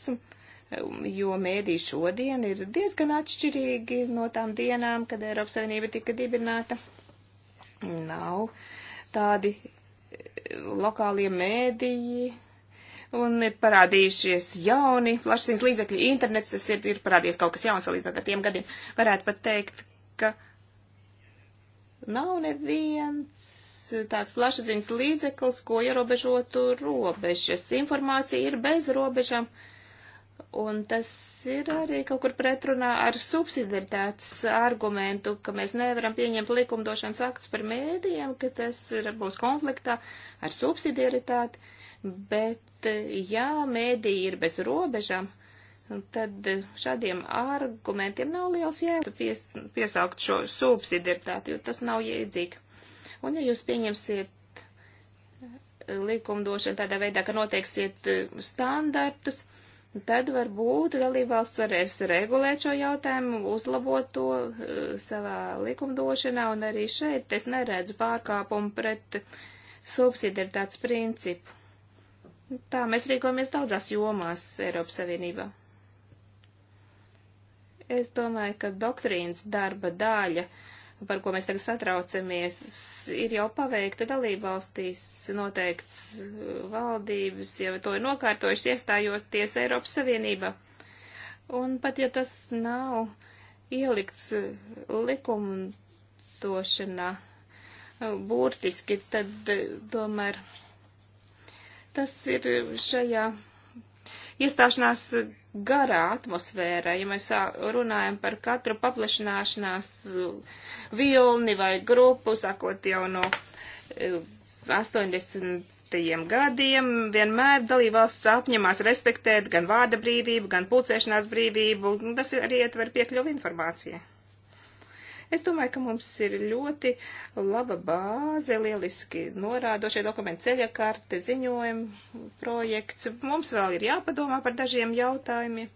jo mēdī šodien ir diezgan atšķirīgi no tām dienām, kad Eiropas Savienība tika dibināta. Nav tādi lokālie mēdīji, un ir parādījušies jauni plašsaziņas līdzekļi, internets, tas ir, ir parādījies kaut kas jauns salīdzinot ar tiem gadiem. Varētu pat teikt, ka nav neviens tāds plašsaziņas līdzeklis, ko ierobežotu robežas. Informācija ir bez robežām. Uh, Un tas ir arī kaut kur pretrunā ar subsidiaritātes argumentu, ka mēs nevaram pieņemt likumdošanas akts par mēdījiem, ka tas ir, būs konfliktā ar subsidiaritāti. Bet, ja mēdīji ir bez robežām, tad šādiem argumentiem nav liels jēga pies, piesaukt šo subsidiaritāti, jo tas nav jēdzīgi. Un ja jūs pieņemsiet likumdošana tādā veidā, ka noteiksiet standartus, tad varbūt dalībvalsts varēs regulēt šo jautājumu, uzlabot to eh, savā likumdošanā, un arī šeit es neredzu pārkāpumu pret subsidiaritātes principu. Tā mēs rīkojamies daudzās jomās Eiropas Savienībā. Es domāju, ka doktrīnas darba daļa uh, par ko mēs tagad satraucamies, ir jau paveikta dalībvalstīs noteikts uh, valdības, jau to ir nokārtojuši iestājoties Eiropas Savienībā. Un pat ja tas nav ielikts uh, likumdošanā uh, būtiski, tad tomēr tas ir šajā iestāšanās garā atmosfērā, ja mēs runājam par katru paplašināšanās vilni vai grupu, sakot jau no 80. gadiem, vienmēr dalībvalsts apņemās respektēt gan vārda brīvību, gan pulcēšanās brīvību, un tas arī ietver piekļuvu informācijai. Es domāju, ka mums ir ļoti laba bāze, lieliski norādošie dokumenti ceļa karte, ziņojumi, projekts. Mums vēl ir jāpadomā par dažiem jautājumiem.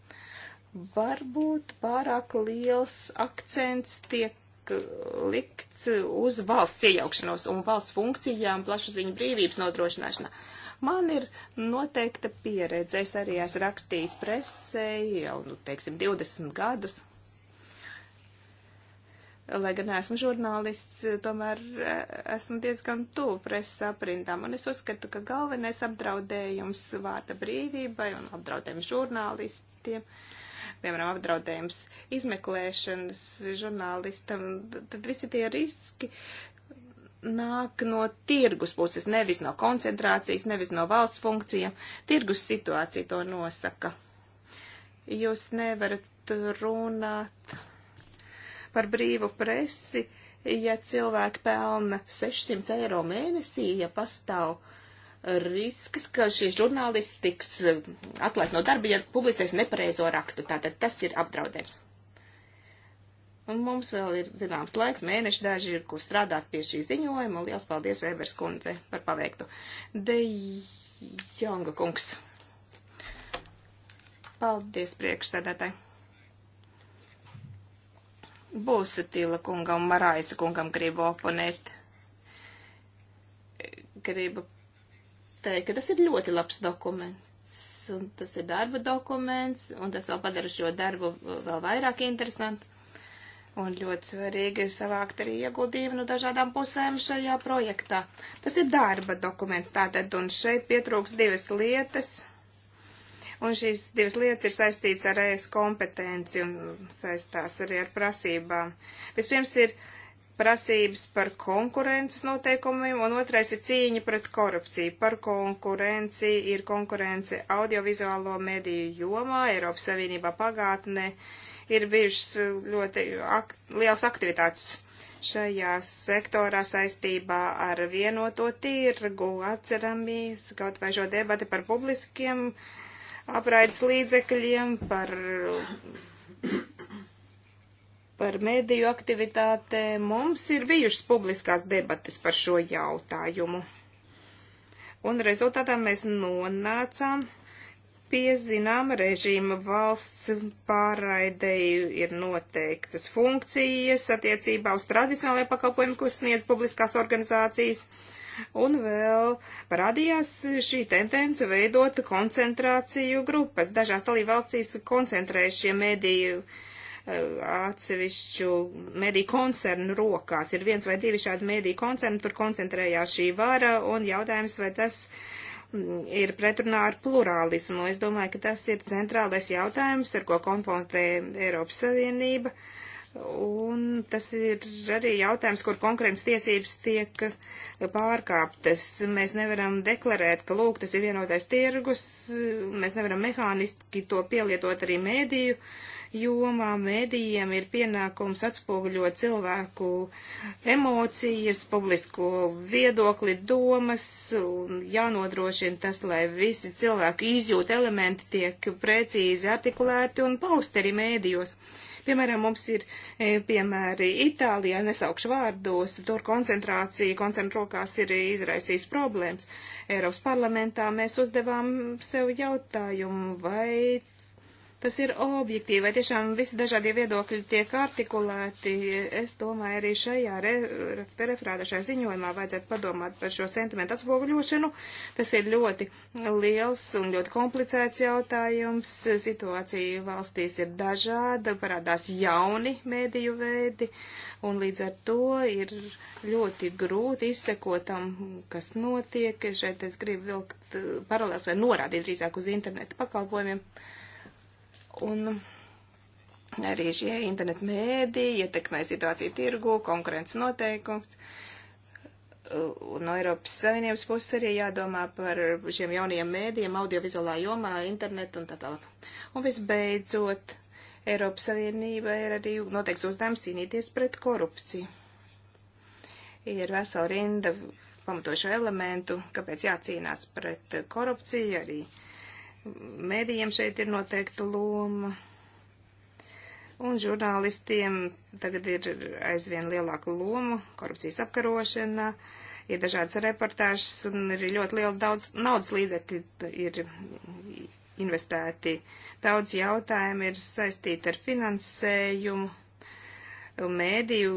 Varbūt pārāk liels akcents tiek likts uz valsts iejaukšanos un valsts funkcijām plašsaziņu brīvības nodrošināšanā. Man ir noteikta pieredze, es arī esmu rakstījis presē jau, nu, teiksim, 20 gadus, lai gan esmu žurnālists, tomēr eh, esmu diezgan tuvu preses aprindām, un es uzskatu, ka galvenais apdraudējums vārda brīvībai un apdraudējums žurnālistiem, piemēram, apdraudējums izmeklēšanas žurnālistam, tad visi tie riski nāk no tirgus puses, nevis no koncentrācijas, nevis no valsts funkcijām. Tirgus situācija to nosaka. Jūs nevarat runāt par brīvu presi, ja cilvēki pelna 600 eiro mēnesī, ja pastāv risks, ka šīs žurnālisti tiks eh, atlaist no darba, ja publicēs nepareizo rakstu. Tātad tas ir apdraudējums. Un mums vēl ir zināms laiks, mēneši daži ir, kur strādāt pie šī ziņojuma. Lielas paldies Vēbers kundze par paveiktu. De Jonga kungs. Paldies priekšsēdētāji. Būsutila kungam, Maraisa kungam gribu oponēt. Gribu teikt, ka tas ir ļoti labs dokuments, un tas ir darba dokuments, un tas vēl padara šo darbu vēl vairāk interesantu. Un ļoti svarīgi ir savākt arī ieguldījumu no dažādām pusēm šajā projektā. Tas ir darba dokuments tātad, un šeit pietrūks divas lietas Un šīs divas lietas ir saistītas ar ES kompetenci un saistās arī ar prasībām. Vispirms ir prasības par konkurences noteikumiem, un otrais ir cīņa pret korupciju. Par konkurenci ir konkurence audiovizuālo mediju jomā, Eiropas Savienībā pagātnē ir bijušas ļoti ak liels aktivitātes šajā sektorā saistībā ar vienoto tirgu. Atceramies kaut vai šo debati par publiskiem apraides līdzekļiem, par, par mediju aktivitātēm. Mums ir bijušas publiskās debates par šo jautājumu. Un rezultātā mēs nonācām pie zināma režīma valsts pārraidēju ir noteiktas funkcijas attiecībā uz tradicionālajiem pakalpojumiem, ko sniedz publiskās organizācijas. Uh, Un vēl parādījās šī tendence veidot koncentrāciju grupas. Dažās dalībvalstīs koncentrēja šie mediju eh, atsevišķu mediju koncernu rokās. Ir viens vai divi šādi mediju koncerni, tur koncentrējās šī vara un jautājums, vai tas mm, ir pretrunā ar plurālismu. Es domāju, ka tas ir centrālais jautājums, ar ko konfrontē Eiropas Savienība. Uh, Un tas ir arī jautājums, kur konkrētas tiesības tiek pārkāptas. Mēs nevaram deklarēt, ka, lūk, tas ir vienotais tirgus, mēs nevaram mehāniski to pielietot arī mēdīju jomā. Mēdījiem ir pienākums atspoguļot cilvēku emocijas, publisko viedokli, domas, un jānodrošina tas, lai visi cilvēku izjūta elementi tiek precīzi artikulēti un pausti arī mēdījos. Uh, Piemēram, mums ir e, piemēri Itālijā, nesaukšu vārdos, tur koncentrācija koncentru rokās ir izraisījis problēmas. Eiropas parlamentā mēs uzdevām sev jautājumu, vai tas ir objektīvi, vai tiešām visi dažādie viedokļi tiek artikulēti. Es domāju, arī šajā re, referāta šajā ziņojumā vajadzētu padomāt par šo sentimentu atspoguļošanu. Tas ir ļoti liels un ļoti komplicēts jautājums. Situācija valstīs ir dažāda, parādās jauni mēdīju veidi, un līdz ar to ir ļoti grūti izsekot tam, kas notiek. Šeit es gribu vilkt eh, paralēls vai norādīt drīzāk uz internetu pakalpojumiem. Uh, Un arī šie internetu mēdī ietekmē situāciju tirgu, konkurences noteikums. Un uh, no Eiropas Savienības puses arī jādomā par šiem jaunajiem mēdījiem, audiovizuālā jomā, internetu un tā tālāk. Un visbeidzot, Eiropas Savienība ir arī noteikts uzdevums cīnīties pret korupciju. Ir vesela rinda pamatošu elementu, kāpēc jācīnās pret korupciju arī. Uh, Mēdījiem šeit ir noteikta loma. Un žurnālistiem tagad ir aizvien lielāka loma korupcijas apkarošana, ir dažādas reportāžas un ir ļoti liela daudz naudas līdzekļu ir investēti. Daudz jautājumu ir saistīti ar finansējumu mēdīju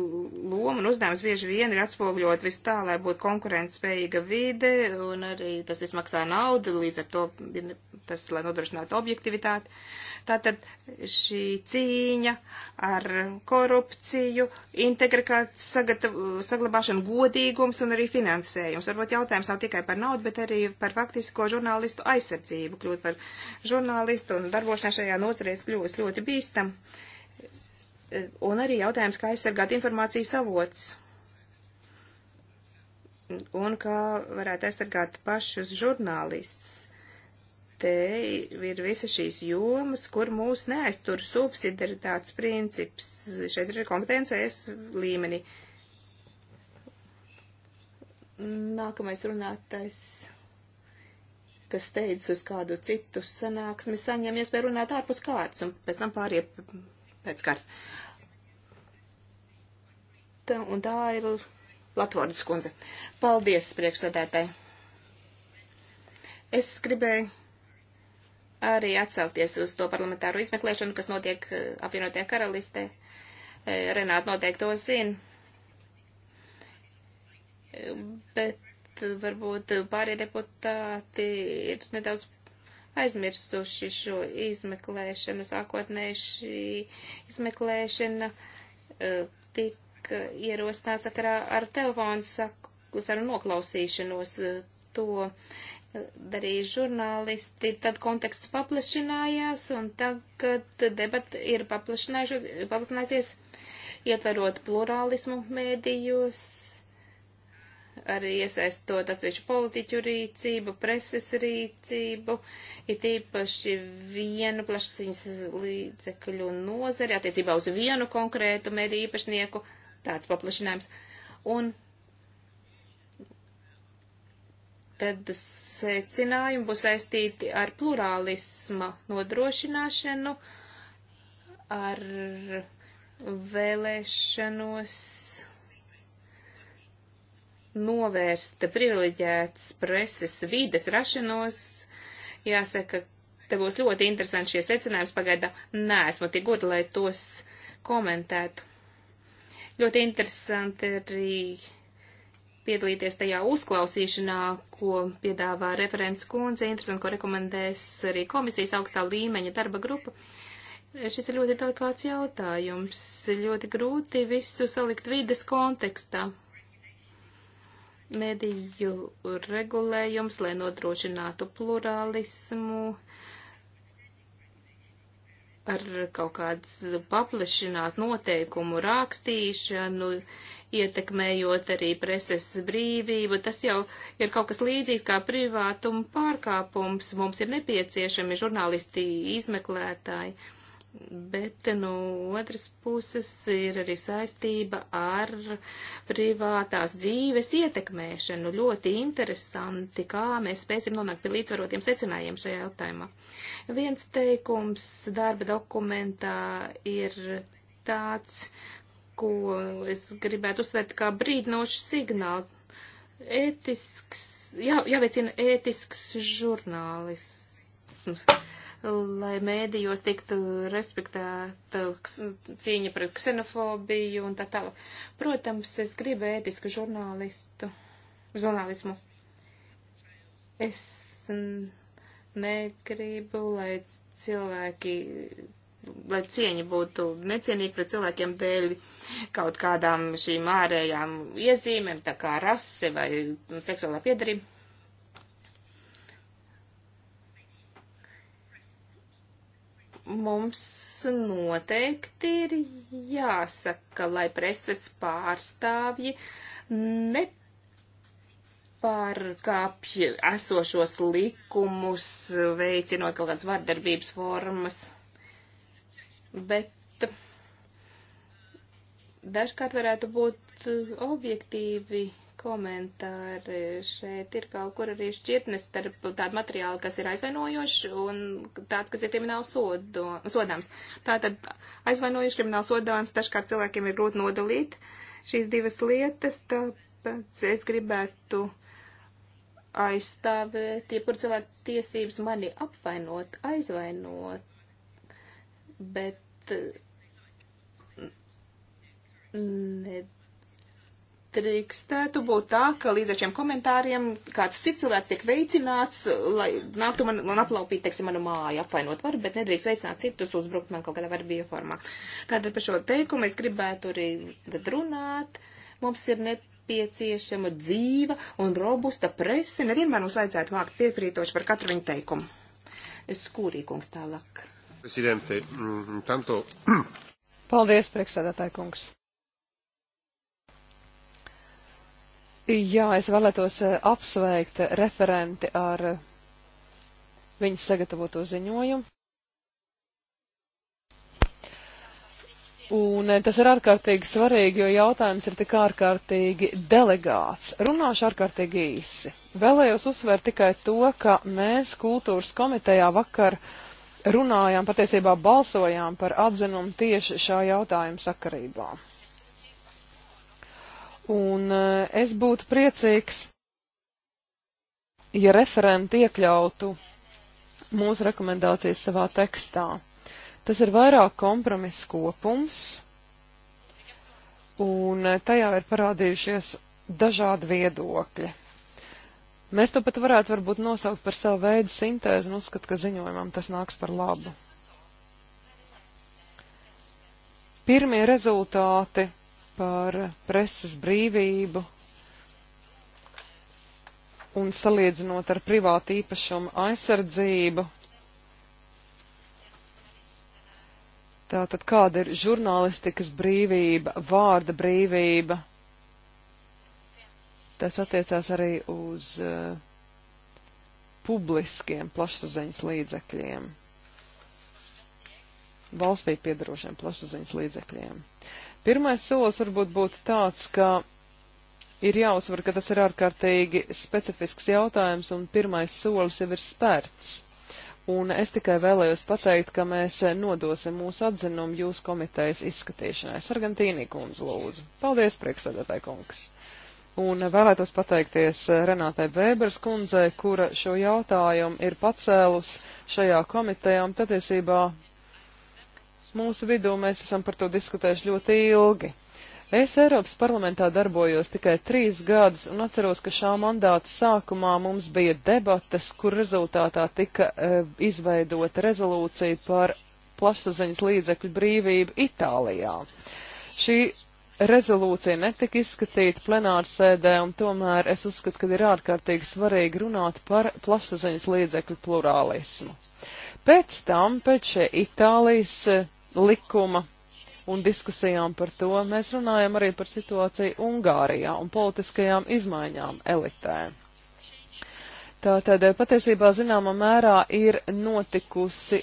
loma un uzdevums bieži vien ir atspoguļot visu tā, lai būtu konkurētspējīga vide, un arī tas viss maksā naudu, līdz ar to tas, lai nodrošinātu objektivitāti. Tātad šī cīņa ar korupciju, integritātes saglabāšana, godīgums un arī finansējums. Varbūt jautājums nav tikai par naudu, bet arī par faktisko žurnālistu aizsardzību. Kļūt par žurnālistu un darbošanā šajā nozarē kļūst ļoti bīstam. Uh, Un arī jautājums, kā aizsargāt informācijas avots. Un kā varētu aizsargāt pašus žurnālistus. Te ir visas šīs jomas, kur mūs neaiztur subsidaritātes princips. Šeit ir kompetencijas līmenī. Nākamais runātais kas steidzas uz kādu citu sanāksmi, saņem iespēju runāt ārpus kārtas un pēc tam pārie pēc kārtas un tā ir Latvordas kundze. Paldies, priekšsēdētāji. Es gribēju arī atsaukties uz to parlamentāru izmeklēšanu, kas notiek eh, apvienotajā karalistē. Eh, Renāta noteikti to zina. Bet varbūt pārējie deputāti ir nedaudz aizmirsuši šo izmeklēšanu. Sākotnēji šī izmeklēšana eh, tika tiek ierosināts sakarā ar telefonu saku sarunu noklausīšanos. Eh, to darīja žurnālisti, tad konteksts paplašinājās, un tagad debata ir paplašinājusies, ietverot plurālismu mēdījos, arī iesaistot atsevišķu politiķu rīcību, preses rīcību, ir tīpaši vienu plašsaziņas līdzekļu nozari attiecībā uz vienu konkrētu mediju īpašnieku tāds paplašinājums. Un tad secinājumi būs saistīti ar plurālisma nodrošināšanu, ar vēlēšanos novērst privileģētas preses vides rašanos. Jāsaka, te būs ļoti interesanti šie secinājums pagaidām. Nē, esmu tik gudra, lai tos komentētu. Ļoti interesanti arī piedalīties tajā uzklausīšanā, ko piedāvā referents kundze, interesanti, ko rekomendēs arī komisijas augstā līmeņa darba grupa. Šis ir ļoti delikāts jautājums, ļoti grūti visu salikt vides kontekstā. Mediju regulējums, lai nodrošinātu plurālismu, uh, ar kaut kādas paplašināt noteikumu rakstīšanu, ietekmējot arī preses brīvību. Tas jau ir kaut kas līdzīgs kā privātuma pārkāpums. Mums ir nepieciešami žurnālisti izmeklētāji. Uh, bet no nu, otras puses ir arī saistība ar privātās dzīves ietekmēšanu. Ļoti interesanti, kā mēs spēsim nonākt pie līdzvarotiem secinājumiem šajā jautājumā. Viens teikums darba dokumentā ir tāds, ko es gribētu uzsvērt kā brīdinošu signālu. Ētisks, jā, jāveicina ētisks žurnālisms lai mēdījos tiktu uh, respektēta uh, cīņa pret ksenofobiju un tā tālāk. Protams, es gribu ētisku žurnālistu, žurnālismu. Es negribu, lai cilvēki, lai cieņa būtu necienīga pret cilvēkiem dēļ kaut kādām šīm ārējām iezīmēm, tā kā rase vai seksuālā piedarība mums noteikti ir jāsaka, lai preses pārstāvji nepārkāpj esošos likumus, veicinot kaut kādas vardarbības formas. Bet dažkārt varētu būt objektīvi komentāri. Šeit ir kaut kur arī šķirtnes starp tādu materiālu, kas ir aizvainojošs un tāds, kas ir krimināli sodo, sodāms. Tātad aizvainojošs krimināli sodāms dažkārt cilvēkiem ir grūti nodalīt šīs divas lietas, tāpēc es gribētu aizstāvēt, ja kur cilvēku tiesības mani apvainot, aizvainot, bet ne, nedrīkstētu būt tā, ka līdz ar šiem komentāriem kāds cits cilvēks tiek veicināts, lai nāktu man un aplaupīt, teiksim, manu māju apvainot varu, bet nedrīkst veicināt citus uzbrukt man kaut kādā varbija formā. Tātad par šo teikumu es gribētu arī runāt. Mums ir nepieciešama dzīva un robusta prese. Nevienmēr mums vajadzētu vākt piekrītoši par katru viņu teikumu. Es skūrīkums tālāk. Presidente, mm, tanto. Paldies, priekšsēdētāji kungs. Jā, es vēlētos eh, apsveikt referenti ar eh, viņas sagatavoto ziņojumu. Un eh, tas ir ārkārtīgi svarīgi, jo jautājums ir tik ārkārtīgi delegāts. Runāšu ārkārtīgi īsi. Vēlējos uzsvērt tikai to, ka mēs kultūras komitejā vakar runājām, patiesībā balsojām par atzinumu tieši šā jautājuma sakarībā un eh, es būtu priecīgs, ja referenti iekļautu mūsu rekomendācijas savā tekstā. Tas ir vairāk kompromiss kopums, un eh, tajā ir parādījušies dažādi viedokļi. Mēs to pat varētu varbūt nosaukt par savu veidu sintēzi un uzskatu, ka ziņojumam tas nāks par labu. Pirmie rezultāti par preses brīvību un salīdzinot ar privātu īpašumu aizsardzību. Tātad kāda ir žurnālistikas brīvība, vārda brīvība? Tas attiecās arī uz uh, publiskiem plašsaziņas līdzekļiem, valstī piedarošiem plašsaziņas līdzekļiem. Uh, Pirmais solis varbūt būtu tāds, ka ir jāuzsver, ka tas ir ārkārtīgi specifisks jautājums un pirmais solis jau ir spērts. Un es tikai vēlējos pateikt, ka mēs nodosim mūsu atzinumu jūsu komitejas izskatīšanai. Sargantīnī kundze lūdzu. Paldies, priekšsēdētāji kungs. Un vēlētos pateikties Renātei Vēbers kundzei, kura šo jautājumu ir pacēlus šajā komitejā un patiesībā Mūsu vidū mēs esam par to diskutējuši ļoti ilgi. Es Eiropas parlamentā darbojos tikai trīs gadus un atceros, ka šā mandāta sākumā mums bija debates, kur rezultātā tika e, izveidota rezolūcija par plašsaziņas līdzekļu brīvību Itālijā. Šī rezolūcija netika izskatīta plenāru sēdē, un tomēr es uzskatu, ka ir ārkārtīgi svarīgi runāt par plašsaziņas līdzekļu plurālismu. Pēc tam, pēc šie Itālijas e, likuma un diskusijām par to. Mēs runājam arī par situāciju Ungārijā un politiskajām izmaiņām elitē. Tātad patiesībā zināmā mērā ir notikusi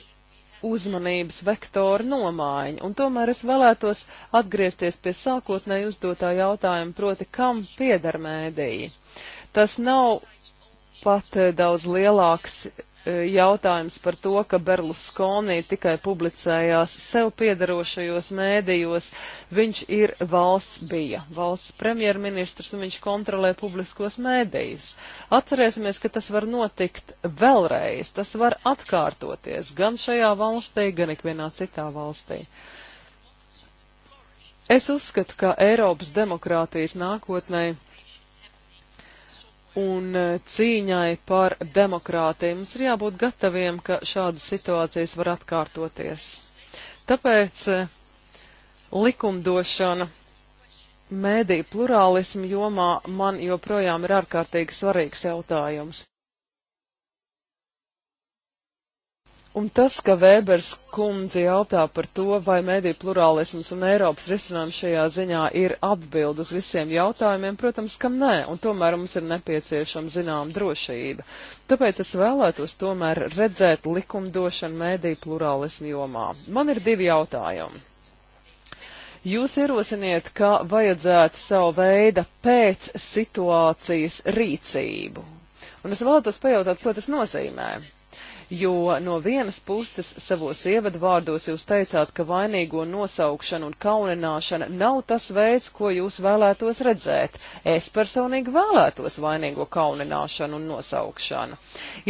uzmanības vektora nomaiņa, un tomēr es vēlētos atgriezties pie sākotnēji uzdotā jautājuma, proti, kam pieder mēdīji. Tas nav pat eh, daudz lielāks E, jautājums par to, ka Berluskonī tikai publicējās sev piedarošajos mēdījos. Viņš ir valsts bija, valsts premjerministrs, un viņš kontrolē publiskos mēdījus. Atcerēsimies, ka tas var notikt vēlreiz, tas var atkārtoties gan šajā valstī, gan ikvienā citā valstī. Es uzskatu, ka Eiropas demokrātijas nākotnē un e, cīņai par demokrātiju. Mums ir jābūt gataviem, ka šādas situācijas var atkārtoties. Tāpēc e, likumdošana mēdī plurālismu jomā man joprojām ir ārkārtīgi svarīgs jautājums. Un tas, ka Vēbers kundze jautā par to, vai mediju plurālisms un Eiropas risinājums šajā ziņā ir atbild uz visiem jautājumiem, protams, kam nē, un tomēr mums ir nepieciešama zinām drošība. Tāpēc es vēlētos tomēr redzēt likumdošanu mediju plurālismu jomā. Man ir divi jautājumi. Jūs ierosiniet, ka vajadzētu savu veidu pēc situācijas rīcību. Un es vēlētos pajautāt, ko tas nozīmē jo no vienas puses savos ievadvārdos jūs teicāt, ka vainīgo nosaukšana un kaunināšana nav tas veids, ko jūs vēlētos redzēt. Es personīgi vēlētos vainīgo kaunināšanu un nosaukšanu.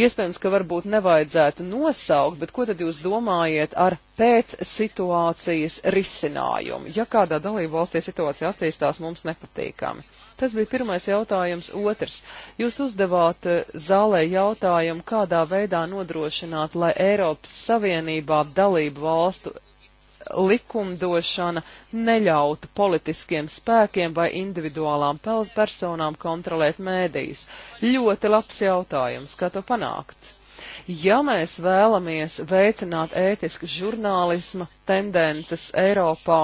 Iespējams, ka varbūt nevajadzētu nosaukt, bet ko tad jūs domājat ar pēc situācijas risinājumu? Ja kādā dalību valstī situācija attīstās mums nepatīkami. Tas bija pirmais jautājums. Otrs. Jūs uzdevāt eh, zālē jautājumu, kādā veidā nodrošināt, lai Eiropas Savienībā dalību valstu likumdošana neļautu politiskiem spēkiem vai individuālām personām kontrolēt mēdījus. Ļoti labs jautājums, kā to panākt? Ja mēs vēlamies veicināt ētisku žurnālismu tendences Eiropā,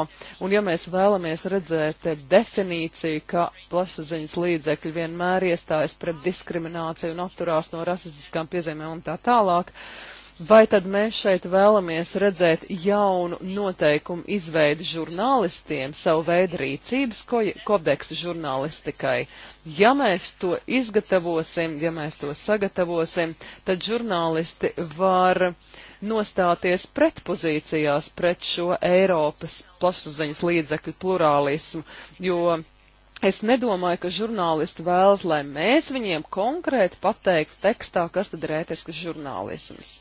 un ja mēs vēlamies redzēt definīciju, ka plašsaziņas līdzekļi vienmēr iestājas pret diskrimināciju un atturās no rasistiskām piezīmēm un tā tālāk, uh, Vai tad mēs šeit vēlamies redzēt jaunu noteikumu izveidi žurnālistiem, savu veidu rīcības kodeksu žurnālistikai? Ja mēs to izgatavosim, ja mēs to sagatavosim, tad žurnālisti var nostāties pretpozīcijās pret šo Eiropas plašsaziņas līdzekļu plurālismu, jo Es nedomāju, ka žurnālisti vēlas, lai mēs viņiem konkrēti pateiktu tekstā, kas tad ir ētisks žurnālisms.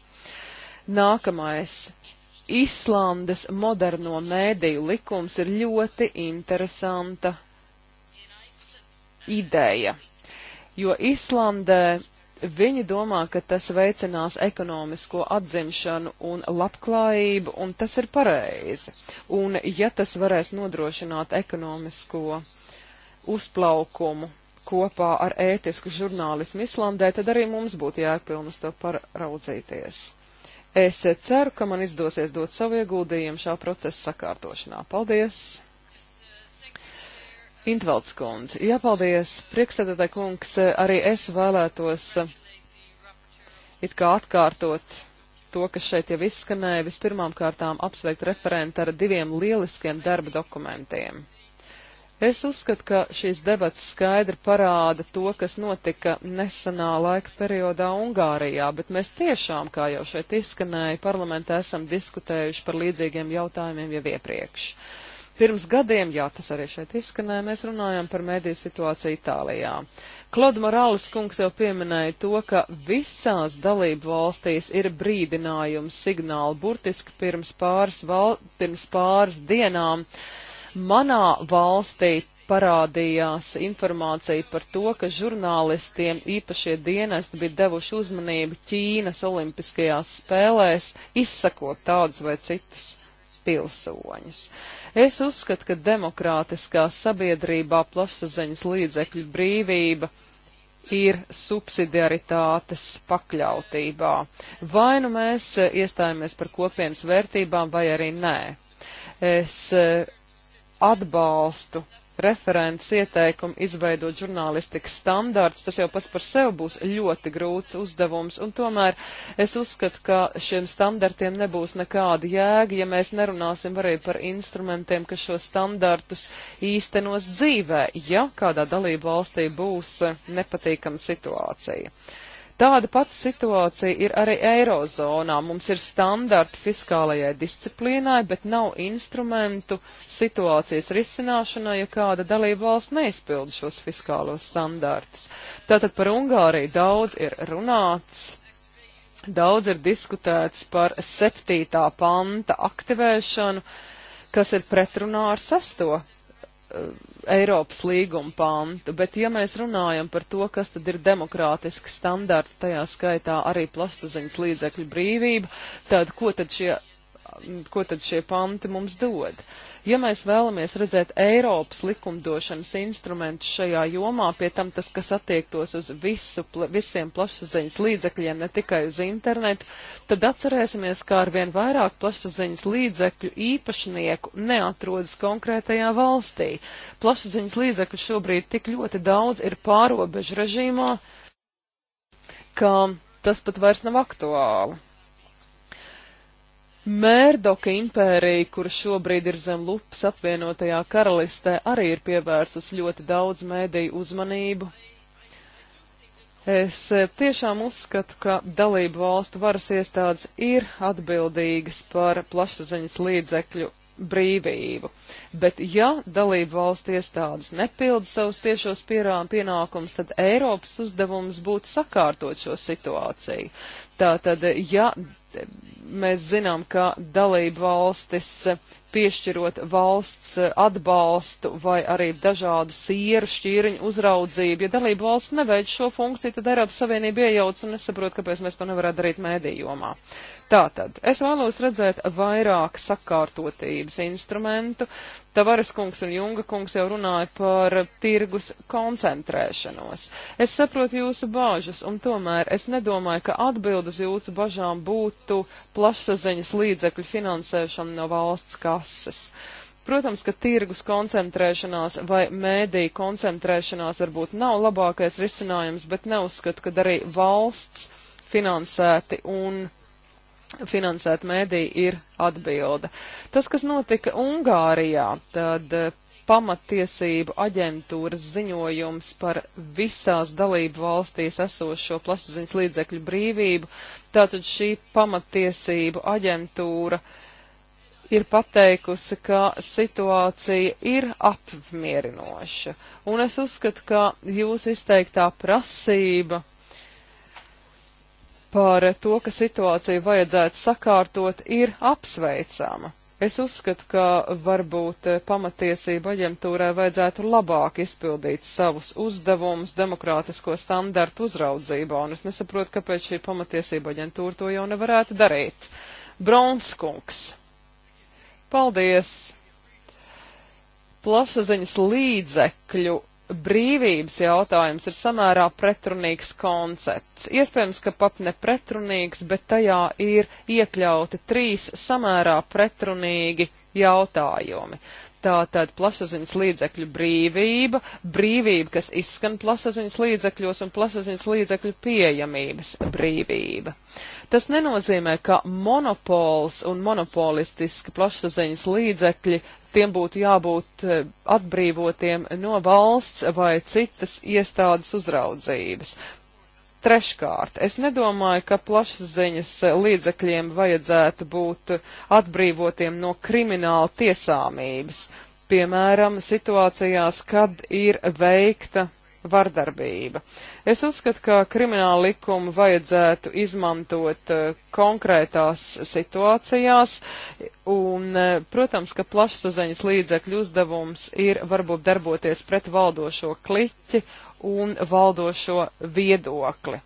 Nākamais. Islandes moderno mēdīju likums ir ļoti interesanta ideja, jo Islandē viņi domā, ka tas veicinās ekonomisko atzimšanu un labklājību, un tas ir pareizi. Un ja tas varēs nodrošināt ekonomisko uzplaukumu kopā ar ētisku žurnālismu Islandē, tad arī mums būtu jāpilnas to paraudzīties. Es ceru, ka man izdosies dot savu ieguldījumu šā procesa sakārtošanā. Paldies! Intvalds kundze, jāpaldies, priekšsēdētāji kungs, arī es vēlētos eh, it kā atkārtot to, kas šeit jau izskanēja, vispirmām kārtām apsveikt referentu ar diviem lieliskiem darba dokumentiem. Es uzskatu, ka šīs debats skaidri parāda to, kas notika nesenā laika periodā Ungārijā, bet mēs tiešām, kā jau šeit izskanēja, parlamentā esam diskutējuši par līdzīgiem jautājumiem jau iepriekš. Pirms gadiem, jā, tas arī šeit izskanēja, mēs runājam par mēdīju situāciju Itālijā. Klods Morāles kungs jau pieminēja to, ka visās dalību valstīs ir brīdinājums signāli burtiski pirms pāris, val... pirms pāris dienām. Uh, Manā valstī parādījās informācija par to, ka žurnālistiem īpašie dienesti bija devuši uzmanību Ķīnas olimpiskajās spēlēs, izsakot tādus vai citus pilsoņus. Es uzskatu, ka demokrātiskā sabiedrībā plašsaziņas līdzekļu brīvība ir subsidiaritātes pakļautībā. Vai nu mēs iestājamies par kopienas vērtībām, vai arī nē. Es eh, atbalstu referents ieteikumu izveidot žurnālistikas standārts, tas jau pats par sevi būs ļoti grūts uzdevums, un tomēr es uzskatu, ka šiem standartiem nebūs nekāda jēga, ja mēs nerunāsim arī par instrumentiem, kas šo standartus īstenos dzīvē, ja kādā dalību valstī būs nepatīkama situācija. Tāda pati situācija ir arī Eirozonā. Mums ir standarti fiskālajai disciplīnai, bet nav instrumentu situācijas risināšanai, ja kāda dalība valsts neizpilda šos fiskālos standartus. Tātad par Ungāriju daudz ir runāts. Daudz ir diskutēts par septītā panta aktivēšanu, kas ir pretrunā ar sesto Eh, Eiropas līguma pantu, bet ja mēs runājam par to, kas tad ir demokrātiski standarti, tajā skaitā arī plašsaziņas līdzekļu brīvība, tad ko tad šie ko tad šie panti mums dod. Ja mēs vēlamies redzēt Eiropas likumdošanas instrumentus šajā jomā, pie tam tas, kas attiektos uz visu, pla, visiem plašsaziņas līdzekļiem, ne tikai uz internetu, tad atcerēsimies, ka arvien vairāk plašsaziņas līdzekļu īpašnieku neatrodas konkrētajā valstī. Plašsaziņas līdzekļu šobrīd tik ļoti daudz ir pārobežu režīmā, ka tas pat vairs nav aktuāli. Mērdoka impērija, kura šobrīd ir zem lupas apvienotajā karalistē, arī ir pievērsus ļoti daudz mēdīju uzmanību. Es eh, tiešām uzskatu, ka dalību valstu varas iestādes ir atbildīgas par plašsaziņas līdzekļu brīvību, bet ja dalību valstu iestādes nepilda savus tiešos pienākumus, tad Eiropas uzdevums būtu sakārtot šo situāciju. Tātad, ja mēs zinām, ka dalību valstis eh, piešķirot valsts eh, atbalstu vai arī dažādu sieru šķīriņu uzraudzību. Ja dalību valsts neveic šo funkciju, tad Eiropas Savienība iejauc un es saprotu, kāpēc mēs to nevaram darīt mēdījumā. Tātad, es vēlos redzēt vairāk sakārtotības instrumentu. Tavares kungs un Junga kungs jau runāja par tirgus koncentrēšanos. Es saprotu jūsu bāžas, un tomēr es nedomāju, ka atbild uz jūsu bažām būtu plašsaziņas līdzekļu finansēšana no valsts kases. Protams, ka tirgus koncentrēšanās vai mēdīja koncentrēšanās varbūt nav labākais risinājums, bet neuzskatu, ka arī valsts finansēti un finansēt mēdīju, ir atbilde. Tas, kas notika Ungārijā, tad eh, pamattiesību aģentūras ziņojums par visās dalību valstīs esošo plašsaziņas līdzekļu brīvību. Tātad šī pamattiesību aģentūra ir pateikusi, ka situācija ir apmierinoša. Un es uzskatu, ka jūsu izteiktā prasība par to, ka situāciju vajadzētu sakārtot, ir apsveicama. Es uzskatu, ka varbūt pamatiesība aģentūrai vajadzētu labāk izpildīt savus uzdevumus demokrātisko standartu uzraudzībā, un es nesaprotu, kāpēc šī pamatiesība aģentūra to jau nevarētu darīt. Bronskungs. Paldies! Plašsaziņas līdzekļu brīvības jautājums ir samērā pretrunīgs koncepts. Iespējams, ka pat ne pretrunīgs, bet tajā ir iekļauti trīs samērā pretrunīgi jautājumi. Tātad plašsaziņas līdzekļu brīvība, brīvība, kas izskan plašsaziņas līdzekļos un plašsaziņas līdzekļu pieejamības brīvība. Tas nenozīmē, ka monopols un monopolistiski plašsaziņas līdzekļi tiem būtu jābūt eh, atbrīvotiem no valsts vai citas iestādes uzraudzības. Treškārt, es nedomāju, ka plašsaziņas līdzekļiem vajadzētu būt atbrīvotiem no krimināla tiesāmības, piemēram, situācijās, kad ir veikta vardarbība. Uh, Es uzskatu, ka krimināla likumu vajadzētu izmantot eh, konkrētās situācijās, un, eh, protams, ka plašsaziņas līdzekļu uzdevums ir varbūt darboties pret valdošo kliķi un valdošo viedokli.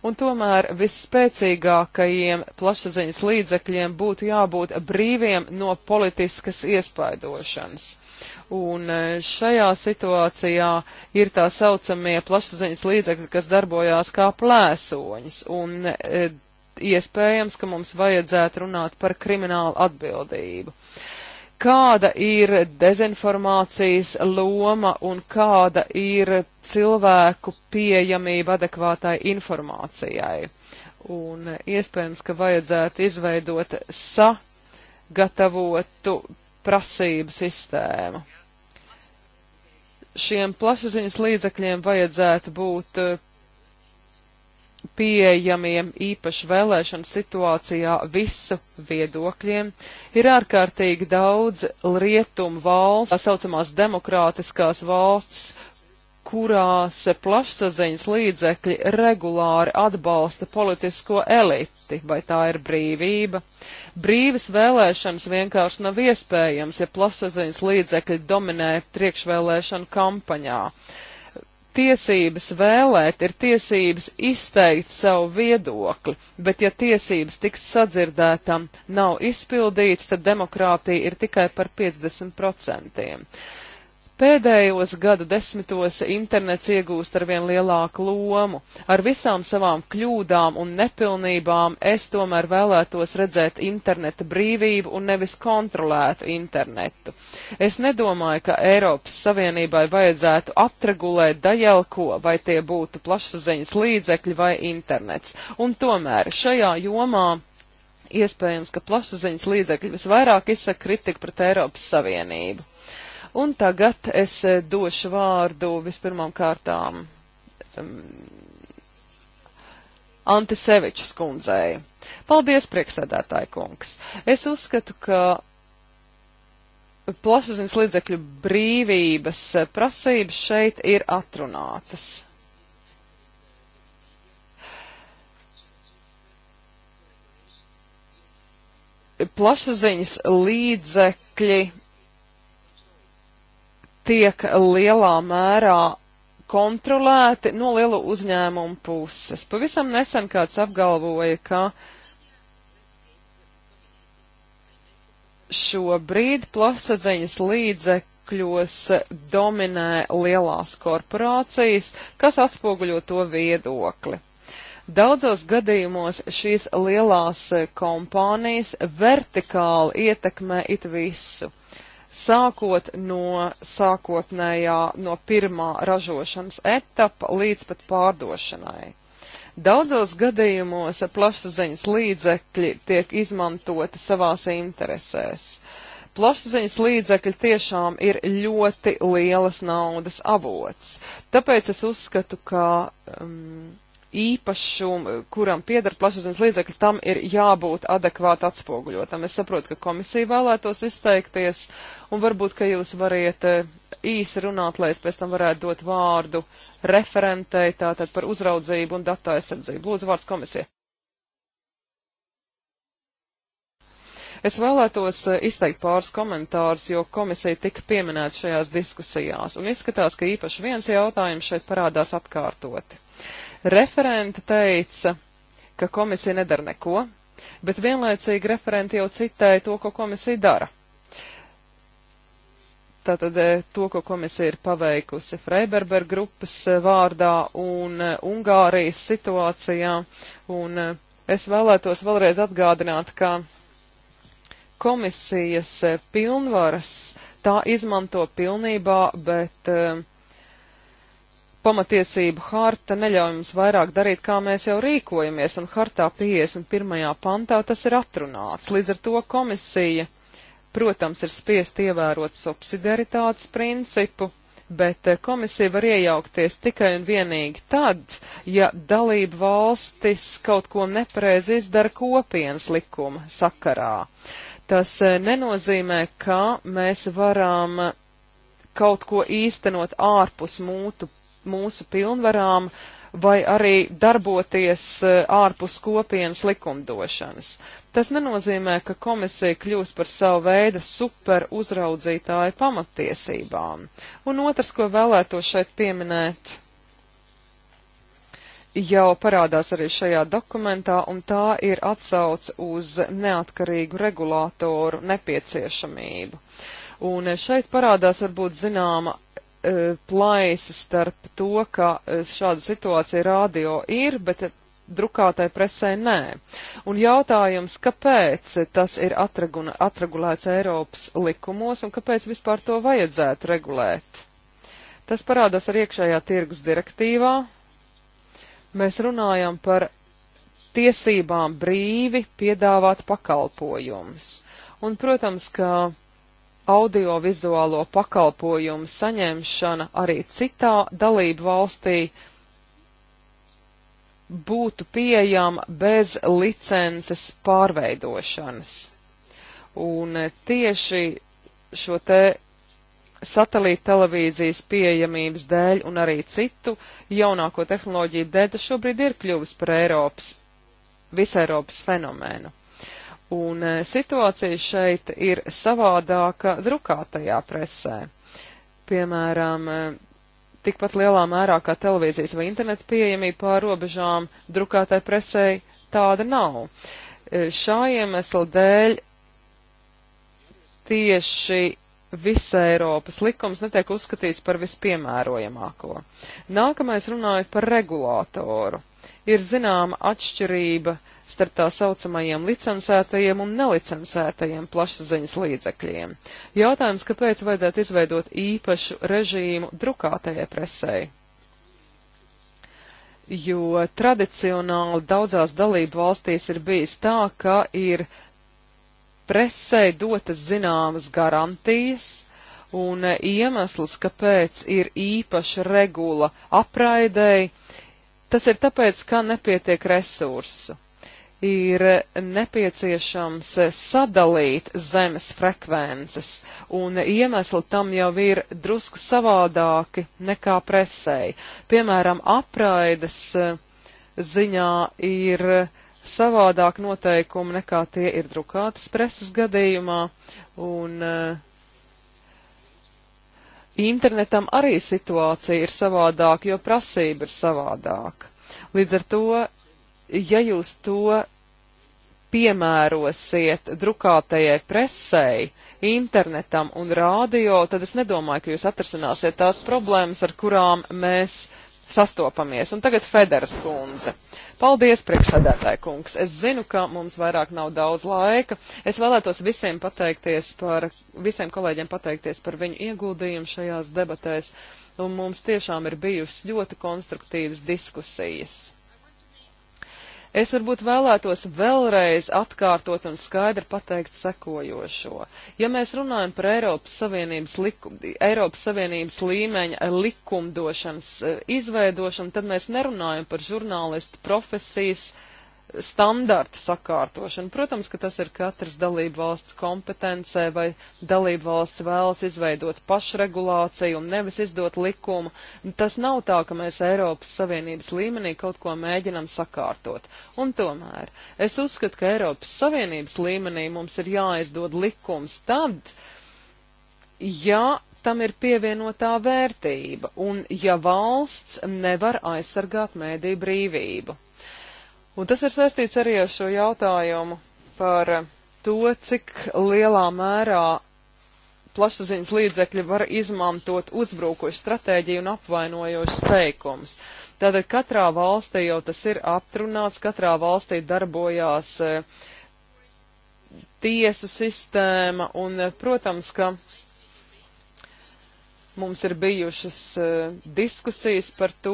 Un tomēr visspēcīgākajiem plašsaziņas līdzekļiem būtu jābūt brīviem no politiskas iespaidošanas. Un e, šajā situācijā ir tā saucamie plašsaziņas līdzekļi, kas darbojās kā plēsoņas. Un e, iespējams, ka mums vajadzētu runāt par kriminālu atbildību. Kāda ir dezinformācijas loma un kāda ir cilvēku pieejamība adekvātai informācijai? un iespējams, ka vajadzētu izveidot sagatavotu prasību sistēmu. Šiem plašsaziņas līdzekļiem vajadzētu būt eh, pieejamiem īpaši vēlēšanu situācijā visu viedokļiem. Ir ārkārtīgi daudz rietumu valsts, tā saucamās demokrātiskās valsts, kurās plašsaziņas līdzekļi regulāri atbalsta politisko eliti, vai tā ir brīvība. Uh, Brīvas vēlēšanas vienkārši nav iespējams, ja plašsaziņas līdzekļi dominē priekšvēlēšanu kampaņā. Tiesības vēlēt ir tiesības izteikt savu viedokli, bet ja tiesības tiks sadzirdētam nav izpildīts, tad demokrātija ir tikai par 50%. Pēdējos gadu desmitos internets iegūst ar vien lielāku lomu. Ar visām savām kļūdām un nepilnībām es tomēr vēlētos redzēt interneta brīvību un nevis kontrolētu internetu. Es nedomāju, ka Eiropas Savienībai vajadzētu atregulēt dajelko, vai tie būtu plašsaziņas līdzekļi vai internets. Un tomēr šajā jomā iespējams, ka plašsaziņas līdzekļi visvairāk izsaka kritiku pret Eiropas Savienību. Un tagad es eh, došu vārdu vispirmām kārtām Antisevičs kundzei. Paldies, prieksēdētāji kungs. Es uzskatu, ka plašsaziņas līdzekļu brīvības eh, prasības šeit ir atrunātas. Plašsaziņas līdzekļi tiek lielā mērā kontrolēti no lielu uzņēmumu puses. Pavisam nesen kāds apgalvoja, ka šobrīd plasaziņas līdzekļos dominē lielās korporācijas, kas atspoguļo to viedokli. Daudzos gadījumos šīs lielās kompānijas vertikāli ietekmē it visu. Uh, sākot no sākotnējā, no pirmā ražošanas etapa līdz pat pārdošanai. Daudzos gadījumos plašsaziņas līdzekļi tiek izmantoti savās interesēs. Plašsaziņas līdzekļi tiešām ir ļoti lielas naudas avots. Tāpēc es uzskatu, ka um, īpašumu, kuram pieder plašsaziņas līdzekļi, tam ir jābūt adekvāti atspoguļotam. Es saprotu, ka komisija vēlētos izteikties, un varbūt, ka jūs variet eh, īsi runāt, lai es pēc tam varētu dot vārdu referentei tātad par uzraudzību un datu aizsardzību. Lūdzu, vārds komisija. Es vēlētos eh, izteikt pāris komentārus, jo komisija tika pieminēta šajās diskusijās, un izskatās, ka īpaši viens jautājums šeit parādās atkārtoti. Referenta teica, ka komisija nedara neko, bet vienlaicīgi referenti jau citēja to, ko komisija dara. Tātad e, to, ko komisija ir paveikusi Freiberber grupas e, vārdā un e, Ungārijas situācijā. Un es vēlētos vēlreiz atgādināt, ka komisijas pilnvaras tā izmanto pilnībā, bet um, pamatiesību harta neļauj mums vairāk darīt, kā mēs jau rīkojamies, un hartā 51. pantā tas ir atrunāts. Līdz ar to komisija, protams, ir spiest ievērot subsidiaritātes principu, bet eh, komisija var iejaukties tikai un vienīgi tad, ja dalība valstis kaut ko nepareizi izdara kopienas likuma sakarā. Tas eh, nenozīmē, ka mēs varam eh, kaut ko īstenot ārpus mūtu mūsu pilnvarām vai arī darboties eh, ārpus kopienas likumdošanas. Tas nenozīmē, ka komisija kļūs par savu veidu super uzraudzītāju pamatiesībām. Un otrs, ko vēlētos šeit pieminēt, jau parādās arī šajā dokumentā, un tā ir atsauce uz neatkarīgu regulātoru nepieciešamību. Un šeit parādās varbūt zināma E, plaisa starp to, ka e, šāda situācija rādio ir, bet drukātai presē nē. Un jautājums, kāpēc tas ir atreguna, atregulēts Eiropas likumos un kāpēc vispār to vajadzētu regulēt? Tas parādās ar iekšējā tirgus direktīvā. Mēs runājam par tiesībām brīvi piedāvāt pakalpojumus. Un, protams, ka audiovizuālo pakalpojumu saņemšana arī citā dalību valstī būtu pieejama bez licences pārveidošanas. Un eh, tieši šo te satelīta televīzijas pieejamības dēļ un arī citu jaunāko tehnoloģiju dēļ tas šobrīd ir kļuvis par Eiropas, visai Eiropas fenomēnu un e, situācija šeit ir savādāka drukātajā presē. Piemēram, e, tikpat lielā mērā kā televīzijas vai interneta pieejamība pār robežām drukātai presē tāda nav. E, šā iemesla dēļ tieši visa Eiropas likums netiek uzskatīts par vispiemērojamāko. Nākamais runājot par regulātoru. Ir zināma atšķirība uh, starp tā saucamajiem licencētajiem un nelicencētajiem plašsaziņas līdzekļiem. Jautājums, kāpēc vajadzētu izveidot īpašu režīmu drukātajai presē? Jo tradicionāli daudzās dalību valstīs ir bijis tā, ka ir presē dotas zināmas garantijas, un iemesls, kāpēc ir īpaša regula apraidēji, tas ir tāpēc, ka nepietiek resursu ir nepieciešams sadalīt zemes frekvences, un iemesli tam jau ir drusku savādāki nekā presēji. Piemēram, apraides eh, ziņā ir savādāk noteikumi nekā tie ir drukātas preses gadījumā, un eh, internetam arī situācija ir savādāka, jo prasība ir savādāka. Līdz ar to ja jūs to piemērosiet drukātajai presei, internetam un rādio, tad es nedomāju, ka jūs atrasināsiet tās problēmas, ar kurām mēs sastopamies. Un tagad Federas kundze. Paldies, priekšsēdētāji kungs. Es zinu, ka mums vairāk nav daudz laika. Es vēlētos visiem pateikties par, visiem kolēģiem pateikties par viņu ieguldījumu šajās debatēs. Un mums tiešām ir bijusi ļoti konstruktīvas diskusijas. Es varbūt vēlētos vēlreiz atkārtot un skaidri pateikt sekojošo. Ja mēs runājam par Eiropas Savienības, liku, Eiropas Savienības līmeņa eh, likumdošanas eh, izveidošanu, tad mēs nerunājam par žurnālistu profesijas uh, standartu sakārtošanu. Protams, ka tas ir katras dalību valsts kompetencē vai dalību valsts vēlas izveidot pašregulāciju un nevis izdot likumu. Tas nav tā, ka mēs Eiropas Savienības līmenī kaut ko mēģinam sakārtot. Un tomēr es uzskatu, ka Eiropas Savienības līmenī mums ir jāizdod likums tad, ja tam ir pievienotā vērtība un ja valsts nevar aizsargāt mēdī brīvību. Un tas ir saistīts arī ar šo jautājumu par to, cik lielā mērā plašsaziņas līdzekļi var izmantot uzbrukošu stratēģiju un apvainojošus teikumus. Tātad katrā valstī jau tas ir aptrunāts, katrā valstī darbojās e, tiesu sistēma un, eh, protams, ka Mums ir bijušas uh, diskusijas par to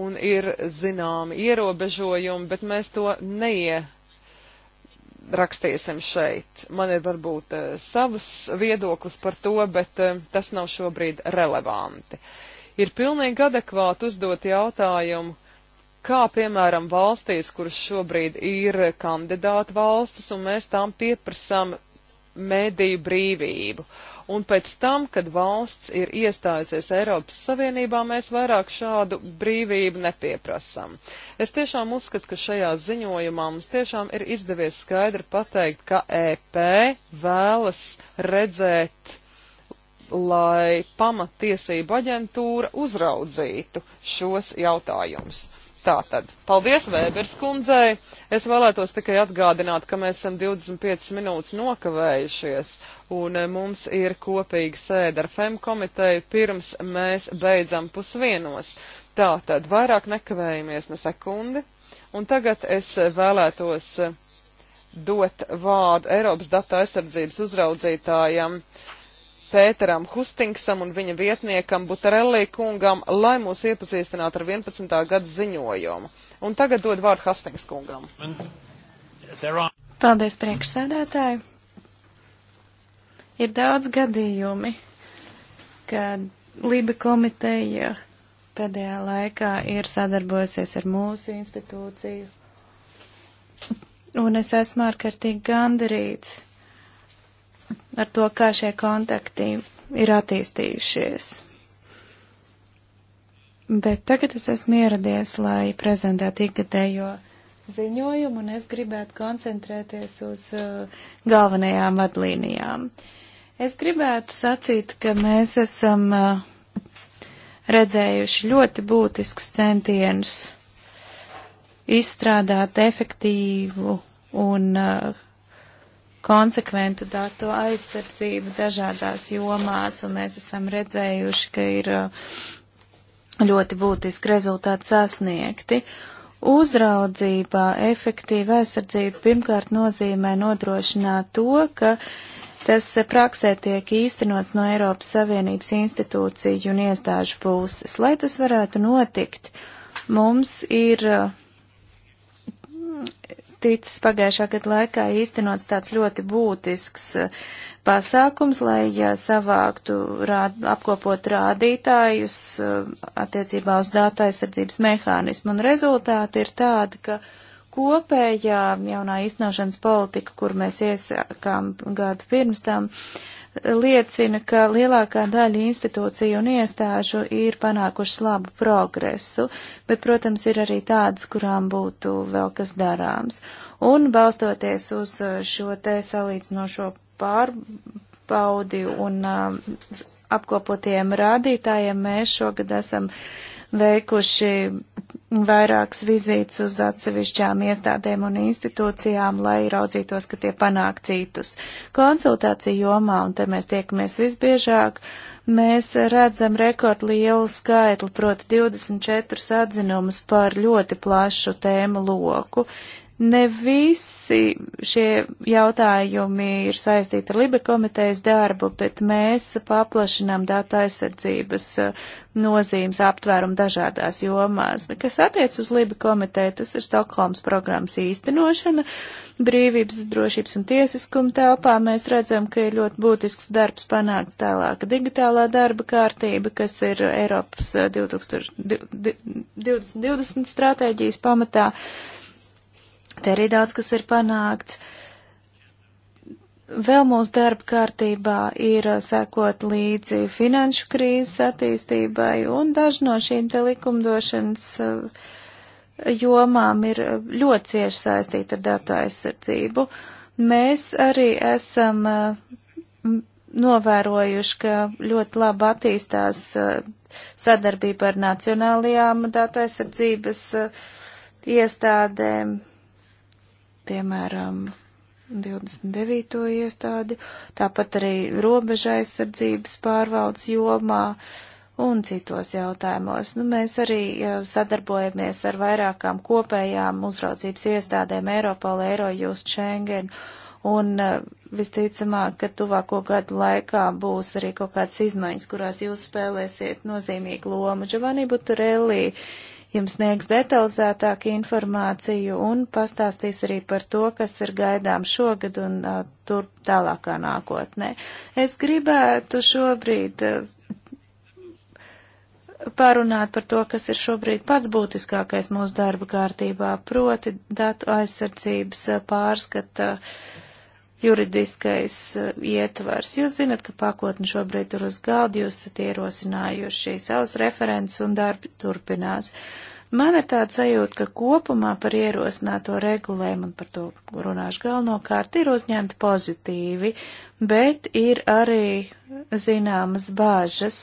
un ir zināmi ierobežojumi, bet mēs to neierakstīsim šeit. Man ir varbūt uh, savas viedoklis par to, bet uh, tas nav šobrīd relevanti. Ir pilnīgi adekvāti uzdot jautājumu, kā piemēram valstīs, kuras šobrīd ir kandidāta valstis, un mēs tām pieprasām mēdīju brīvību. Un pēc tam, kad valsts ir iestājusies Eiropas Savienībā, mēs vairāk šādu brīvību nepieprasam. Es tiešām uzskatu, ka šajā ziņojumā mums tiešām ir izdevies skaidri pateikt, ka EP vēlas redzēt lai pamatiesība aģentūra uzraudzītu šos jautājumus. Tātad, paldies Vēbers kundzei. Es vēlētos tikai atgādināt, ka mēs esam 25 minūtes nokavējušies, un eh, mums ir kopīga sēda ar FEM komiteju pirms mēs beidzam pusvienos. Tātad, vairāk nekavējamies ne sekundi, un tagad es eh, vēlētos eh, dot vārdu Eiropas data aizsardzības uzraudzītājam Pēteram Hustingsam un viņa vietniekam Butarellī kungam, lai mūs iepazīstinātu ar 11. gada ziņojumu. Un tagad dod vārdu Hastings kungam. Paldies, priekšsēdētāji. Ir daudz gadījumi, kad Liba komiteja pēdējā laikā ir sadarbojusies ar mūsu institūciju. Un es esmu ārkārtīgi gandarīts ar to, kā šie kontakti ir attīstījušies. Bet tagad es esmu ieradies, lai prezentētu ikgadējo ziņojumu, un es gribētu koncentrēties uz uh, galvenajām vadlīnijām. Es gribētu sacīt, ka mēs esam uh, redzējuši ļoti būtiskus centienus izstrādāt efektīvu un uh, konsekventu datu aizsardzību dažādās jomās, un mēs esam redzējuši, ka ir uh, ļoti būtiski rezultāti sasniegti. Uzraudzībā efektīva aizsardzība pirmkārt nozīmē nodrošināt to, ka tas uh, praksē tiek īstenots no Eiropas Savienības institūciju un iestāžu puses. Lai tas varētu notikt, mums ir uh, ticis pagājušā gada laikā īstenots tāds ļoti būtisks eh, pasākums, lai savāktu, rād, apkopot rādītājus eh, attiecībā uz datu aizsardzības mehānismu. Un rezultāti ir tādi, ka kopējā jaunā īstenošanas politika, kur mēs iesākām gadu pirms tam, uh, liecina, ka lielākā daļa institūciju un iestāžu ir panākušas labu progresu, bet, protams, ir arī tādas, kurām būtu vēl kas darāms. Un balstoties uz šo te salīdzinošo pārbaudi un um, apkopotiem rādītājiem, mēs šogad esam veikuši vairākas vizītes uz atsevišķām iestādēm un institūcijām, lai raudzītos, ka tie panāk citus. Konsultāciju jomā, un te mēs tiekamies visbiežāk, mēs redzam rekordlielu skaitli, proti 24 atzinumus par ļoti plašu tēmu loku. Ne visi šie jautājumi ir saistīti ar Libe komitejas darbu, bet mēs paplašinām datu aizsardzības uh, nozīmes aptvērumu dažādās jomās. Kas attiec uz Libe komiteju, tas ir Stokholmas programmas īstenošana. Brīvības, drošības un tiesiskuma telpā mēs redzam, ka ir ļoti būtisks darbs panākts tālāka digitālā darba kārtība, kas ir Eiropas 2020 uh, stratēģijas pamatā. Te arī daudz kas ir panākts. Vēl mūsu darba kārtībā ir uh, sekot līdzi finanšu krīzes attīstībai, un daži no šīm te likumdošanas uh, jomām ir uh, ļoti cieši saistīta ar datu aizsardzību. Mēs arī esam novērojuši, ka ļoti labi attīstās sadarbība ar nacionālajām datu aizsardzības iestādēm, piemēram, 29. iestādi, tāpat arī robeža aizsardzības pārvaldes jomā un citos jautājumos. Nu, mēs arī sadarbojamies ar vairākām kopējām uzraudzības iestādēm Eiropola, Eirojust, Schengen, un e, visticamāk, ka tuvāko gadu laikā būs arī kaut kādas izmaiņas, kurās jūs spēlēsiet nozīmīgu lomu. Giovanni Buturelli jums sniegs detalizētāku informāciju un pastāstīs arī par to, kas ir gaidām šogad un uh, tur tālākā nākotnē. Es gribētu šobrīd uh, parunāt par to, kas ir šobrīd pats būtiskākais mūsu darba kārtībā, proti datu aizsardzības pārskata. Uh, juridiskais eh, ietvars. Jūs zinat, ka pakotni šobrīd ir uz galda, jūs esat ierosinājuši savus referents un darbi turpinās. Man ir tāds sajūta, ka kopumā par ierosināto regulējumu, un par to runāšu galvenokārt, ir uzņemti pozitīvi, bet ir arī zināmas bāžas.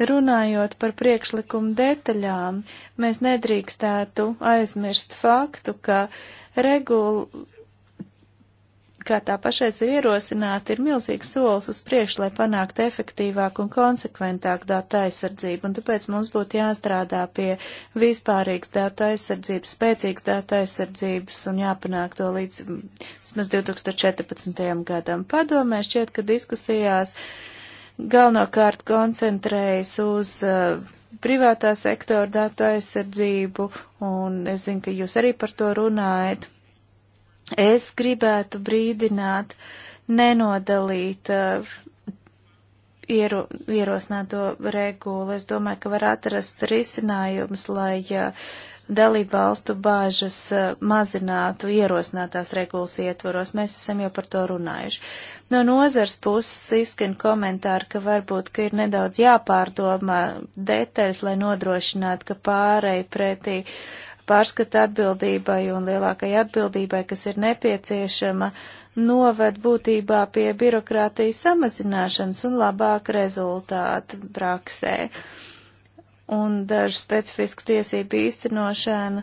Runājot par priekšlikumu detaļām, mēs nedrīkstētu aizmirst faktu, ka uh, Regula, kā tā pašais ir ierosināta, ir milzīgs solis uz priekšu, lai panāktu efektīvāku un konsekventāku datu aizsardzību, un tāpēc mums būtu jāstrādā pie vispārīgas datu aizsardzības, spēcīgas datu aizsardzības un jāpanāk to līdz mm, vismaz 2014. gadam. Padomē šķiet, ka diskusijās galvenokārt koncentrējas uz uh, privātā sektora datu aizsardzību, un es zinu, ka jūs arī par to runājat. Es gribētu brīdināt, nenodalīt uh, iero, ierosināto regulu. Es domāju, ka var atrast risinājums, lai uh, dalību valstu bāžas eh, mazinātu ierosinātās regulas ietvaros. Mēs esam jau par to runājuši. No nozars puses izskan komentāri, ka varbūt, ka ir nedaudz jāpārdomā detaļas, lai nodrošinātu, ka pārēj pretī pārskata atbildībai un lielākai atbildībai, kas ir nepieciešama, noved būtībā pie birokrātijas samazināšanas un labāka rezultāta praksē. Uh, un dažu specifisku tiesību īstenošana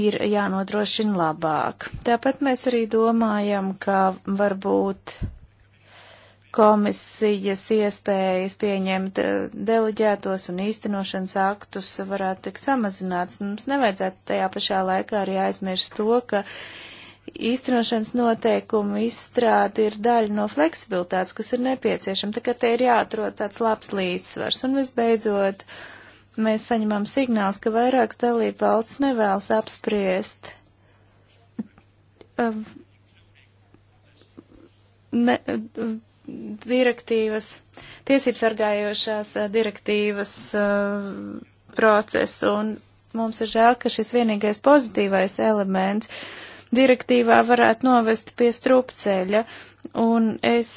ir jānodrošina labāk. Tāpat mēs arī domājam, ka varbūt komisijas iespējas pieņemt eh, deleģētos un īstenošanas aktus varētu tik samazināts. Mums nevajadzētu tajā pašā laikā arī aizmirst to, ka īstenošanas noteikumu izstrādi ir daļa no fleksibilitātes, kas ir nepieciešama. Tā kā te ir jāatrod tāds labs līdzsvars. Un visbeidzot, mēs saņemam signāls, ka vairākas dalība valsts nevēlas apspriest uh, ne, uh, direktīvas, tiesības argājošās uh, direktīvas uh, procesu. Un mums ir žēl, ka šis vienīgais pozitīvais elements, uh, direktīvā varētu novest pie strupceļa, un es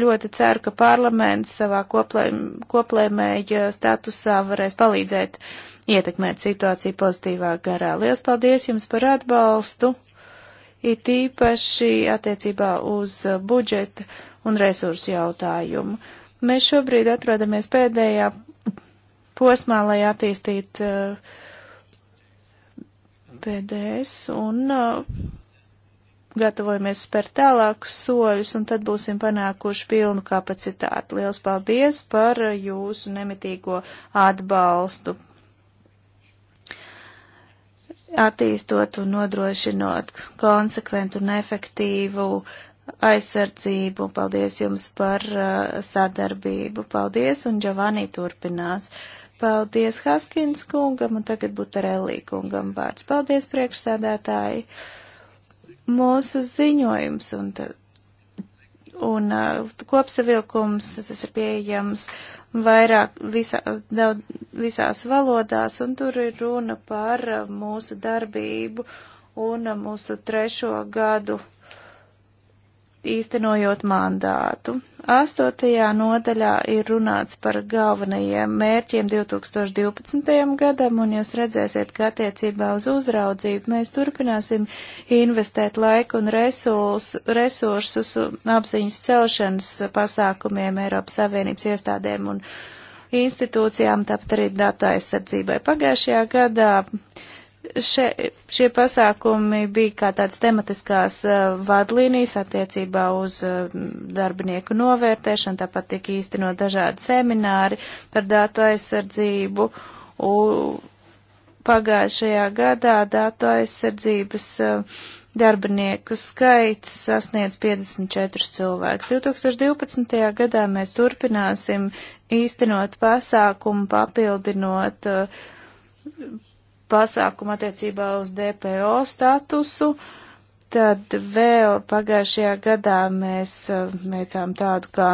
ļoti ceru, ka parlaments savā koplē, koplēmēja statusā varēs palīdzēt ietekmēt situāciju pozitīvā garā. Lielas paldies jums par atbalstu, it īpaši attiecībā uz budžeta un resursu jautājumu. Mēs šobrīd atrodamies pēdējā posmā, lai attīstītu uh, BDS un uh, gatavojamies spērt tālākus soļus, un tad būsim panākuši pilnu kapacitāti. Liels paldies par jūsu nemitīgo atbalstu. Attīstot un nodrošinot konsekventu un efektīvu aizsardzību. Paldies jums par uh, sadarbību. Paldies, un Giovanni turpinās. Uh, Paldies Haskins kungam un tagad Butarelī kungam vārds. Paldies priekšsēdētāji. Mūsu ziņojums un, un uh, kopsavilkums, tas ir pieejams vairāk visā, daudz, visās valodās, un tur ir runa par uh, mūsu darbību un uh, mūsu trešo gadu īstenojot mandātu. Astotajā nodaļā ir runāts par galvenajiem mērķiem 2012. gadam, un jūs redzēsiet, ka attiecībā uz uzraudzību mēs turpināsim investēt laiku un resurs, resursus apziņas celšanas pasākumiem Eiropas Savienības iestādēm un institūcijām, tāpat arī datu aizsardzībai. Pagājušajā gadā še, šie pasākumi bija kā tāds tematiskās uh, vadlīnijas attiecībā uz uh, darbinieku novērtēšanu, tāpat tika īstenot dažādi semināri par datu aizsardzību. U, pagājušajā gadā datu aizsardzības uh, darbinieku skaits sasniedz 54 cilvēkus. 2012. gadā mēs turpināsim īstenot pasākumu, papildinot uh, pasākumu attiecībā uz DPO statusu. Tad vēl pagājušajā gadā mēs eh, veicām tādu kā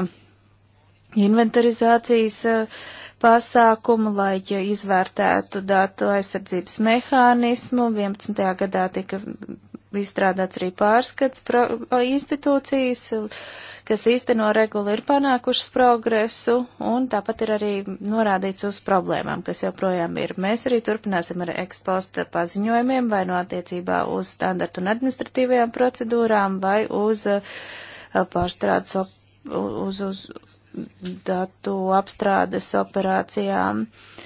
inventarizācijas eh, pasākumu, lai eh, izvērtētu datu aizsardzības mehānismu. 11. gadā tika izstrādāts arī pārskats institūcijas kas īsteno regulu, ir panākušas progresu, un tāpat ir arī norādīts uz problēmām, kas joprojām ir. Mēs arī turpināsim ar eksposta paziņojumiem vai no attiecībā uz standartu un administratīvajām procedūrām vai uz uh, pārstrādes op uz, uz datu apstrādes operācijām. Uh,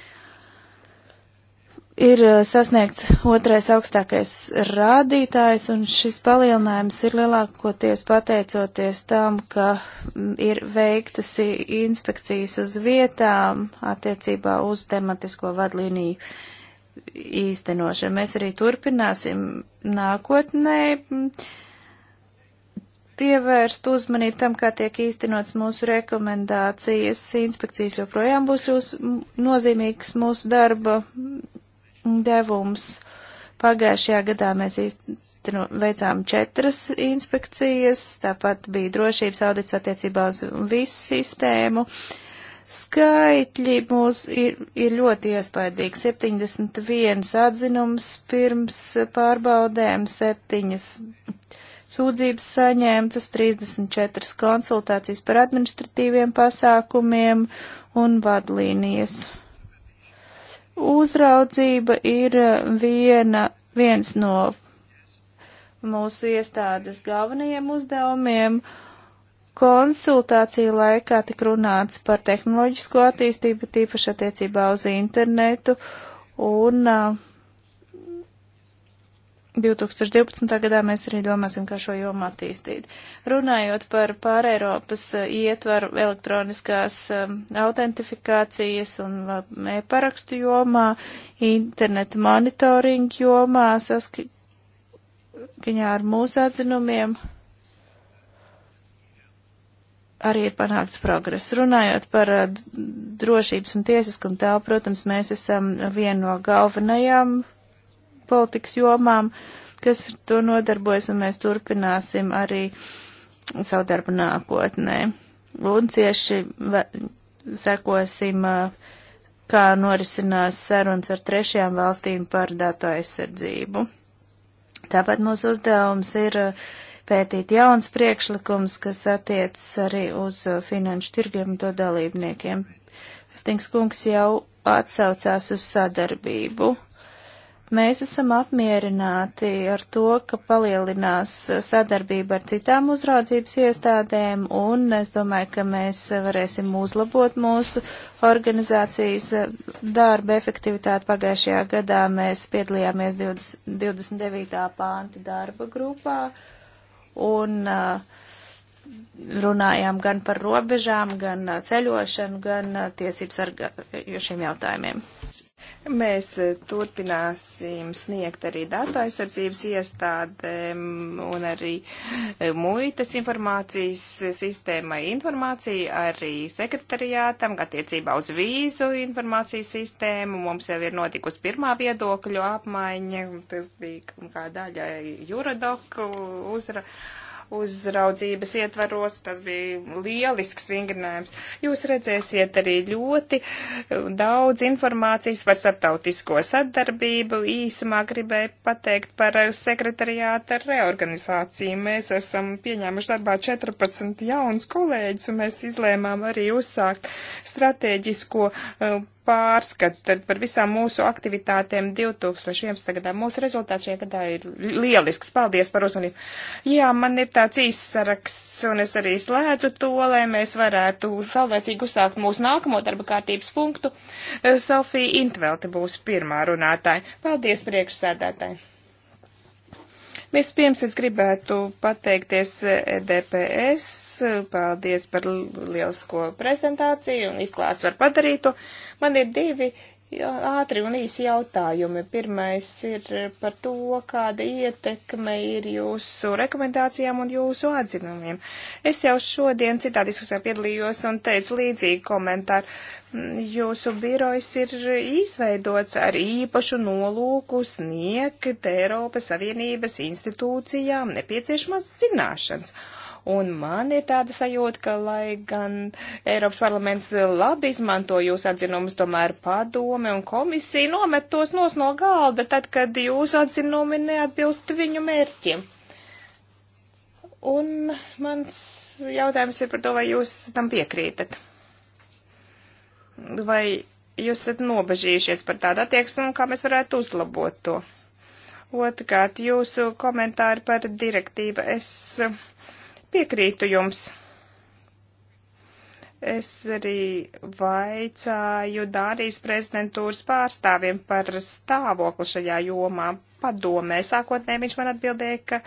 ir eh, sasniegts otrais augstākais rādītājs, un šis palielinājums ir lielākoties pateicoties tam, ka mm, ir veiktas inspekcijas uz vietām attiecībā uz tematisko vadlīniju īstenošanu. Mēs arī turpināsim nākotnē mm, pievērst uzmanību tam, kā tiek īstenots mūsu rekomendācijas. Inspekcijas joprojām būs jūs nozīmīgs mūsu darba devums. Pagājušajā gadā mēs īstenu, veicām četras inspekcijas, tāpat bija drošības audits attiecībā uz visu sistēmu. Skaitļi mūs ir, ir ļoti iespaidīgi. 71 atzinums pirms pārbaudēm, 7 sūdzības saņēmtas, 34 konsultācijas par administratīviem pasākumiem un vadlīnijas. Uzraudzība ir eh, viena, viens no mūsu iestādes galvenajiem uzdevumiem. Konsultāciju laikā tik runāts par tehnoloģisko attīstību, tīpaši attiecībā uz internetu, un uh, 2012. gadā mēs arī domāsim, kā šo jomu attīstīt. Runājot par pāreiropas eh, ietvaru elektroniskās eh, autentifikācijas un eh, e-parakstu jomā, interneta monitoringa jomā, saskaņā ar mūsu atzinumiem, arī ir panākts progress. Runājot par drošības un tiesiskumu tēlu, protams, mēs esam viena no galvenajām politikas jomām, kas ar to nodarbojas, un mēs turpināsim arī savu darbu nākotnē. Un cieši sekosim, kā norisinās sarunas ar trešajām valstīm par datu aizsardzību. Tāpat mūsu uzdevums ir pētīt jauns priekšlikums, kas attiecas arī uz finanšu tirgiem un to dalībniekiem. Stings kungs jau atsaucās uz sadarbību Mēs esam apmierināti ar to, ka palielinās sadarbība ar citām uzraudzības iestādēm, un es domāju, ka mēs varēsim uzlabot mūsu organizācijas darba efektivitāti. Pagājušajā gadā mēs piedalījāmies 20, 29. pānta darba grupā, un uh, runājām gan par robežām, gan uh, ceļošanu, gan uh, tiesības argājošiem jautājumiem. Mēs eh, turpināsim sniegt arī datu aizsardzības iestādēm un arī eh, muitas informācijas sistēmai informāciju, arī sekretariātam attiecībā uz vīzu informācijas sistēmu. Mums jau ir notikusi pirmā viedokļu apmaiņa, tas bija kā daļa Jurodoku uzra uzraudzības ietvaros. Tas bija lielisks vingrinājums. Jūs redzēsiet arī ļoti daudz informācijas par starptautisko sadarbību. Īsumā gribēju pateikt par sekretariāta reorganizāciju. Mēs esam pieņēmuši darbā 14 jaunus kolēģus un mēs izlēmām arī uzsākt strateģisko uh, pārskatu tad par visām mūsu aktivitātēm 2011. gadā. Mūsu rezultāti šajā gadā ir lielisks. Paldies par uzmanību. Jā, man ir tāds īsts saraksts, un es arī slēdzu to, lai mēs varētu saulēcīgi uzsākt mūsu nākamo darba kārtības punktu. Sofija Intvelte būs pirmā runātāja. Paldies priekšsēdētāji. Vispirms es gribētu pateikties e DPS, paldies par lielisko prezentāciju un izklāstu par padarītu. Man ir divi ātri un īsi jautājumi. Pirmais ir par to, kāda ietekme ir jūsu rekomendācijām un jūsu atzinumiem. Es jau šodien citā diskusijā piedalījos un teicu līdzīgu komentāru. Jūsu birojs ir izveidots ar īpašu nolūku sniegt Eiropas Savienības institūcijām nepieciešamās zināšanas. Un man ir tāda sajūta, ka, lai gan Eiropas parlaments labi izmanto jūsu atzinumus, tomēr padome un komisija nomet tos nos no galda, tad, kad jūsu atzinumi neatbilst viņu mērķiem. Un mans jautājums ir par to, vai jūs tam piekrītat. Vai jūs esat nobežījušies par tādu attieksmi un kā mēs varētu uzlabot to? Otrkārt, jūsu komentāri par direktīvu. Es piekrītu jums. Es arī vaicāju Dārijas prezidentūras pārstāvjiem par stāvokli šajā jomā. Padomē, sākotnē viņš man atbildēja, ka uh,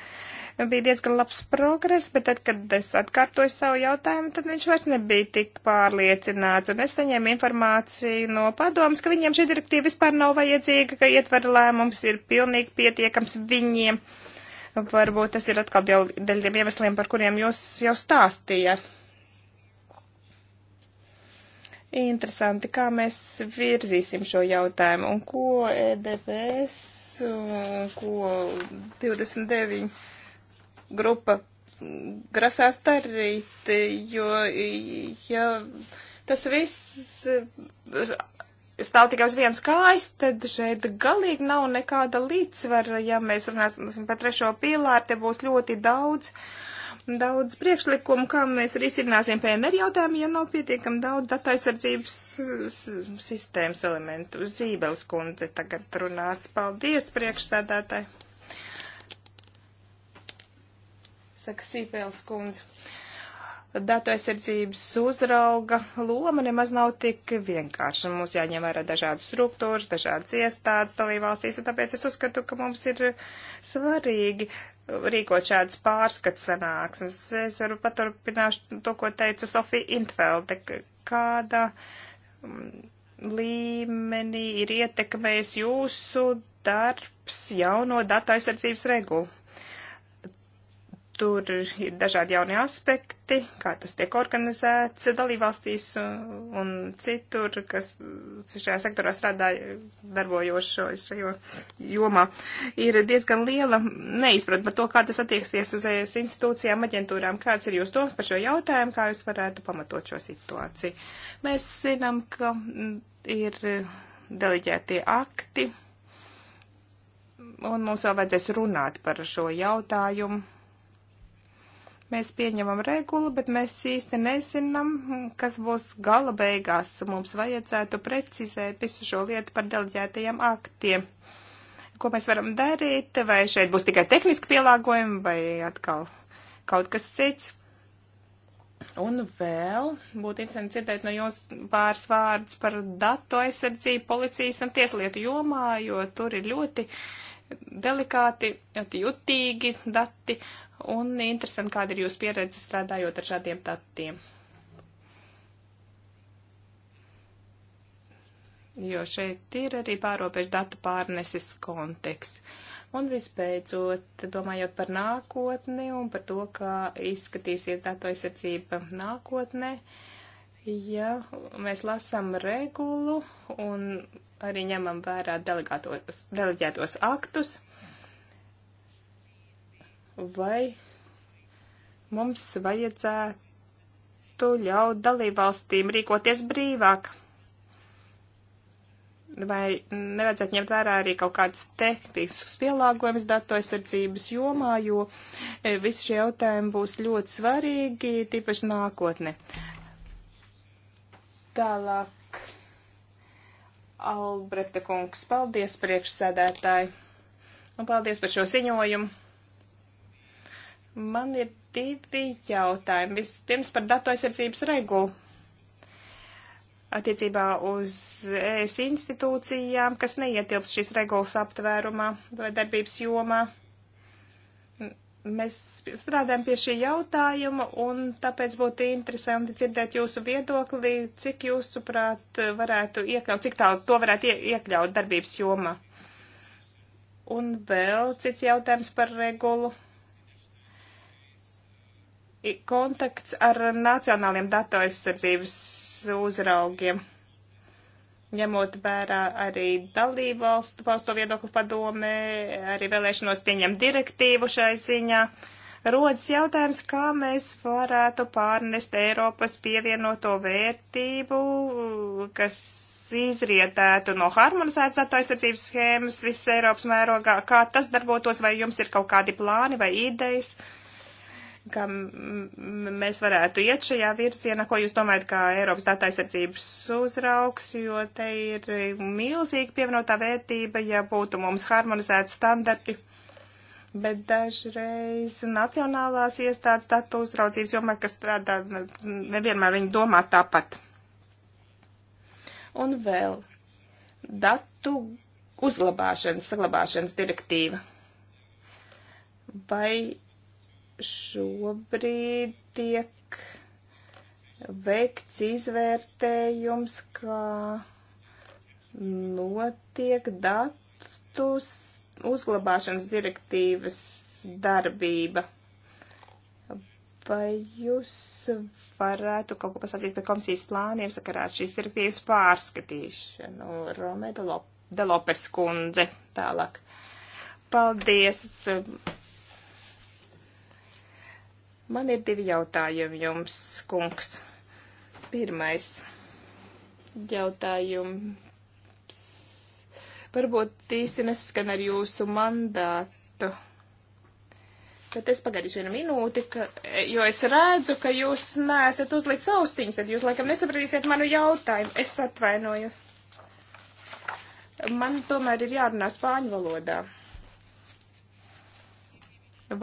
bija diezgan labs progress, bet tad, kad es atkārtoju savu jautājumu, tad viņš vairs nebija tik pārliecināts, un es saņēmu informāciju no padomas, ka viņiem šī direktīva vispār nav vajadzīga, ka ietvara lēmums ir pilnīgi pietiekams viņiem. Varbūt tas ir atkal dēļ, dēļ tiem iemesliem, par kuriem jūs jau stāstījāt. Interesanti, kā mēs virzīsim šo jautājumu un ko EDPS, un ko 29 grupa grasās darīt, jo, ja tas viss stāv tikai uz vienas kājas, tad šeit galīgi nav nekāda līdzsvara. Ja mēs runāsim par trešo pīlāru, te būs ļoti daudz, daudz priekšlikumu, kā mēs risināsim PNR jautājumu, ja nav pietiekami daudz datu aizsardzības sistēmas elementu. Zībeles kundze tagad runās. Paldies, priekšsēdētāji! saka Sīpēls kundze. Datu aizsardzības uzrauga loma nemaz nav tik vienkārša. Mums jāņem vērā dažādas struktūras, dažādas iestādes dalībvalstīs, un tāpēc es uzskatu, ka mums ir svarīgi rīkot šādas pārskatu sanāksmes. Es varu paturpināšu to, ko teica Sofija Intfelde, kāda mm, līmenī ir ietekmējis jūsu darbs jauno datu aizsardzības regulu. Tur ir dažādi jauni aspekti, kā tas tiek organizēts dalībvalstīs un citur, kas šajā sektorā strādā darbojošo šajā jomā. Ir diezgan liela neizpratne par to, kā tas attieksies uz ES institūcijām, aģentūrām. Kāds ir jūsu domas par šo jautājumu, kā jūs varētu pamatot šo situāciju? Mēs zinām, ka ir deleģētie akti un mums vēl vajadzēs runāt par šo jautājumu. Mēs pieņemam regulu, bet mēs īsti nezinām, kas būs gala beigās. Mums vajadzētu precizēt visu šo lietu par deleģētajiem aktiem. Ko mēs varam darīt? Vai šeit būs tikai tehniski pielāgojumi, vai atkal kaut kas cits? Un vēl būtu interesanti dzirdēt no jums pāris vārdus par datu aizsardzību policijas un tieslietu jomā, jo tur ir ļoti delikāti, ļoti jutīgi dati, Un interesanti, kāda ir jūsu pieredze strādājot ar šādiem datiem. Jo šeit ir arī pārobežu datu pārneses konteksts. Un visbeidzot, domājot par nākotni un par to, kā izskatīsies datu aizsardzība nākotnē, ja mēs lasām regulu un arī ņemam vērā delegētos aktus, vai mums vajadzētu ļaut dalībvalstīm rīkoties brīvāk? Vai nevajadzētu ņemt vērā arī kaut kādas tehniskas pielāgojumas datu aizsardzības jomā, jo e, visi šie jautājumi būs ļoti svarīgi, tīpaši nākotne. Tālāk, Albrehta kungs, paldies priekšsēdētāji, un paldies par šo ziņojumu. Man ir divi jautājumi. Vispirms par datu aizsardzības regulu attiecībā uz ES institūcijām, kas neietilps šīs regulas aptvērumā vai darbības jomā. Mēs strādājam pie šī jautājuma, un tāpēc būtu interesanti dzirdēt jūsu viedokli, cik jūsuprāt varētu iekļaut, cik tālu to varētu iekļaut darbības jomā. Un vēl cits jautājums par regulu kontakts ar nacionāliem datu aizsardzības uzraugiem, ņemot vērā arī dalību valstu pausto viedokli padomē, arī vēlēšanos pieņemt direktīvu šai ziņā. Rodas jautājums, kā mēs varētu pārnest Eiropas pievienoto vērtību, kas izrietētu no harmonizētas datu aizsardzības schēmas visas Eiropas mērogā, kā tas darbotos, vai jums ir kaut kādi plāni vai idejas. Uh, ka mēs varētu iet šajā virzienā, ko jūs domājat, kā Eiropas datu aizsardzības uzraugs, jo te ir milzīga pievienotā vērtība, ja būtu mums harmonizēti standarti. Bet dažreiz nacionālās iestādes datu uzraudzības jomā, kas strādā, nevienmēr viņi domā tāpat. Un vēl datu uzglabāšanas, saglabāšanas direktīva. Vai šobrīd tiek veikts izvērtējums, kā notiek datus uzglabāšanas direktīvas darbība. Vai jūs varētu kaut ko pasakīt par komisijas plāniem sakarā ar šīs direktīvas pārskatīšanu? Romē Delopes kundze tālāk. Paldies! Man ir divi jautājumi jums, kungs. Pirmais jautājums. Varbūt īsti nesaskan ar jūsu mandātu. Tad es pagaidīšu vienu minūti, ka, jo es redzu, ka jūs neesat uzlicis austiņas, tad jūs laikam nesapratīsiet manu jautājumu. Es atvainojos. Man tomēr ir jārunā spāņu valodā.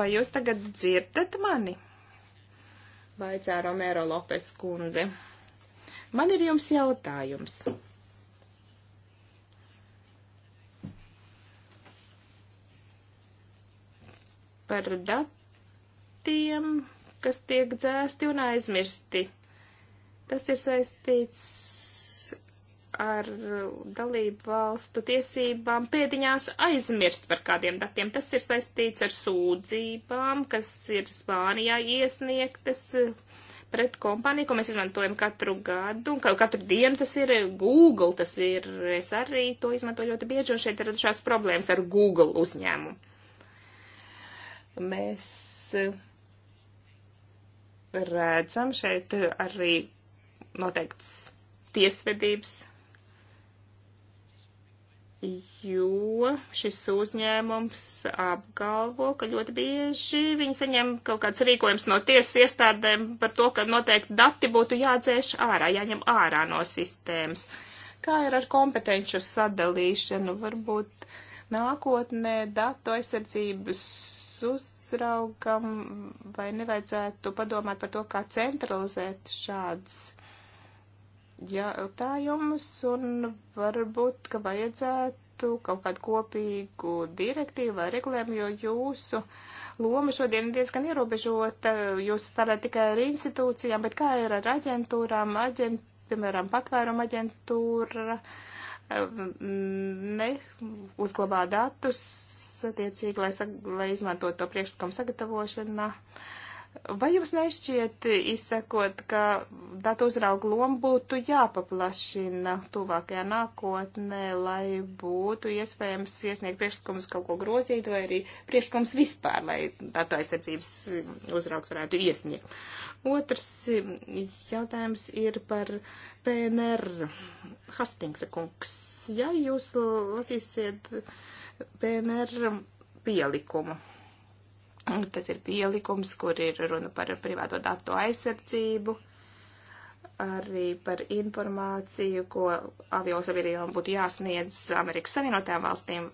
Vai jūs tagad dzirdat mani? vaicā Romero Lopes kundze. Man ir jums jautājums. Par datiem, kas tiek dzēsti un aizmirsti. Tas ir saistīts ar uh, dalību valstu tiesībām pēdiņās aizmirst par kādiem datiem. Tas ir saistīts ar sūdzībām, kas ir Spānijā iesniegtas uh, pret kompāniju, ko mēs izmantojam katru gadu, katru dienu tas ir uh, Google, tas ir, es arī to izmantoju ļoti bieži, un šeit ir šās problēmas ar Google uzņēmumu. Mēs redzam šeit arī noteikts tiesvedības jo šis uzņēmums apgalvo, ka ļoti bieži viņi saņem kaut kāds rīkojums no tiesas iestādēm par to, ka noteikti dati būtu jādzēš ārā, jāņem ārā no sistēmas. Kā ir ar kompetenču sadalīšanu? Varbūt nākotnē datu aizsardzības uzraugam vai nevajadzētu padomāt par to, kā centralizēt šādas jautājumus un varbūt, ka vajadzētu kaut kādu kopīgu direktīvu vai regulējumu, jo jūsu loma šodien ir diezgan ierobežota. Jūs strādājat tikai ar institūcijām, bet kā ir ar aģentūrām, aģent, piemēram, patvēruma aģentūra mm, neuzglabā datus, attiecīgi, lai, sag, lai izmantot to priekšlikumu sagatavošanā. Uh, Vai jums nešķiet, izsakot, ka datu uzrauga loma būtu jāpaplašina tuvākajā nākotnē, lai būtu iespējams iesniegt priekšlikumus kaut ko grozīt, vai arī priekšlikums vispār, lai datu aizsardzības uzraugs varētu iesniegt? Otrs jautājums ir par PNR. Hastingsa kungs, ja jūs lasīsiet PNR pielikumu, Tas ir pielikums, kur ir runa par privāto datu aizsardzību, arī par informāciju, ko aviosabiedrībām būtu jāsniedz Amerikas Savienotajām valstīm.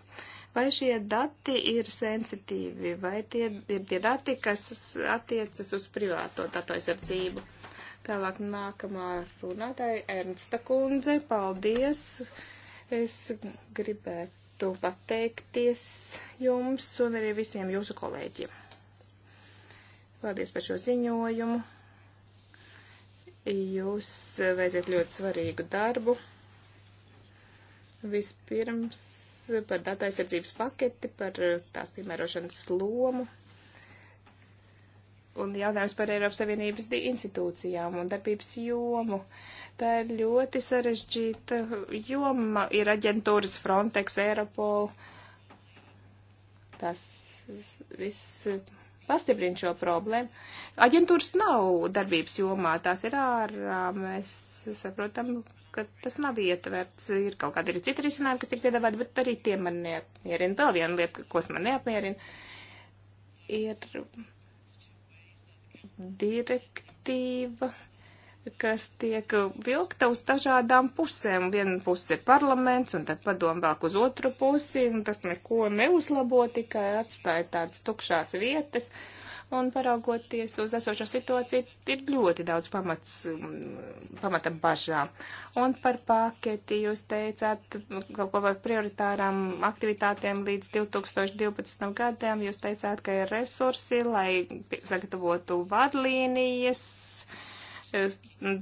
Vai šie dati ir sensitīvi, vai tie ir tie dati, kas attiecas uz privāto datu aizsardzību? Tālāk nākamā runātāja Ernsta kundze, paldies. Es gribētu pateikties jums un arī visiem jūsu kolēģiem. Paldies par šo ziņojumu. Jūs veicat ļoti svarīgu darbu. Vispirms par datu aizsardzības paketi, par tās piemērošanas lomu un jautājums par Eiropas Savienības institūcijām un darbības jomu. Tā ir ļoti sarežģīta joma. Ir aģentūras Frontex, Eiropol. Tas viss pastiprina šo problēmu. Aģentūras nav darbības jomā, tās ir ārā. Mēs saprotam, ka tas nav ietverts. Ir kaut kādi arī citi risinājumi, kas tiek piedāvāti, bet arī tie man neapmierina. Vēl viena lieta, kas man neapmierina, ir direktīva kas tiek vilkta uz dažādām pusēm. Viena puse ir parlaments, un tad padom vēl uz otru pusi, un tas neko neuzlabo, tikai atstāja tādas tukšās vietas. Un paraugoties uz esošo situāciju, ir ļoti daudz pamats, mm, pamata bažām. Un par paketi jūs teicāt kaut ko par prioritārām aktivitātēm līdz 2012. gadiem. Jūs teicāt, ka ir resursi, lai sagatavotu vadlīnijas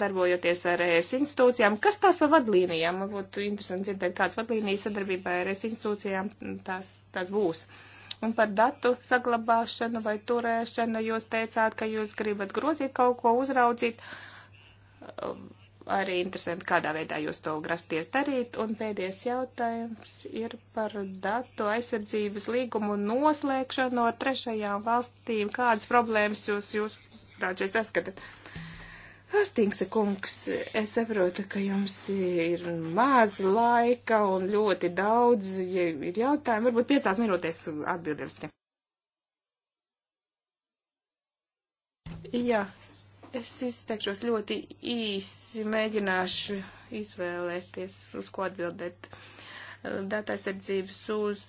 darbojoties ar ES institūcijām. Kas tās par vadlīnijām? Man būtu interesanti dzirdēt, kādas vadlīnijas sadarbībā ar ES institūcijām tās, tās būs. Un par datu saglabāšanu vai turēšanu jūs teicāt, ka jūs gribat grozīt kaut ko, uzraudzīt. Arī interesanti, kādā veidā jūs to grasties darīt. Un pēdējais jautājums ir par datu aizsardzības līgumu noslēgšanu ar trešajām valstīm. Kādas problēmas jūs, jūs prāt, šeit saskatat? Uh, Hastingsa kungs, es saprotu, ka jums ir maz laika un ļoti daudz ja ir jautājumu. Varbūt piecās minūtēs atbildēsiet. Jā, es izteikšos ļoti īsi, mēģināšu izvēlēties, uz ko atbildēt. Data aizsardzības uz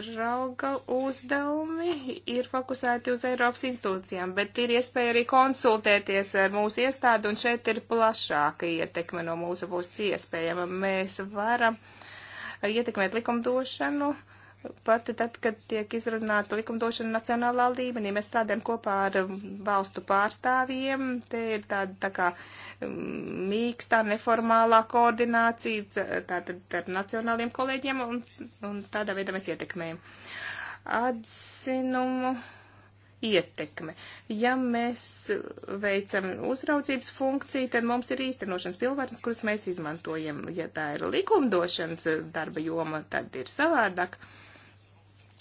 uzrauga uzdevumi ir fokusēti uz Eiropas institūcijām, bet ir iespēja arī konsultēties ar mūsu iestādi, un šeit ir plašāka ietekme no mūsu puses iespējama. Mēs varam ietekmēt likumdošanu pat tad, kad tiek izrunāta likumdošana nacionālā līmenī. Mēs strādājam kopā ar um, valstu pārstāvjiem. Te ir tāda tā kā um, mīkstā, neformālā koordinācija tātad ar nacionāliem kolēģiem un, un tādā veidā mēs ietekmējam. Atzinumu ietekme. Ja mēs veicam uzraudzības funkciju, tad mums ir īstenošanas pilnvaras, kuras mēs izmantojam. Ja tā ir likumdošanas darba joma, tad ir savādāk. Uh,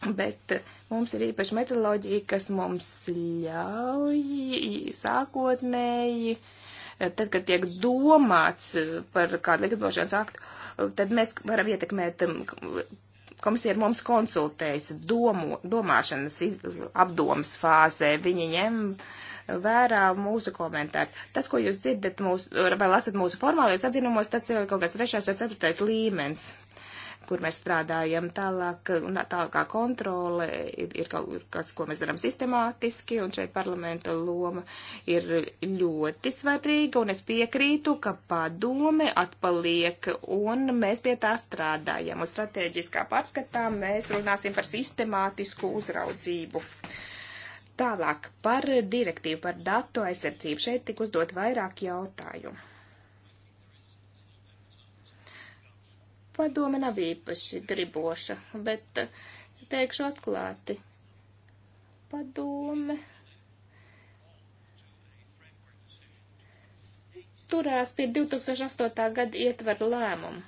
Bet eh, mums ir īpaša metodoloģija, kas mums ļauj sākotnēji, eh, tad, kad tiek domāts eh, par kādu likumdošanas aktu, tad mēs varam ietekmēt, mm, komisija ar mums konsultējas domu, domāšanas iz, apdomas fāzē, viņi ņem vērā mūsu komentārus. Tas, ko jūs dzirdat mūsu, vai lasat mūsu formālajos atzinumos, tas ir kaut kāds trešais vai ceturtais līmenis kur mēs strādājam tālāk, un tālākā kontrole ir, ir kaut kas, ko mēs darām sistemātiski, un šeit parlamenta loma ir ļoti svarīga, un es piekrītu, ka padome atpaliek, un mēs pie tā strādājam. Un strateģiskā pārskatā mēs runāsim par sistemātisku uzraudzību. Tālāk par direktīvu par datu aizsardzību. Šeit tik uzdot vairāk jautājumu Padome nav īpaši griboša, bet teikšu atklāti. Padome turās pie 2008. gada ietveru lēmumu.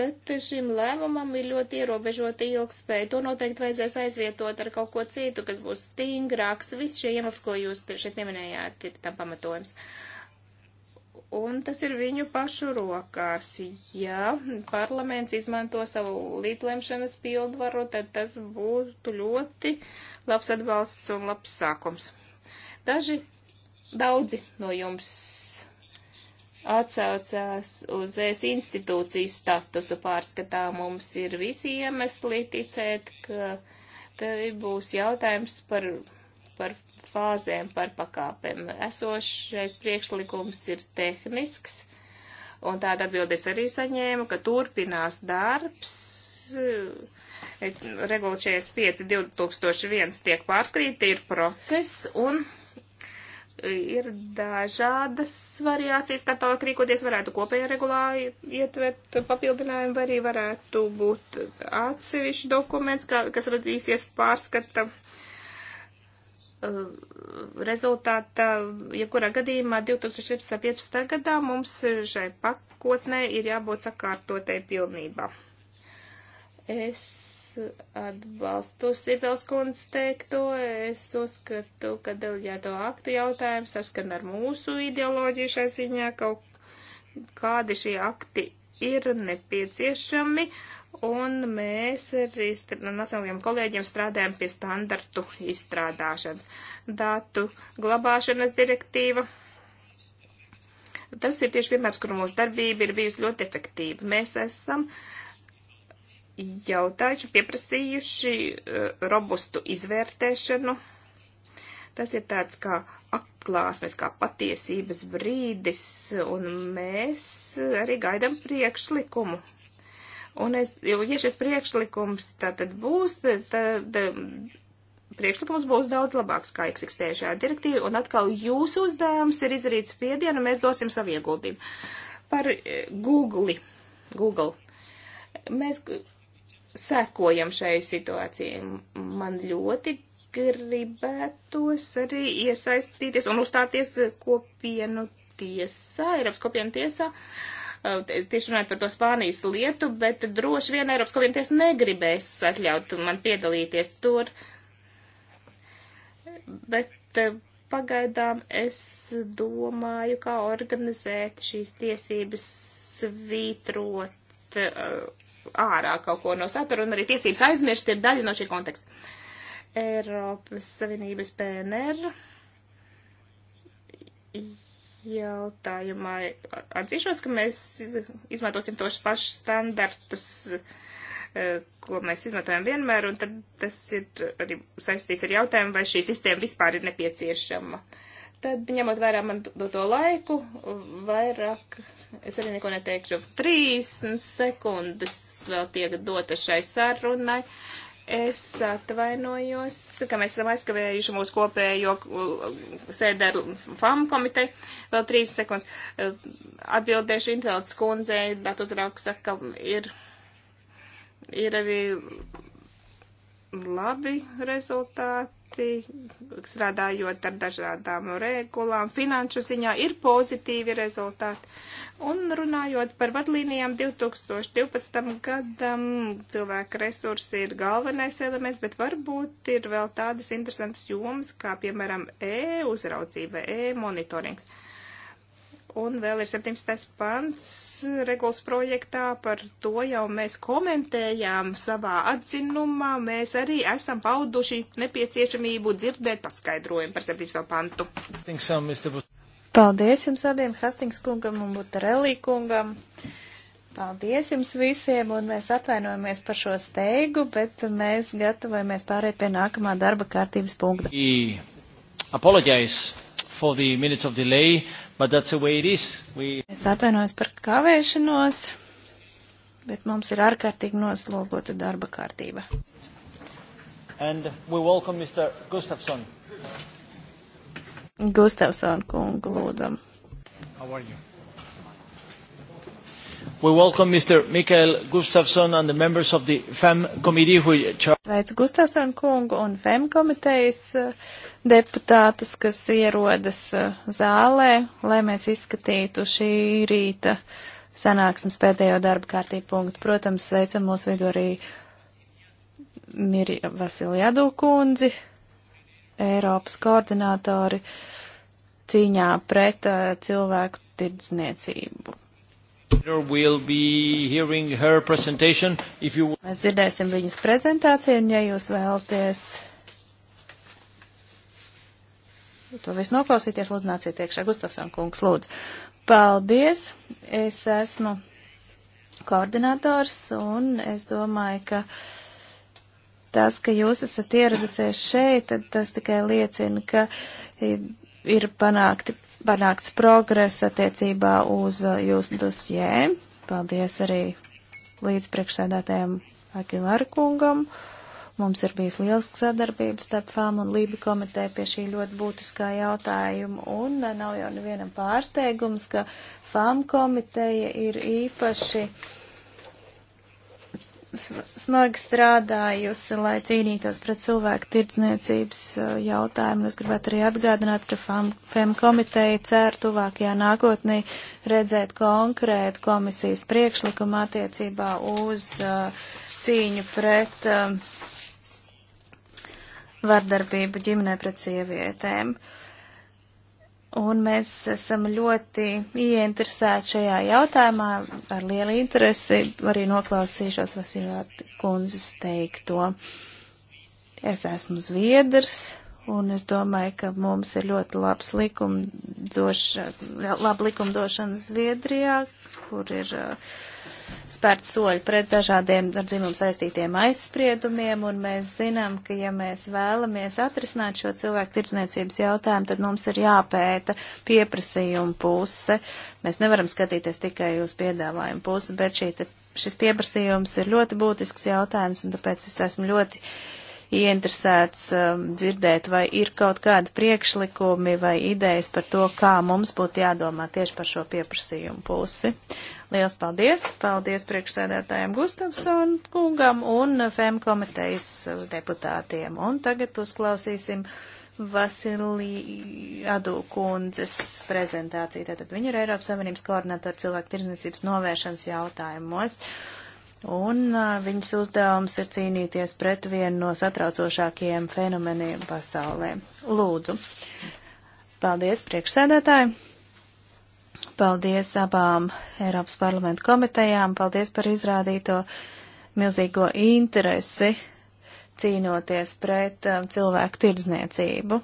Bet šim lēmumam ir ļoti ierobežota ilgspēja. To noteikti vajadzēs aizvietot ar kaut ko citu, kas būs stingrāks. Viss šie iemesli, ko jūs šeit pieminējāt, ir tam pamatojums. Uh, Un tas ir viņu pašu rokās. Ja parlaments izmanto savu līdzlemšanas pildvaru, tad tas būtu ļoti labs atbalsts un labs sākums. Daži, daudzi no jums atsaucās uz es institūciju statusu pārskatā. Mums ir visi iemesli ticēt, ka te būs jautājums par par fāzēm, par pakāpēm. Esošais priekšlikums ir tehnisks, un tāda atbildes arī saņēmu, ka turpinās darbs. Regula 45 2001 tiek pārskatīta, ir process, un ir dažādas variācijas, kā tālāk rīkoties. Varētu kopējā regulā ietvert papildinājumu, vai arī varētu būt atsevišķi dokuments, kā, kas radīsies pārskata Uh, rezultātā, ja kurā gadījumā 2015. gadā mums šai pakotnē ir jābūt sakārtotai pilnībā. Es atbalstu Sibels kundz teikto, es uzskatu, ka deliģēto aktu jautājums saskan ar mūsu ideoloģiju šai ziņā, kaut kādi šie akti ir nepieciešami. Uh, un mēs arī nacionālajiem kolēģiem strādājam pie standartu izstrādāšanas. Datu glabāšanas direktīva. Tas ir tieši piemērs, kur mūsu darbība ir bijusi ļoti efektīva. Mēs esam jautājuši, pieprasījuši eh, robustu izvērtēšanu. Tas ir tāds kā atklāsmes, kā patiesības brīdis, un mēs arī gaidam priekšlikumu Un es, jo, ja šis priekšlikums tā tad būs, tad priekšlikums būs daudz labāks kā eksistējušajā direktīva, un atkal jūsu uzdevums ir izdarīt spiedienu, mēs dosim savu ieguldījumu. Par e, Google. Google. Mēs sekojam šai situācijai. Man ļoti gribētos arī iesaistīties un uzstāties kopienu tiesā, Eiropas kopienu tiesā. Uh, Eh, tieši runājot par to Spānijas lietu, bet droši vien Eiropas komitejas negribēs atļaut man piedalīties tur. Bet eh, pagaidām es domāju, kā organizēt šīs tiesības svītrot eh, ārā kaut ko no satura, un arī tiesības aizmirst ir daļa no šī konteksta. Eiropas Savienības PNR jautājumā atzīšos, ka mēs izmantosim tos pašus standartus, eh, ko mēs izmantojam vienmēr, un tad tas ir arī saistīts ar jautājumu, vai šī sistēma vispār ir nepieciešama. Tad, ņemot vērā man doto laiku, vairāk es arī neko neteikšu. Trīs sekundes vēl tiek dota šai sarunai. Uh, Es atvainojos, ka mēs esam aizkavējuši mūsu kopējo uh, sēdē ar FAM komiteju. Vēl trīs sekundes. Uh, atbildēšu Intveldes kundzei, bet uzrauks saka, ka ir, ir arī labi rezultāti strādājot ar dažādām regulām, finanšu ziņā ir pozitīvi rezultāti. Un runājot par vadlīnijām 2012. gadam, cilvēka resursi ir galvenais elements, bet varbūt ir vēl tādas interesantas jomas, kā piemēram e-uzraudzība, e-monitorings. E Un vēl ir 17. pants regulas projektā, par to jau mēs komentējām savā atzinumā. Mēs arī esam pauduši nepieciešamību dzirdēt paskaidrojumu par 17. pantu. Paldies jums abiem, Hastings kungam un Butarelī kungam. Paldies jums visiem, un mēs atvainojamies par šo steigu, bet mēs gatavojamies pārēt pie nākamā darba kārtības punkta. Apoloģējas for the minutes of delay, but that's the way it is. We... Es atvainojos par kavēšanos, bet mums ir ārkārtīgi noslogota darba kārtība. And we welcome Mr. Gustafsson. Gustafsson kungu lūdzam. How are you? We welcome Mr. Mikael Gustafsson and the members of the FEM committee who Sveicu Gustafsson kungu un FEM komitejas eh, deputātus, kas ierodas eh, zālē, lai mēs izskatītu šī rīta sanāksmes pēdējo darba kārtību punktu. Protams, sveicam mūsu vidu arī Mirja Vasiljadu kundzi, Eiropas koordinātori cīņā pret eh, cilvēku tirdzniecību. You... Mēs dzirdēsim viņas prezentāciju, un ja jūs vēlaties to visu noklausīties, lūdzu, nāciet iekšā. Gustafsson kungs, lūdzu. Paldies! Es esmu koordinators, un es domāju, ka tas, ka jūs esat ieradusies šeit, tad tas tikai liecina, ka ir panākti panākts progress attiecībā uz uh, jūsu dosjē. Paldies arī līdzpriekšsēdētājiem Akilara kungam. Mums ir bijis lielisks sadarbības starp FAM un Lībi komiteja pie šī ļoti būtiskā jautājuma, un uh, nav jau nevienam pārsteigums, ka FAM komiteja ir īpaši uh, smagi strādājusi, lai cīnītos pret cilvēku tirdzniecības uh, jautājumu. Es gribētu arī atgādināt, ka FEM komiteja cer tuvākajā nākotnī redzēt konkrētu komisijas priekšlikumu attiecībā uz uh, cīņu pret uh, vardarbību ģimenē pret sievietēm. Uh, Un mēs esam ļoti ieinteresēti šajā jautājumā, ar lielu interesi arī noklausīšos Vasilāti kundzes teikto. Es esmu zviedrs, un es domāju, ka mums ir ļoti labs likumdoša, laba likumdošana Zviedrijā, kur ir uh, spērt soļi pret dažādiem ar dzimumu saistītiem aizspriedumiem, un mēs zinām, ka ja mēs vēlamies atrisināt šo cilvēku tirdzniecības jautājumu, tad mums ir jāpēta pieprasījuma puse. Mēs nevaram skatīties tikai uz piedāvājumu pusi, bet šī, te, šis pieprasījums ir ļoti būtisks jautājums, un tāpēc es esmu ļoti ieinteresēts um, dzirdēt, vai ir kaut kādi priekšlikumi vai idejas par to, kā mums būtu jādomā tieši par šo pieprasījumu pusi. Liels paldies! Paldies priekšsēdētājiem Gustavson kungam un FEM komitejas deputātiem. Un tagad uzklausīsim Vasilī Adu kundzes prezentāciju. Tātad viņa ir Eiropas Savienības koordinatora cilvēku tirdzniecības novēršanas jautājumos. Un uh, viņas uzdevums ir cīnīties pret vienu no satraucošākajiem fenomeniem pasaulē. Lūdzu. Paldies, priekšsēdētāji! Paldies abām Eiropas parlamentu komitejām, paldies par izrādīto milzīgo interesi cīnoties pret um, cilvēku tirdzniecību.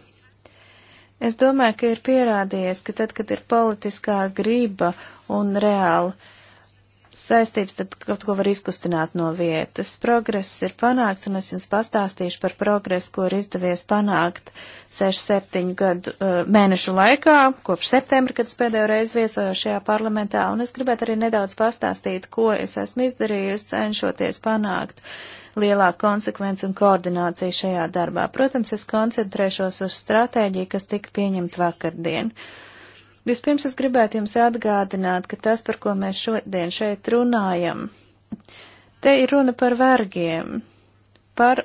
Es domāju, ka ir pierādījies, ka tad, kad ir politiskā griba un reāli saistības, tad kaut ko var izkustināt no vietas. Progress ir panākts, un es jums pastāstīšu par progresu, ko ir izdevies panākt 6-7 gadu uh, mēnešu laikā, kopš septembra, kad es pēdējo reizi viesoju šajā parlamentā, un es gribētu arī nedaudz pastāstīt, ko es esmu izdarījusi, cenšoties panākt lielāku konsekvenci un koordināciju šajā darbā. Protams, es koncentrēšos uz stratēģiju, kas tika pieņemta vakardien. Uh, Vispirms es gribētu jums atgādināt, ka tas, par ko mēs šodien šeit runājam, te ir runa par vergiem, par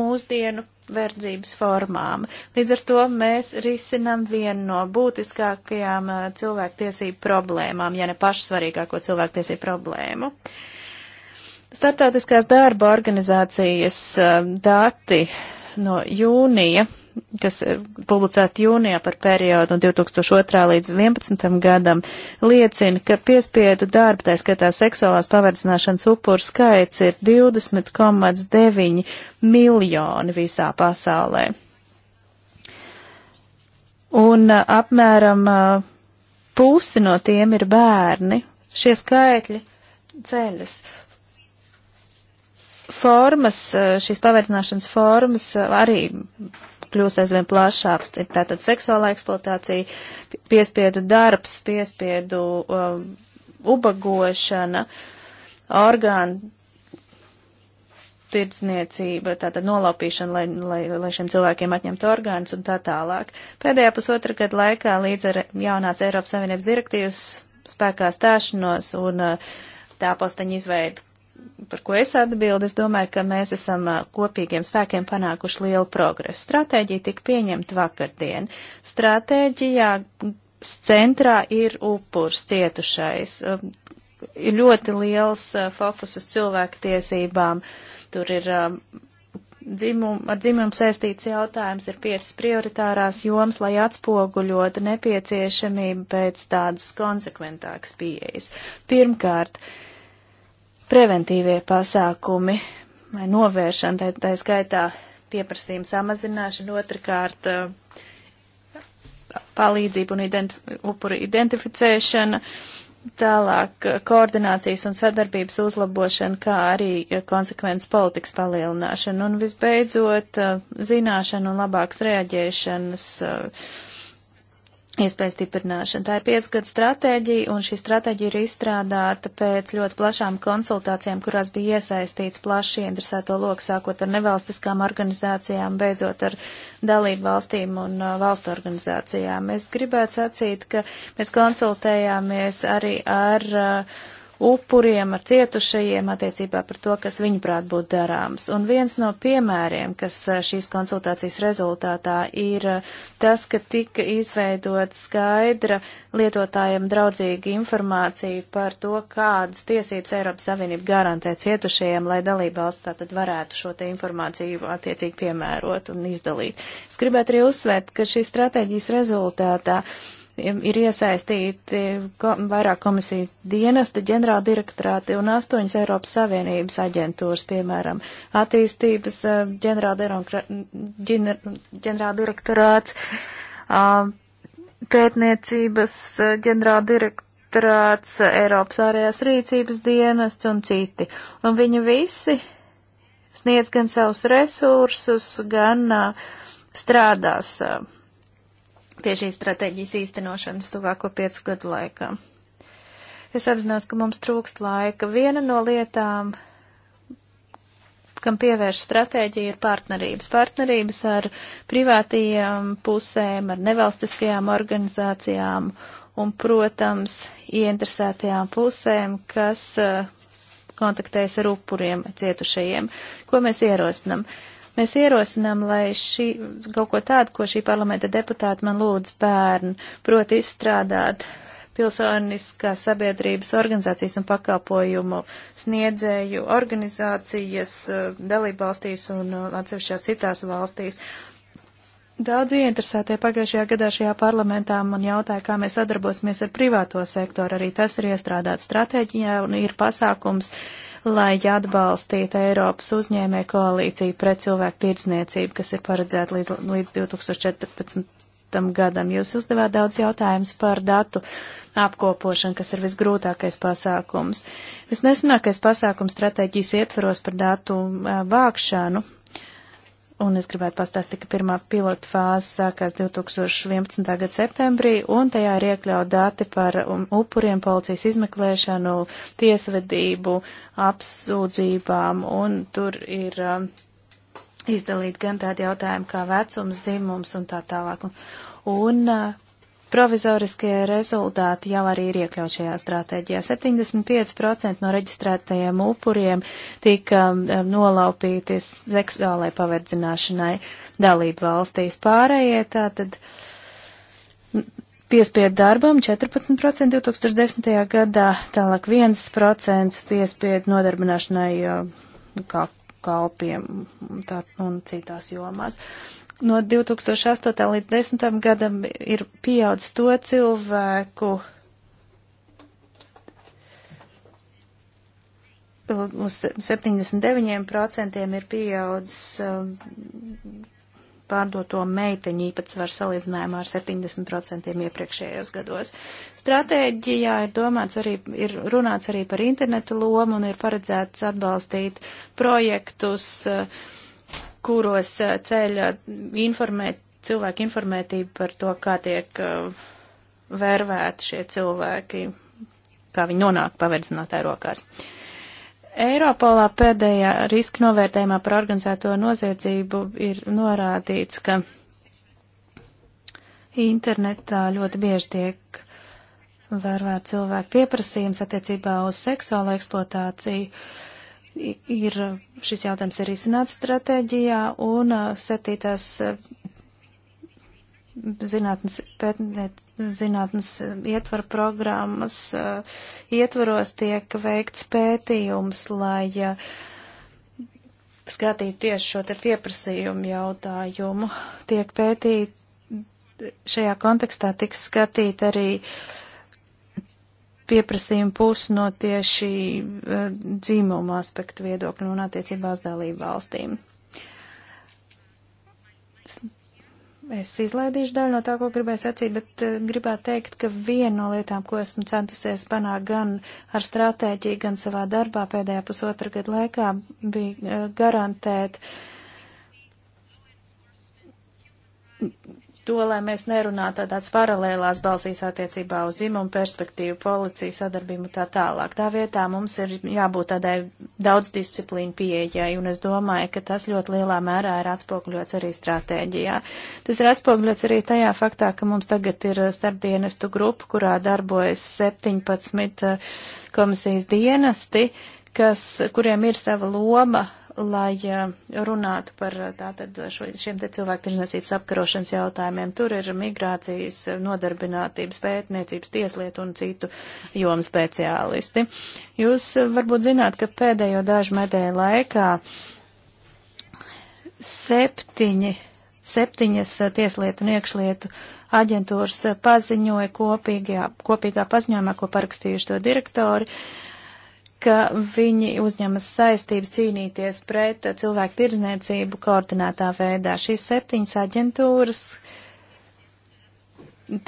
mūsdienu verdzības formām. Līdz ar to mēs risinam vienu no būtiskākajām uh, cilvēktiesību problēmām, ja ne pašsvarīgāko cilvēktiesību problēmu. Startautiskās darba organizācijas uh, dati no jūnija kas ir publicēta jūnijā par periodu no 2002. līdz 2011. gadam, liecina, ka piespiedu darba, tā skaitā seksuālās paverdzināšanas upuru skaits ir 20,9 miljoni visā pasaulē. Un apmēram pusi no tiem ir bērni. Šie skaitļi ceļas formas, šīs pavērtināšanas formas arī kļūst aizvien plašāks. Tātad seksuālā eksploatācija, piespiedu darbs, piespiedu um, ubagošana, orgānu tirdzniecība, tātad nolaupīšana, lai, lai, lai šiem cilvēkiem atņemtu orgānus un tā tālāk. Pēdējā pusotra gada laikā līdz ar jaunās Eiropas Savienības direktīvas spēkā stāšanos un uh, tā postaņa izveidu, par ko es atbildu, es domāju, ka mēs esam kopīgiem spēkiem panākuši lielu progresu. Stratēģija tika pieņemta vakardien. Stratēģijā centrā ir upurs cietušais. Ir ļoti liels fokus uz cilvēku tiesībām. Tur ir dzimum, ar dzimumu saistīts jautājums, ir piecas prioritārās jomas, lai atspoguļotu nepieciešamību pēc tādas konsekventākas pieejas. Pirmkārt, uh, preventīvie pasākumi vai novēršana, tā, tā skaitā pieprasījuma samazināšana, otrkārt eh, palīdzība un identif upuri identificēšana, tālāk eh, koordinācijas un sadarbības uzlabošana, kā arī eh, konsekvences politikas palielināšana un visbeidzot zināšana un labāks reaģēšanas uh, iespēju stiprināšana. Tā ir piecu gadu stratēģija, un šī stratēģija ir izstrādāta pēc ļoti plašām konsultācijām, kurās bija iesaistīts plaši interesēto loku, sākot ar nevalstiskām organizācijām, beidzot ar dalību valstīm un uh, valstu organizācijām. Es gribētu sacīt, ka mēs konsultējāmies arī ar uh, upuriem, ar cietušajiem attiecībā par to, kas viņuprāt būtu darāms. Un viens no piemēriem, kas eh, šīs konsultācijas rezultātā ir eh, tas, ka tika izveidot skaidra lietotājiem draudzīga informācija par to, kādas tiesības Eiropas Savienība garantē cietušajiem, lai dalībvalsts tātad varētu šo te informāciju attiecīgi piemērot un izdalīt. Es gribētu arī uzsvērt, ka šīs stratēģijas rezultātā ir iesaistīti ko, vairāk komisijas dienesta, ģenerāla direktorāti un astoņas Eiropas Savienības aģentūras, piemēram, attīstības ģenerāla ģener, direktorāts, pētniecības ģenerāla direktorāts, Eiropas ārējās rīcības dienests un citi. Un viņi visi sniedz gan savus resursus, gan strādās pie šīs stratēģijas īstenošanas tuvāko piecu gadu laikā. Es apzinos, ka mums trūkst laika. Viena no lietām, kam pievērš stratēģija, ir partnerības. Partnerības ar privātajām pusēm, ar nevalstiskajām organizācijām un, protams, ieinteresētajām pusēm, kas eh, kontaktējas ar upuriem cietušajiem. Ko mēs ierosinam? Uh, Mēs ierosinām, lai šī, kaut ko tādu, ko šī parlamenta deputāta man lūdz bērnu, proti izstrādāt pilsoniskās sabiedrības organizācijas un pakalpojumu sniedzēju organizācijas eh, dalībvalstīs un eh, atsevišķās citās valstīs. Uh, Daudzi interesētie pagājušajā gadā šajā parlamentā man jautāja, kā mēs sadarbosimies ar privāto sektoru. Arī tas ir iestrādāts stratēģijā un ir pasākums, lai atbalstītu Eiropas uzņēmē koalīciju pret cilvēku tirdzniecību, kas ir paredzēta līdz, līdz 2014. gadam. Jūs uzdevāt daudz jautājumus par datu apkopošanu, kas ir visgrūtākais pasākums. Visnesenākais pasākums stratēģijas ietvaros par datu vākšanu un es gribētu pastāstīt, ka pirmā pilota fāze sākās 2011. gada septembrī, un tajā ir iekļaut dati par um, upuriem, policijas izmeklēšanu, tiesvedību, apsūdzībām, un tur ir um, izdalīt gan tādi jautājumi kā vecums, dzimums un tā tālāk. Un uh, Provizoriskie rezultāti jau arī ir iekļaut šajā stratēģijā. 75% no reģistrētajiem upuriem tika um, nolaupīties seksuālai paverdzināšanai dalību valstīs. Pārējie tātad piespiedu darbam 14% 2010. gadā, tālāk 1% piespiedu nodarbināšanai uh, kā kalpiem tā, un citās jomās. Uh, no 2008. līdz 2010. gadam ir pieaudzis to cilvēku uz 79% ir pieaudzis um, pārdoto meiteņu īpatsvars salīdzinājumā ar 70% iepriekšējos gados. Stratēģijā ir domāts arī, ir runāts arī par internetu lomu un ir paredzēts atbalstīt projektus uh, kuros eh, ceļ eh, informēt, cilvēku informētību par to, kā tiek eh, vērvēti šie cilvēki, kā viņi nonāk paverdzinātāju rokās. Eiropolā pēdējā riska novērtējumā par organizēto noziedzību ir norādīts, ka internetā ļoti bieži tiek vērvēt cilvēku pieprasījums attiecībā uz seksuālo eksploatāciju. Uh, ir šis jautājums ir izcināts stratēģijā un septītās zinātnes, pētniec, zinātnes ietvaru programmas ietvaros tiek veikts pētījums, lai skatītu tieši šo te pieprasījumu jautājumu. Tiek pētīt, šajā kontekstā tiks skatīt arī uh, pieprasījumu pusi no tieši e, dzīmuma aspektu viedokļa un attiecībā uz dalību valstīm. Es izlaidīšu daļu no tā, ko gribēju sacīt, bet e, gribētu teikt, ka viena no lietām, ko esmu centusies panākt gan ar stratēģiju, gan savā darbā pēdējā pusotra gada laikā, bija e, garantēt to, lai mēs nerunātu tādās paralēlās balsīs attiecībā uz dzimumu perspektīvu, policiju sadarbību tā tālāk. Tā vietā mums ir jābūt tādai daudzdisciplīnu pieejai, un es domāju, ka tas ļoti lielā mērā ir atspoguļots arī stratēģijā. Tas ir atspoguļots arī tajā faktā, ka mums tagad ir starpdienestu grupa, kurā darbojas 17 eh, komisijas dienesti, kas, kuriem ir sava loma lai eh, runātu par eh, tātad šo, šiem te cilvēku tirzniecības apkarošanas jautājumiem. Tur ir migrācijas, eh, nodarbinātības, pētniecības, tieslietu un citu jomu speciālisti. Jūs varbūt zināt, ka pēdējo dažu medēju laikā septiņi, septiņas tieslietu un iekšlietu aģentūras paziņoja kopīgajā, kopīgā paziņojumā, ko parakstījuši to direktori. Uh, ka viņi uzņemas saistības cīnīties pret cilvēku tirdzniecību koordinētā veidā. Šīs septiņas aģentūras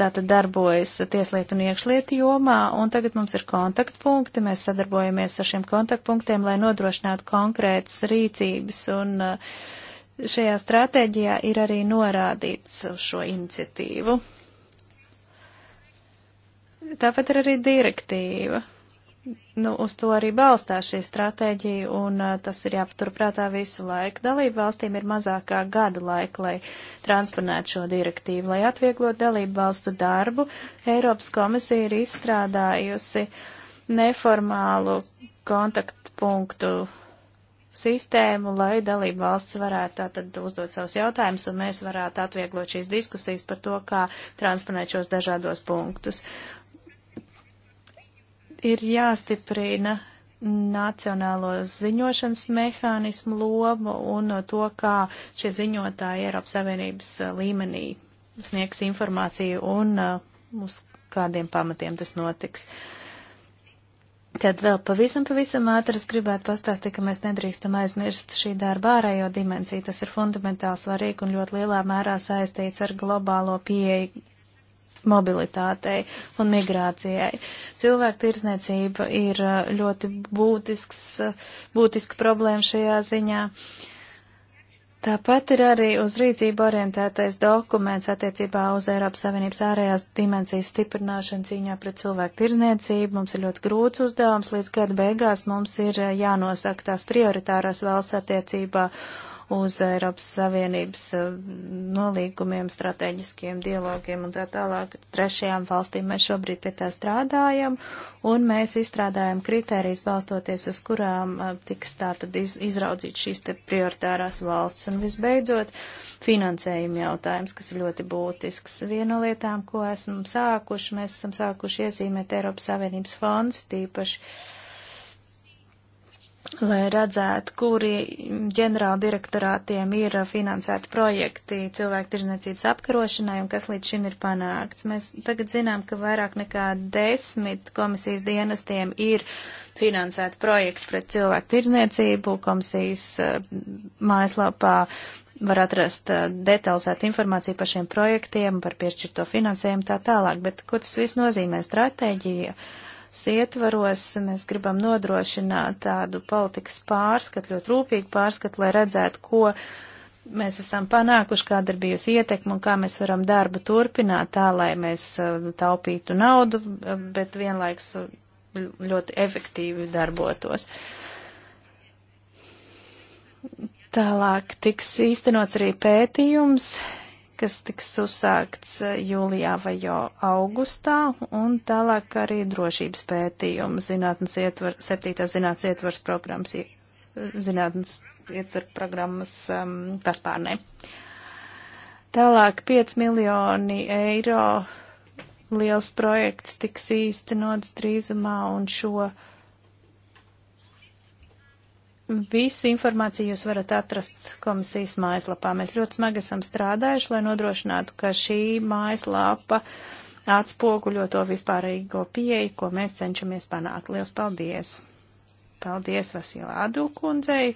tātad darbojas tieslietu un iekšlietu jomā, un tagad mums ir kontaktpunkti, mēs sadarbojamies ar šiem kontaktpunktiem, lai nodrošinātu konkrētas rīcības, un uh, šajā stratēģijā ir arī norādīts šo iniciatīvu. Tāpat ir arī direktīva nu, uz to arī balstās šī stratēģija, un uh, tas ir jāpaturprātā visu laiku. Dalību valstīm ir mazākā gada laika, lai transponētu šo direktīvu, lai atvieglot dalību valstu darbu. Eiropas komisija ir izstrādājusi neformālu kontaktpunktu sistēmu, lai dalību valsts varētu tātad uzdot savus jautājumus, un mēs varētu atvieglot šīs diskusijas par to, kā transponēt šos dažādos punktus ir jāstiprina nacionālo ziņošanas mehānismu lomu un to, kā šie ziņotāji Eiropas Savienības eh, līmenī sniegs informāciju un eh, uz kādiem pamatiem tas notiks. Tad vēl pavisam, pavisam ātri es gribētu pastāstīt, ka mēs nedrīkstam aizmirst šī darba ārējo dimensiju. Tas ir fundamentāli svarīgi un ļoti lielā mērā saistīts ar globālo pieeju mobilitātei un migrācijai. Cilvēku tirsniecība ir uh, ļoti būtisks, uh, būtiska problēma šajā ziņā. Tāpat ir arī uz rīcību orientētais dokuments attiecībā uz Eiropas Savienības ārējās dimensijas stiprināšanu cīņā pret cilvēku tirzniecību. Mums ir ļoti grūts uzdevums, līdz gada beigās mums ir uh, jānosaka tās prioritārās valsts attiecībā uz Eiropas Savienības uh, nolīgumiem, strateģiskiem dialogiem un tā tālāk. Trešajām valstīm mēs šobrīd pie tā strādājam, un mēs izstrādājam kritērijas balstoties, uz kurām uh, tiks tātad iz, izraudzīt šīs te prioritārās valsts. Un visbeidzot, finansējuma jautājums, kas ir ļoti būtisks. Viena no lietām, ko esam sākuši, mēs esam sākuši iezīmēt Eiropas Savienības fondus, tīpaši lai redzētu, kuri ģenerāla direktorātiem ir finansēti projekti cilvēku tirzniecības apkarošanai un kas līdz šim ir panākts. Mēs tagad zinām, ka vairāk nekā desmit komisijas dienestiem ir finansēti projekti pret cilvēku tirzniecību. Komisijas uh, mājaslapā var atrast uh, detalizētu informāciju par šiem projektiem, par piešķirto finansējumu tā tālāk. Bet ko tas viss nozīmē? Stratēģija ietvaros mēs gribam nodrošināt tādu politikas pārskatu, ļoti rūpīgu pārskatu, lai redzētu, ko mēs esam panākuši, kāda ir bijusi ietekma un kā mēs varam darbu turpināt tā, lai mēs e, taupītu naudu, e, bet vienlaiks ļoti efektīvi darbotos. Tālāk tiks īstenots arī pētījums, kas tiks uzsākts eh, jūlijā vai jau augustā, un tālāk arī drošības pētījuma zinātnes ietver, septītā zinātnes ietvers programmas, zinātnes ietver programmas um, ehm, paspārnē. Tālāk 5 miljoni eiro liels projekts tiks īstenots drīzumā, un šo uh, Visu informāciju jūs varat atrast komisijas mājaslapā. Mēs ļoti smagi esam strādājuši, lai nodrošinātu, ka šī mājaslapa atspoguļo to vispārīgo pieeju, ko mēs cenšamies panākt. Lielas paldies! Paldies Vasilā Adu kundzei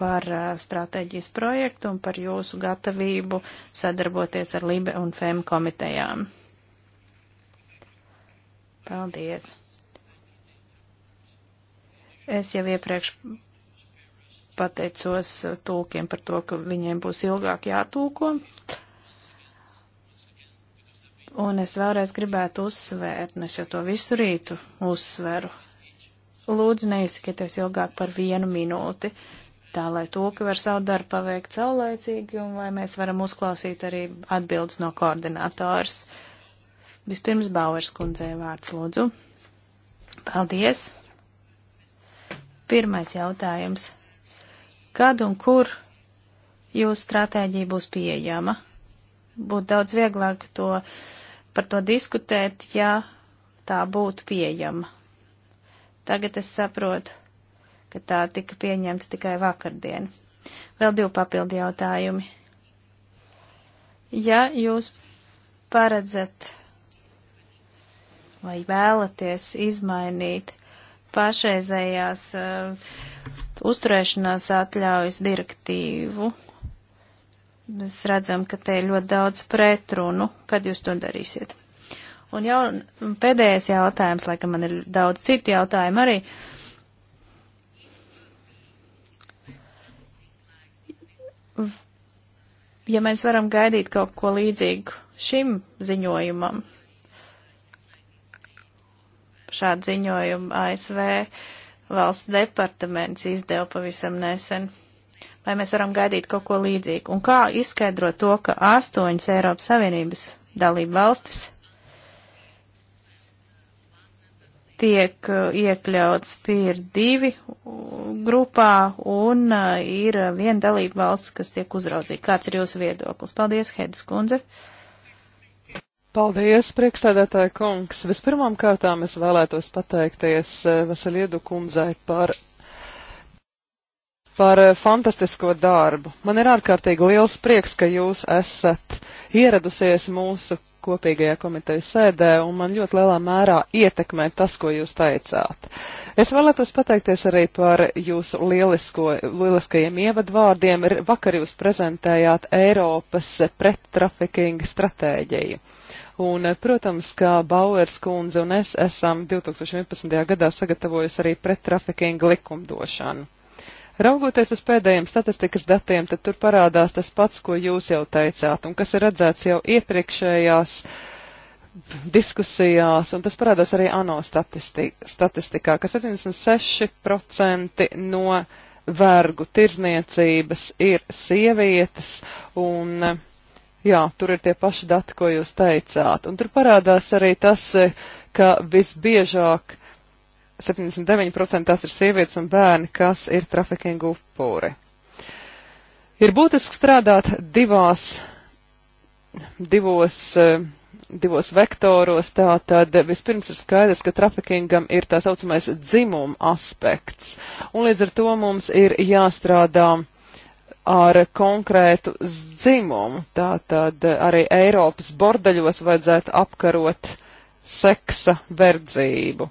par uh, stratēģijas projektu un par jūsu gatavību sadarboties ar Libe un FEM komitejām. Paldies! Es jau iepriekš pateicos tulkiem par to, ka viņiem būs ilgāk jātulko. Un es vēlreiz gribētu uzsvērt, nes jau to visu rītu uzsveru. Lūdzu, neizskieties ilgāk par vienu minūti, tā lai tulki var savu darbu paveikt saulēcīgi un lai mēs varam uzklausīt arī atbildes no koordinātors. Vispirms Bauers kundzei vārds lūdzu. Paldies! Pirmais jautājums. Kad un kur jūsu stratēģija būs pieejama? Būtu daudz vieglāk to, par to diskutēt, ja tā būtu pieejama. Tagad es saprotu, ka tā tika pieņemta tikai vakardien. Vēl divi papildi jautājumi. Ja jūs paredzat vai vēlaties izmainīt pašreizējās uh, uzturēšanās atļaujas direktīvu. Mēs redzam, ka te ir ļoti daudz pretrunu, kad jūs to darīsiet. Un jau pēdējais jautājums, lai gan man ir daudz citu jautājumu arī. Ja mēs varam gaidīt kaut ko līdzīgu šim ziņojumam, šādu ziņojumu ASV, uh, valsts departaments izdeva pavisam nesen. Vai mēs varam gaidīt kaut ko līdzīgu? Un kā izskaidrot to, ka astoņas Eiropas Savienības dalība valstis tiek uh, iekļauts PIR divi uh, grupā un uh, ir viena dalība valsts, kas tiek uzraudzīta. Kāds ir jūsu viedoklis? Paldies, Hedas kundze. Uh, Paldies, priekšstādātāja kungs. Vispirmām kārtām es vēlētos pateikties eh, Vasiliedu kundzei par, par eh, fantastisko darbu. Man ir ārkārtīgi liels prieks, ka jūs esat ieradusies mūsu kopīgajā komitejas sēdē, un man ļoti lielā mērā ietekmē tas, ko jūs teicāt. Es vēlētos pateikties arī par jūsu lielisko, lieliskajiem ievadvārdiem. Vakar jūs prezentējāt Eiropas prettrafikinga stratēģiju. Un, eh, protams, kā Bauers kundze un es esam 2011. gadā sagatavojusi arī prettrafikinga likumdošanu. Raugoties uz pēdējiem statistikas datiem, tad tur parādās tas pats, ko jūs jau teicāt, un kas ir redzēts jau iepriekšējās diskusijās, un tas parādās arī ANO statistikā, ka 76% no vergu tirzniecības ir sievietes, un Jā, tur ir tie paši dati, ko jūs teicāt. Un tur parādās arī tas, ka visbiežāk 79% tās ir sievietes un bērni, kas ir trafikingu upuri. Ir būtiski strādāt divās, divos, divos vektoros, tā tad vispirms ir skaidrs, ka trafikingam ir tā saucamais dzimuma aspekts, un līdz ar to mums ir jāstrādā ar konkrētu dzimumu. Tātad arī Eiropas bordeļos vajadzētu apkarot seksa verdzību.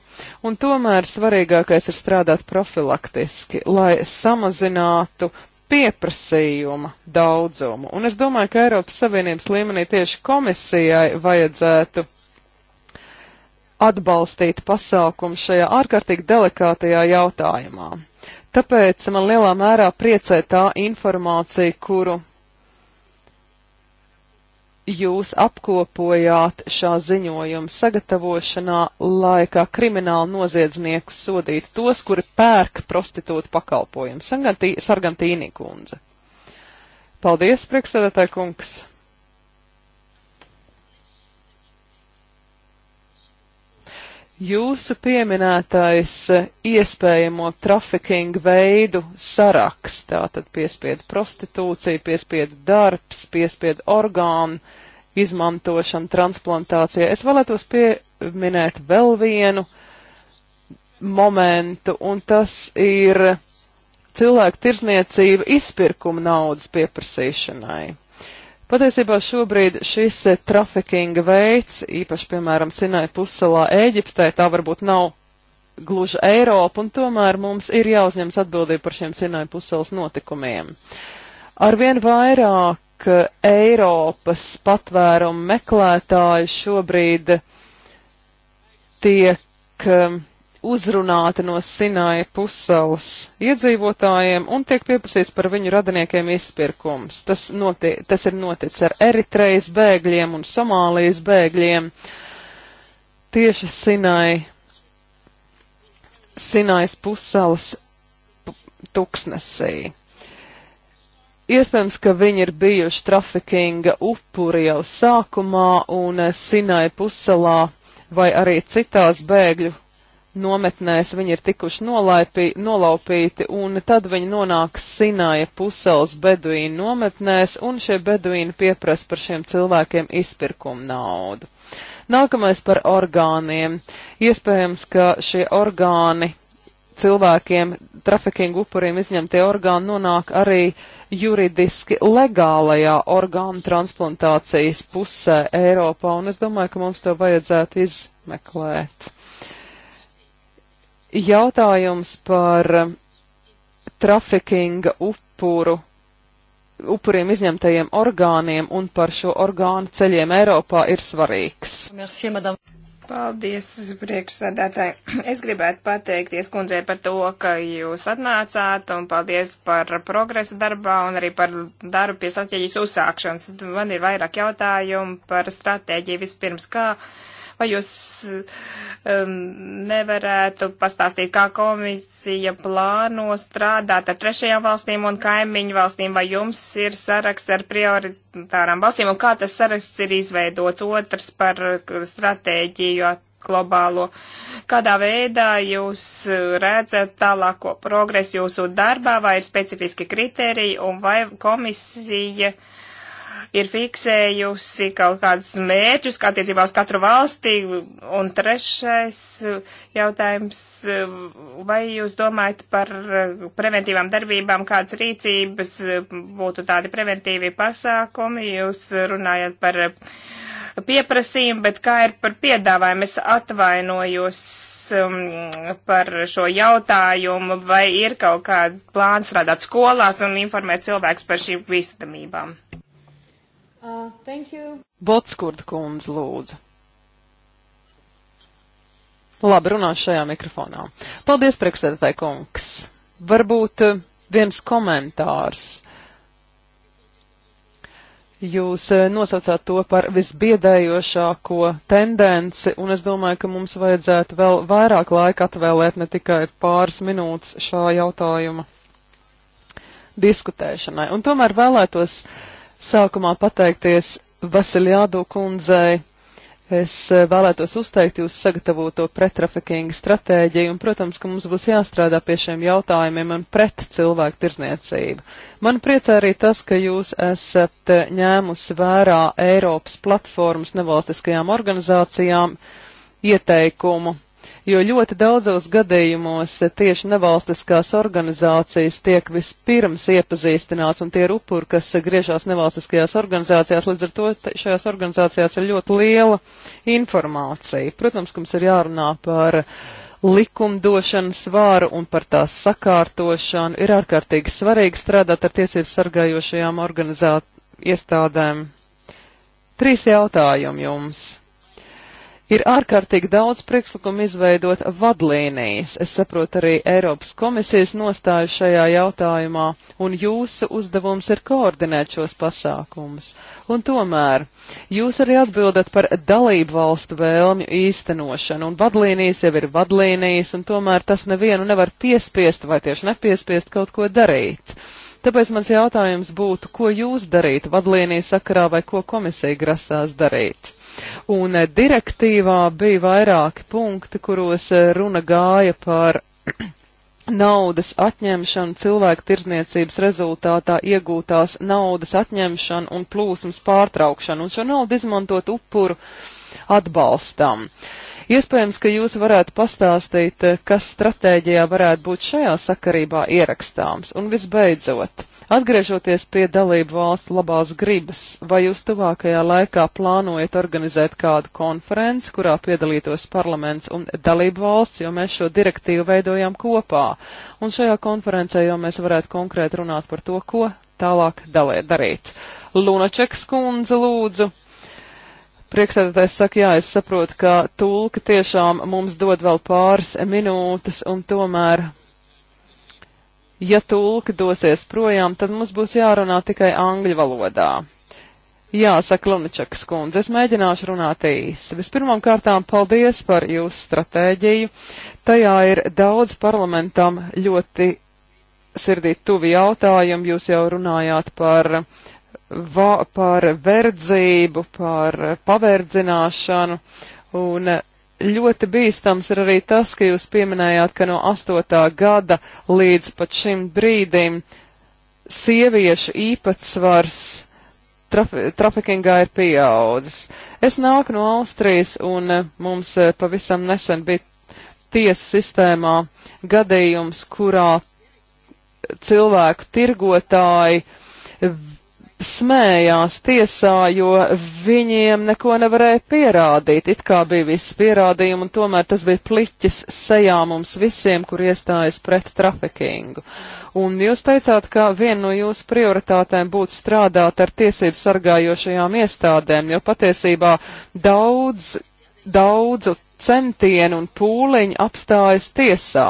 Un tomēr svarīgākais ir strādāt profilaktiski, lai samazinātu pieprasījuma daudzumu. Un es domāju, ka Eiropas Savienības līmenī tieši komisijai vajadzētu atbalstīt pasākumu šajā ārkārtīgi delikātajā jautājumā. Tāpēc man lielā mērā priecē tā informācija, kuru jūs apkopojāt šā ziņojuma sagatavošanā, lai kā krimināli noziedznieku sodītu tos, kuri pērk prostitūtu pakalpojumu. Sargantī, Sargantīnī kundze. Paldies, priekšsēdētāji kungs! Jūsu pieminētais eh, iespējamo trafikingu veidu saraksts, tātad piespiedu prostitūcija, piespiedu darbs, piespiedu orgānu izmantošana transplantācijā. Es vēlētos pieminēt vēl vienu momentu, un tas ir cilvēku tirzniecība izpirkuma naudas pieprasīšanai. Patiesībā šobrīd šis eh, trafikinga veids, īpaši, piemēram, Sinai pussalā Ēģiptē, tā varbūt nav gluži Eiropa, un tomēr mums ir jāuzņems atbildība par šiem Sinai pussalas notikumiem. Arvien vairāk eh, Eiropas patvērumu meklētāju šobrīd tiek eh, uzrunāti no Sinaja pusalas iedzīvotājiem un tiek pieprasīts par viņu radiniekiem izpirkums. Tas, noti tas ir noticis ar Eritrejas bēgļiem un Somālijas bēgļiem. Tieši Sinai, Sinais pusalas tuksnesī. Iespējams, ka viņi ir bijuši trafikinga upuri jau sākumā un Sinai pusalā vai arī citās bēgļu nometnēs viņi ir tikuši nolaipī, nolaupīti, un tad viņi nonāk Sinaja pusels beduīnu nometnēs, un šie beduīni pieprasa par šiem cilvēkiem izpirkumu naudu. Nākamais par orgāniem. Iespējams, ka šie orgāni cilvēkiem, trafikingu upuriem izņemtie orgāni nonāk arī juridiski legālajā orgānu transplantācijas pusē Eiropā, un es domāju, ka mums to vajadzētu izmeklēt jautājums par trafikinga upuru, upuriem izņemtajiem orgāniem un par šo orgānu ceļiem Eiropā ir svarīgs. Merci, madame. Paldies, priekšsēdētāji. Es gribētu pateikties kundzei par to, ka jūs atnācāt, un paldies par progresu darbā un arī par darbu pie strateģijas uzsākšanas. Man ir vairāk jautājumu par stratēģiju vispirms. Kā Vai jūs um, nevarētu pastāstīt, kā komisija plāno strādāt ar trešajām valstīm un kaimiņu valstīm, vai jums ir saraksts ar prioritārām valstīm un kā tas saraksts ir izveidots? Otrs par stratēģiju globālo. Kādā veidā jūs redzat tālāko progresu jūsu darbā, vai ir specifiski kriteriji, un vai komisija uh, ir fiksējusi kaut kādus mērķus, kā attiecībā uz katru valstī. Un trešais jautājums, vai jūs domājat par preventīvām darbībām, kādas rīcības būtu tādi preventīvi pasākumi? Jūs runājat par pieprasījumu, bet kā ir par piedāvājumu? Es atvainojos um, par šo jautājumu, vai ir kaut kāda plāna strādāt skolās un informēt cilvēks par šīm bīstamībām. Uh, thank you. Botskurda kundze lūdzu. Labi, runāšu šajā mikrofonā. Paldies, priekšsēdētāji kungs. Varbūt uh, viens komentārs. Jūs uh, nosaucāt to par visbiedējošāko tendenci, un es domāju, ka mums vajadzētu vēl vairāk laika atvēlēt ne tikai pāris minūtes šā jautājuma diskutēšanai. Un tomēr vēlētos uh, sākumā pateikties Vasiljādu kundzei. Es eh, vēlētos uzteikt jūsu sagatavoto pretrafikinga stratēģiju, un, protams, ka mums būs jāstrādā pie šiem jautājumiem un pret cilvēku tirzniecību. Man priecē arī tas, ka jūs esat eh, ņēmusi vērā Eiropas platformas nevalstiskajām organizācijām ieteikumu jo ļoti daudzos gadījumos tieši nevalstiskās organizācijas tiek vispirms iepazīstināts, un tie ir upuri, kas griežās nevalstiskajās organizācijās, līdz ar to šajās organizācijās ir ļoti liela informācija. Protams, ka mums ir jārunā par likumdošanas svāru un par tās sakārtošanu ir ārkārtīgi svarīgi strādāt ar tiesību sargājošajām organizāt iestādēm. Trīs jautājumi jums. Ir ārkārtīgi daudz priekšlikumu izveidot vadlīnijas. Es saprotu arī Eiropas komisijas nostāju šajā jautājumā, un jūsu uzdevums ir koordinēt šos pasākumus. Un tomēr jūs arī atbildat par dalību valstu vēlmju īstenošanu, un vadlīnijas jau ir vadlīnijas, un tomēr tas nevienu nevar piespiest vai tieši nepiespiest kaut ko darīt. Tāpēc mans jautājums būtu, ko jūs darīt vadlīnijas sakarā vai ko komisija grasās darīt? Un eh, direktīvā bija vairāki punkti, kuros eh, runa gāja par naudas atņemšanu, cilvēku tirzniecības rezultātā iegūtās naudas atņemšanu un plūsmas pārtraukšanu, un šo naudu izmantot upuru atbalstam. Iespējams, ka jūs varētu pastāstīt, eh, kas stratēģijā varētu būt šajā sakarībā ierakstāms. Un visbeidzot, Atgriežoties pie dalību valstu labās gribas, vai jūs tuvākajā laikā plānojat organizēt kādu konferenci, kurā piedalītos parlaments un dalību valsts, jo mēs šo direktīvu veidojam kopā? Un šajā konferencē jau mēs varētu konkrēti runāt par to, ko tālāk dalē, darīt. Lunačeks kundze lūdzu. Priekšsēdētājs saka, jā, es saprotu, ka tulka tiešām mums dod vēl pāris minūtes un tomēr ja tulki dosies projām, tad mums būs jārunā tikai angļu valodā. Jā, saka Lunačakas kundze, es mēģināšu runāt īsi. Vispirmām kārtām paldies par jūsu stratēģiju. Tajā ir daudz parlamentam ļoti sirdī tuvi jautājumi. Jūs jau runājāt par, va, par verdzību, par paverdzināšanu. Un Ļoti bīstams ir arī tas, ka jūs pieminējāt, ka no 8. gada līdz pat šim brīdim sieviešu īpatsvars trafi trafikingā ir pieaudzis. Es nāku no Austrijas un eh, mums eh, pavisam nesen bija tiesu sistēmā gadījums, kurā cilvēku tirgotāji smējās tiesā, jo viņiem neko nevarēja pierādīt. It kā bija viss pierādījumi, un tomēr tas bija pliķis sejā mums visiem, kur iestājas pret trafikingu. Un jūs teicāt, ka viena no jūsu prioritātēm būtu strādāt ar tiesību sargājošajām iestādēm, jo patiesībā daudz, daudzu centieni un pūliņi apstājas tiesā,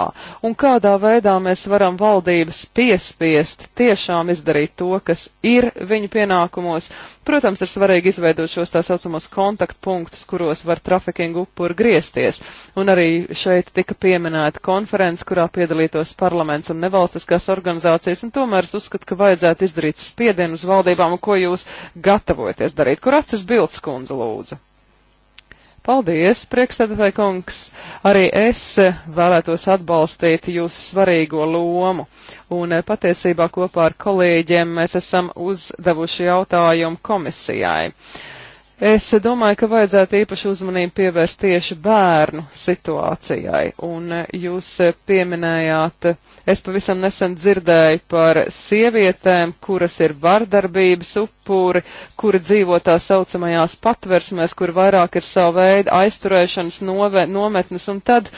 un kādā veidā mēs varam valdības piespiest tiešām izdarīt to, kas ir viņu pienākumos. Protams, ir svarīgi izveidot šos tā saucamos kontaktpunktus, kuros var trafikingu upuri griezties, un arī šeit tika pieminēta konference, kurā piedalītos parlaments un nevalstiskās organizācijas, un tomēr es uzskatu, ka vajadzētu izdarīt spiedienu uz valdībām, ko jūs gatavojaties darīt, kur acis bildes kundze lūdzu. Paldies, priekšstādātāji kungs! Arī es vēlētos atbalstīt jūsu svarīgo lomu. Un eh, patiesībā kopā ar kolēģiem mēs esam uzdevuši jautājumu komisijai. Es domāju, ka vajadzētu īpašu uzmanību pievērst tieši bērnu situācijai. Un eh, jūs pieminējāt uh, Es pavisam nesen dzirdēju par sievietēm, kuras ir vardarbības upuri, kuri dzīvo tā saucamajās patversmēs, kur vairāk ir savu veidu aizturēšanas nove, nometnes, un tad,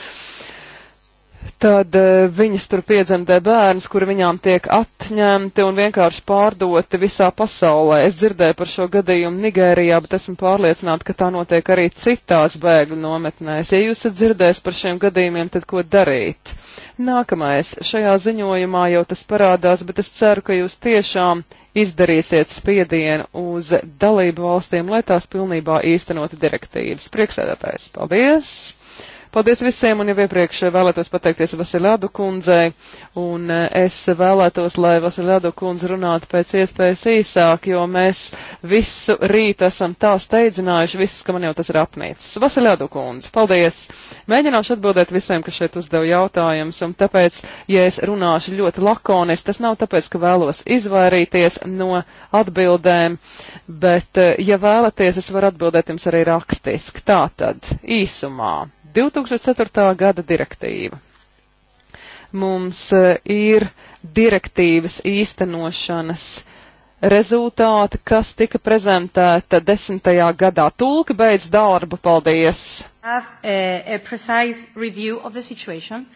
tad e, viņas tur piedzemdē bērns, kuri viņām tiek atņemti un vienkārši pārdoti visā pasaulē. Es dzirdēju par šo gadījumu Nigērijā, bet esmu pārliecināta, ka tā notiek arī citās bēgļu nometnēs. Ja jūs esat dzirdējis par šiem gadījumiem, tad ko darīt? Nākamais. Šajā ziņojumā jau tas parādās, bet es ceru, ka jūs tiešām izdarīsiet spiedienu uz dalību valstīm, lai tās pilnībā īstenotu direktīvas. Priekšsēdētājs, paldies! Paldies visiem, un jau iepriekš vēlētos pateikties Vasilādu kundzei, un eh, es vēlētos, lai Vasilādu kundze runātu pēc iespējas īsāk, jo mēs visu rītu esam tā steidzinājuši, viss, ka man jau tas ir apnīcis. Vasilādu kundze, paldies! Mēģināšu atbildēt visiem, kas šeit uzdev jautājumus, un tāpēc, ja es runāšu ļoti lakoniski, tas nav tāpēc, ka vēlos izvairīties no atbildēm, bet, eh, ja vēlaties, es varu atbildēt jums arī rakstiski. Tātad, īsumā. 2004. gada direktīva. Mums e, ir direktīvas īstenošanas rezultāti, kas tika prezentēta desmitajā gadā. Tulki beidz darbu, paldies! Have a, a precise review of the situation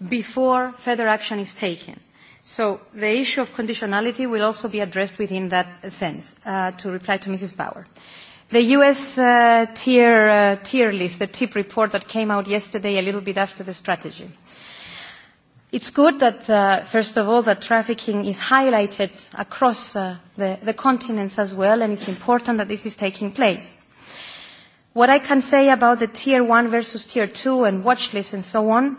before further action is taken. So the issue of conditionality will also be addressed within that sense, uh, to reply to Mrs. Bauer. Uh, The U.S. Uh, tier, uh, tier list, the TIP report that came out yesterday a little bit after the strategy. It's good that, uh, first of all, that trafficking is highlighted across uh, the, the continents as well, and it's important that this is taking place. What I can say about the tier one versus tier two and watch lists and so on,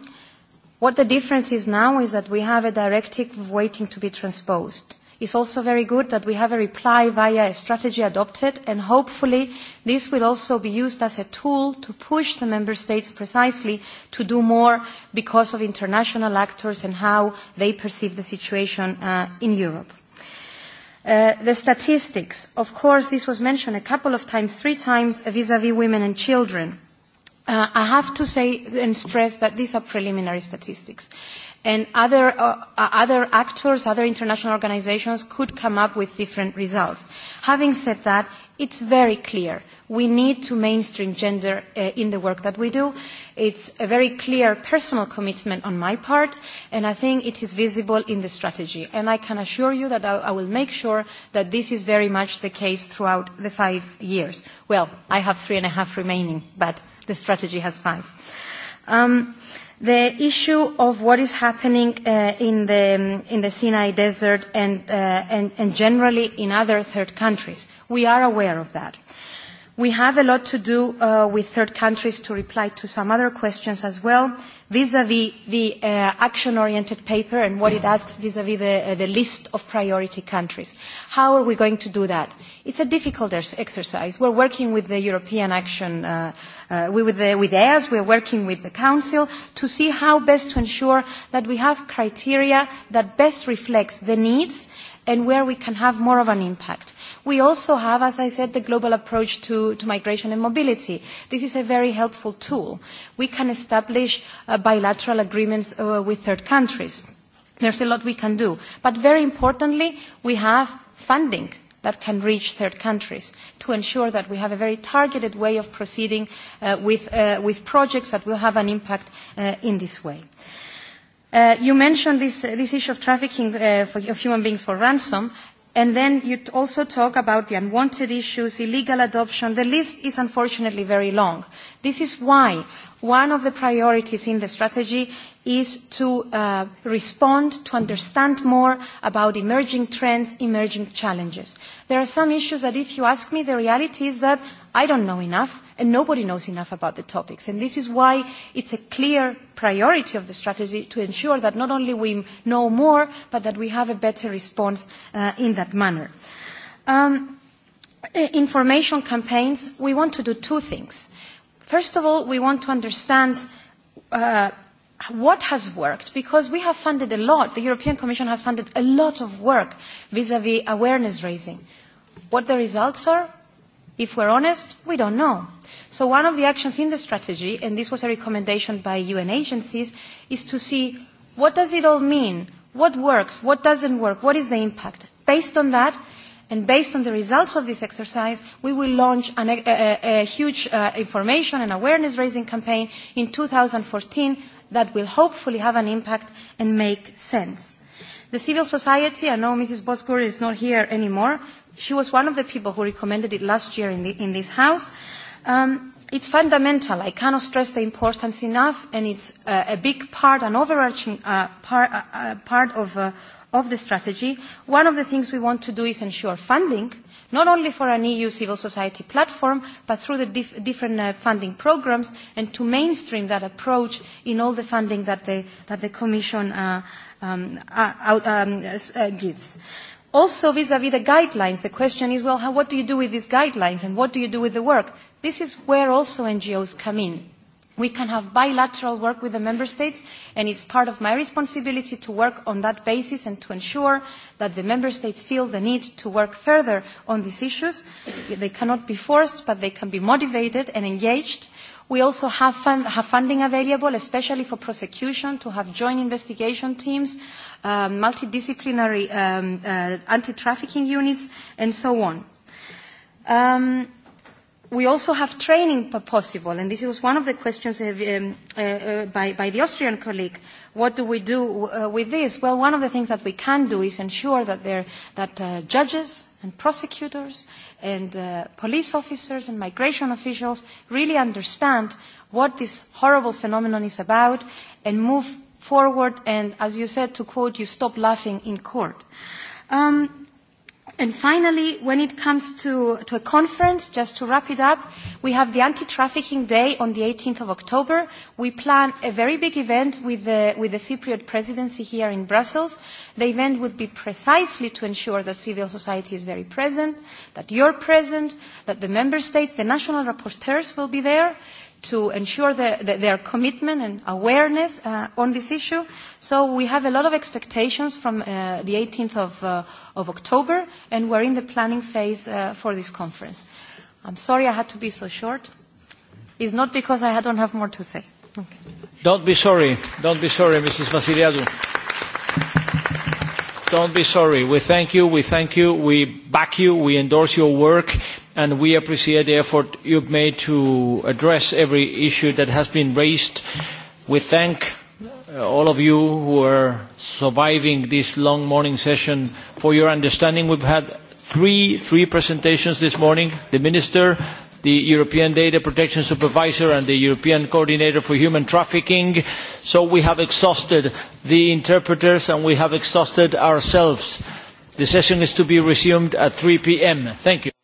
what the difference is now is that we have a directive waiting to be transposed. It's also very good that we have a reply via a strategy adopted, and hopefully this will also be used as a tool to push the member states precisely to do more because of international actors and how they perceive the situation uh, in Europe. Uh, the statistics, of course, this was mentioned a couple of times, three times, vis-à-vis -vis women and children. Uh, I have to say and stress that these are preliminary statistics and other, uh, uh, other actors, other international organizations could come up with different results. Having said that, it's very clear. We need to mainstream gender uh, in the work that we do. It's a very clear personal commitment on my part, and I think it is visible in the strategy. And I can assure you that I, I will make sure that this is very much the case throughout the five years. Well, I have three and a half remaining, but the strategy has five. Um, uh, The issue of what is happening uh, in, the, um, in the Sinai Desert and, uh, and, and generally in other third countries, we are aware of that. We have a lot to do uh, with third countries to reply to some other questions as well, vis-à-vis -vis the uh, action-oriented paper and what it asks vis-à-vis -vis the, uh, the list of priority countries. How are we going to do that? It's a difficult exercise. We're working with the European Action, uh, uh, we, with, the, with EAS, we're working with the Council to see how best to ensure that we have criteria that best reflects the needs and where we can have more of an impact. We also have, as I said, the global approach to, to migration and mobility. This is a very helpful tool. We can establish uh, bilateral agreements uh, with third countries. There's a lot we can do. But very importantly, we have funding that can reach third countries to ensure that we have a very targeted way of proceeding uh, with, uh, with projects that will have an impact uh, in this way. Uh, you mentioned this, uh, this issue of trafficking uh, for, of human beings for ransom, and then you also talk about the unwanted issues, illegal adoption. The list is unfortunately very long. This is why one of the priorities in the strategy is to uh, respond, to understand more about emerging trends, emerging challenges. There are some issues that if you ask me, the reality is that I don't know enough and nobody knows enough about the topics. And this is why it's a clear priority of the strategy to ensure that not only we know more, but that we have a better response uh, in that manner. Um, information campaigns, we want to do two things. First of all, we want to understand uh, what has worked, because we have funded a lot, the European Commission has funded a lot of work vis-à-vis -vis awareness raising. What the results are, if we're honest, we don't know. So one of the actions in the strategy, and this was a recommendation by UN agencies, is to see what does it all mean, what works, what doesn't work, what is the impact. Based on that, And based on the results of this exercise, we will launch an, a, a, a huge uh, information and awareness-raising campaign in 2014 that will hopefully have an impact and make sense. The civil society, I know Mrs. Bosgur is not here anymore. She was one of the people who recommended it last year in, the, in this House. Um, it's fundamental. I cannot stress the importance enough, and it's uh, a big part, an overarching uh, part, uh, uh, part of, uh, of the strategy. One of the things we want to do is ensure funding uh, not only for an EU civil society platform, but through the dif different uh, funding programs and to mainstream that approach in all the funding that the, that the Commission uh, um, uh, out, um, uh, gives. Also, vis-à-vis -vis the guidelines, the question is, well, how, what do you do with these guidelines and what do you do with the work? This is where also NGOs come in we can have bilateral work with the member states, and it's part of my responsibility to work on that basis and to ensure that the member states feel the need to work further on these issues. They cannot be forced, but they can be motivated and engaged. We also have, fun, have funding available, especially for prosecution, to have joint investigation teams, uh, multidisciplinary um, uh, anti-trafficking units, and so on. Um, we also have training possible, and this was one of the questions um, uh, uh, by, by the Austrian colleague. What do we do uh, with this? Well, one of the things that we can do is ensure that, there, that uh, judges and prosecutors and uh, police officers and migration officials really understand what this horrible phenomenon is about and move forward and, as you said, to quote, you stop laughing in court. Um, And finally, when it comes to, to a conference, just to wrap it up, we have the Anti-Trafficking Day on the 18th of October. We plan a very big event with the, with the Cypriot presidency here in Brussels. The event would be precisely to ensure that civil society is very present, that you're present, that the member states, the national rapporteurs will be there to ensure the, the, their commitment and awareness uh, on this issue. So we have a lot of expectations from uh, the 18th of, uh, of October, and we're in the planning phase uh, for this conference. I'm sorry I had to be so short. It's not because I don't have more to say. Okay. Don't be sorry. Don't be sorry, Mrs. Vasiliadou. Don't be sorry. We thank you. We thank you. We back you. We endorse your work and we appreciate the effort you've made to address every issue that has been raised. We thank uh, all of you who are surviving this long morning session for your understanding. We've had three, three presentations this morning, the Minister, the European Data Protection Supervisor and the European Coordinator for Human Trafficking. So we have exhausted the interpreters and we have exhausted ourselves. The session is to be resumed at 3 p.m. Thank you.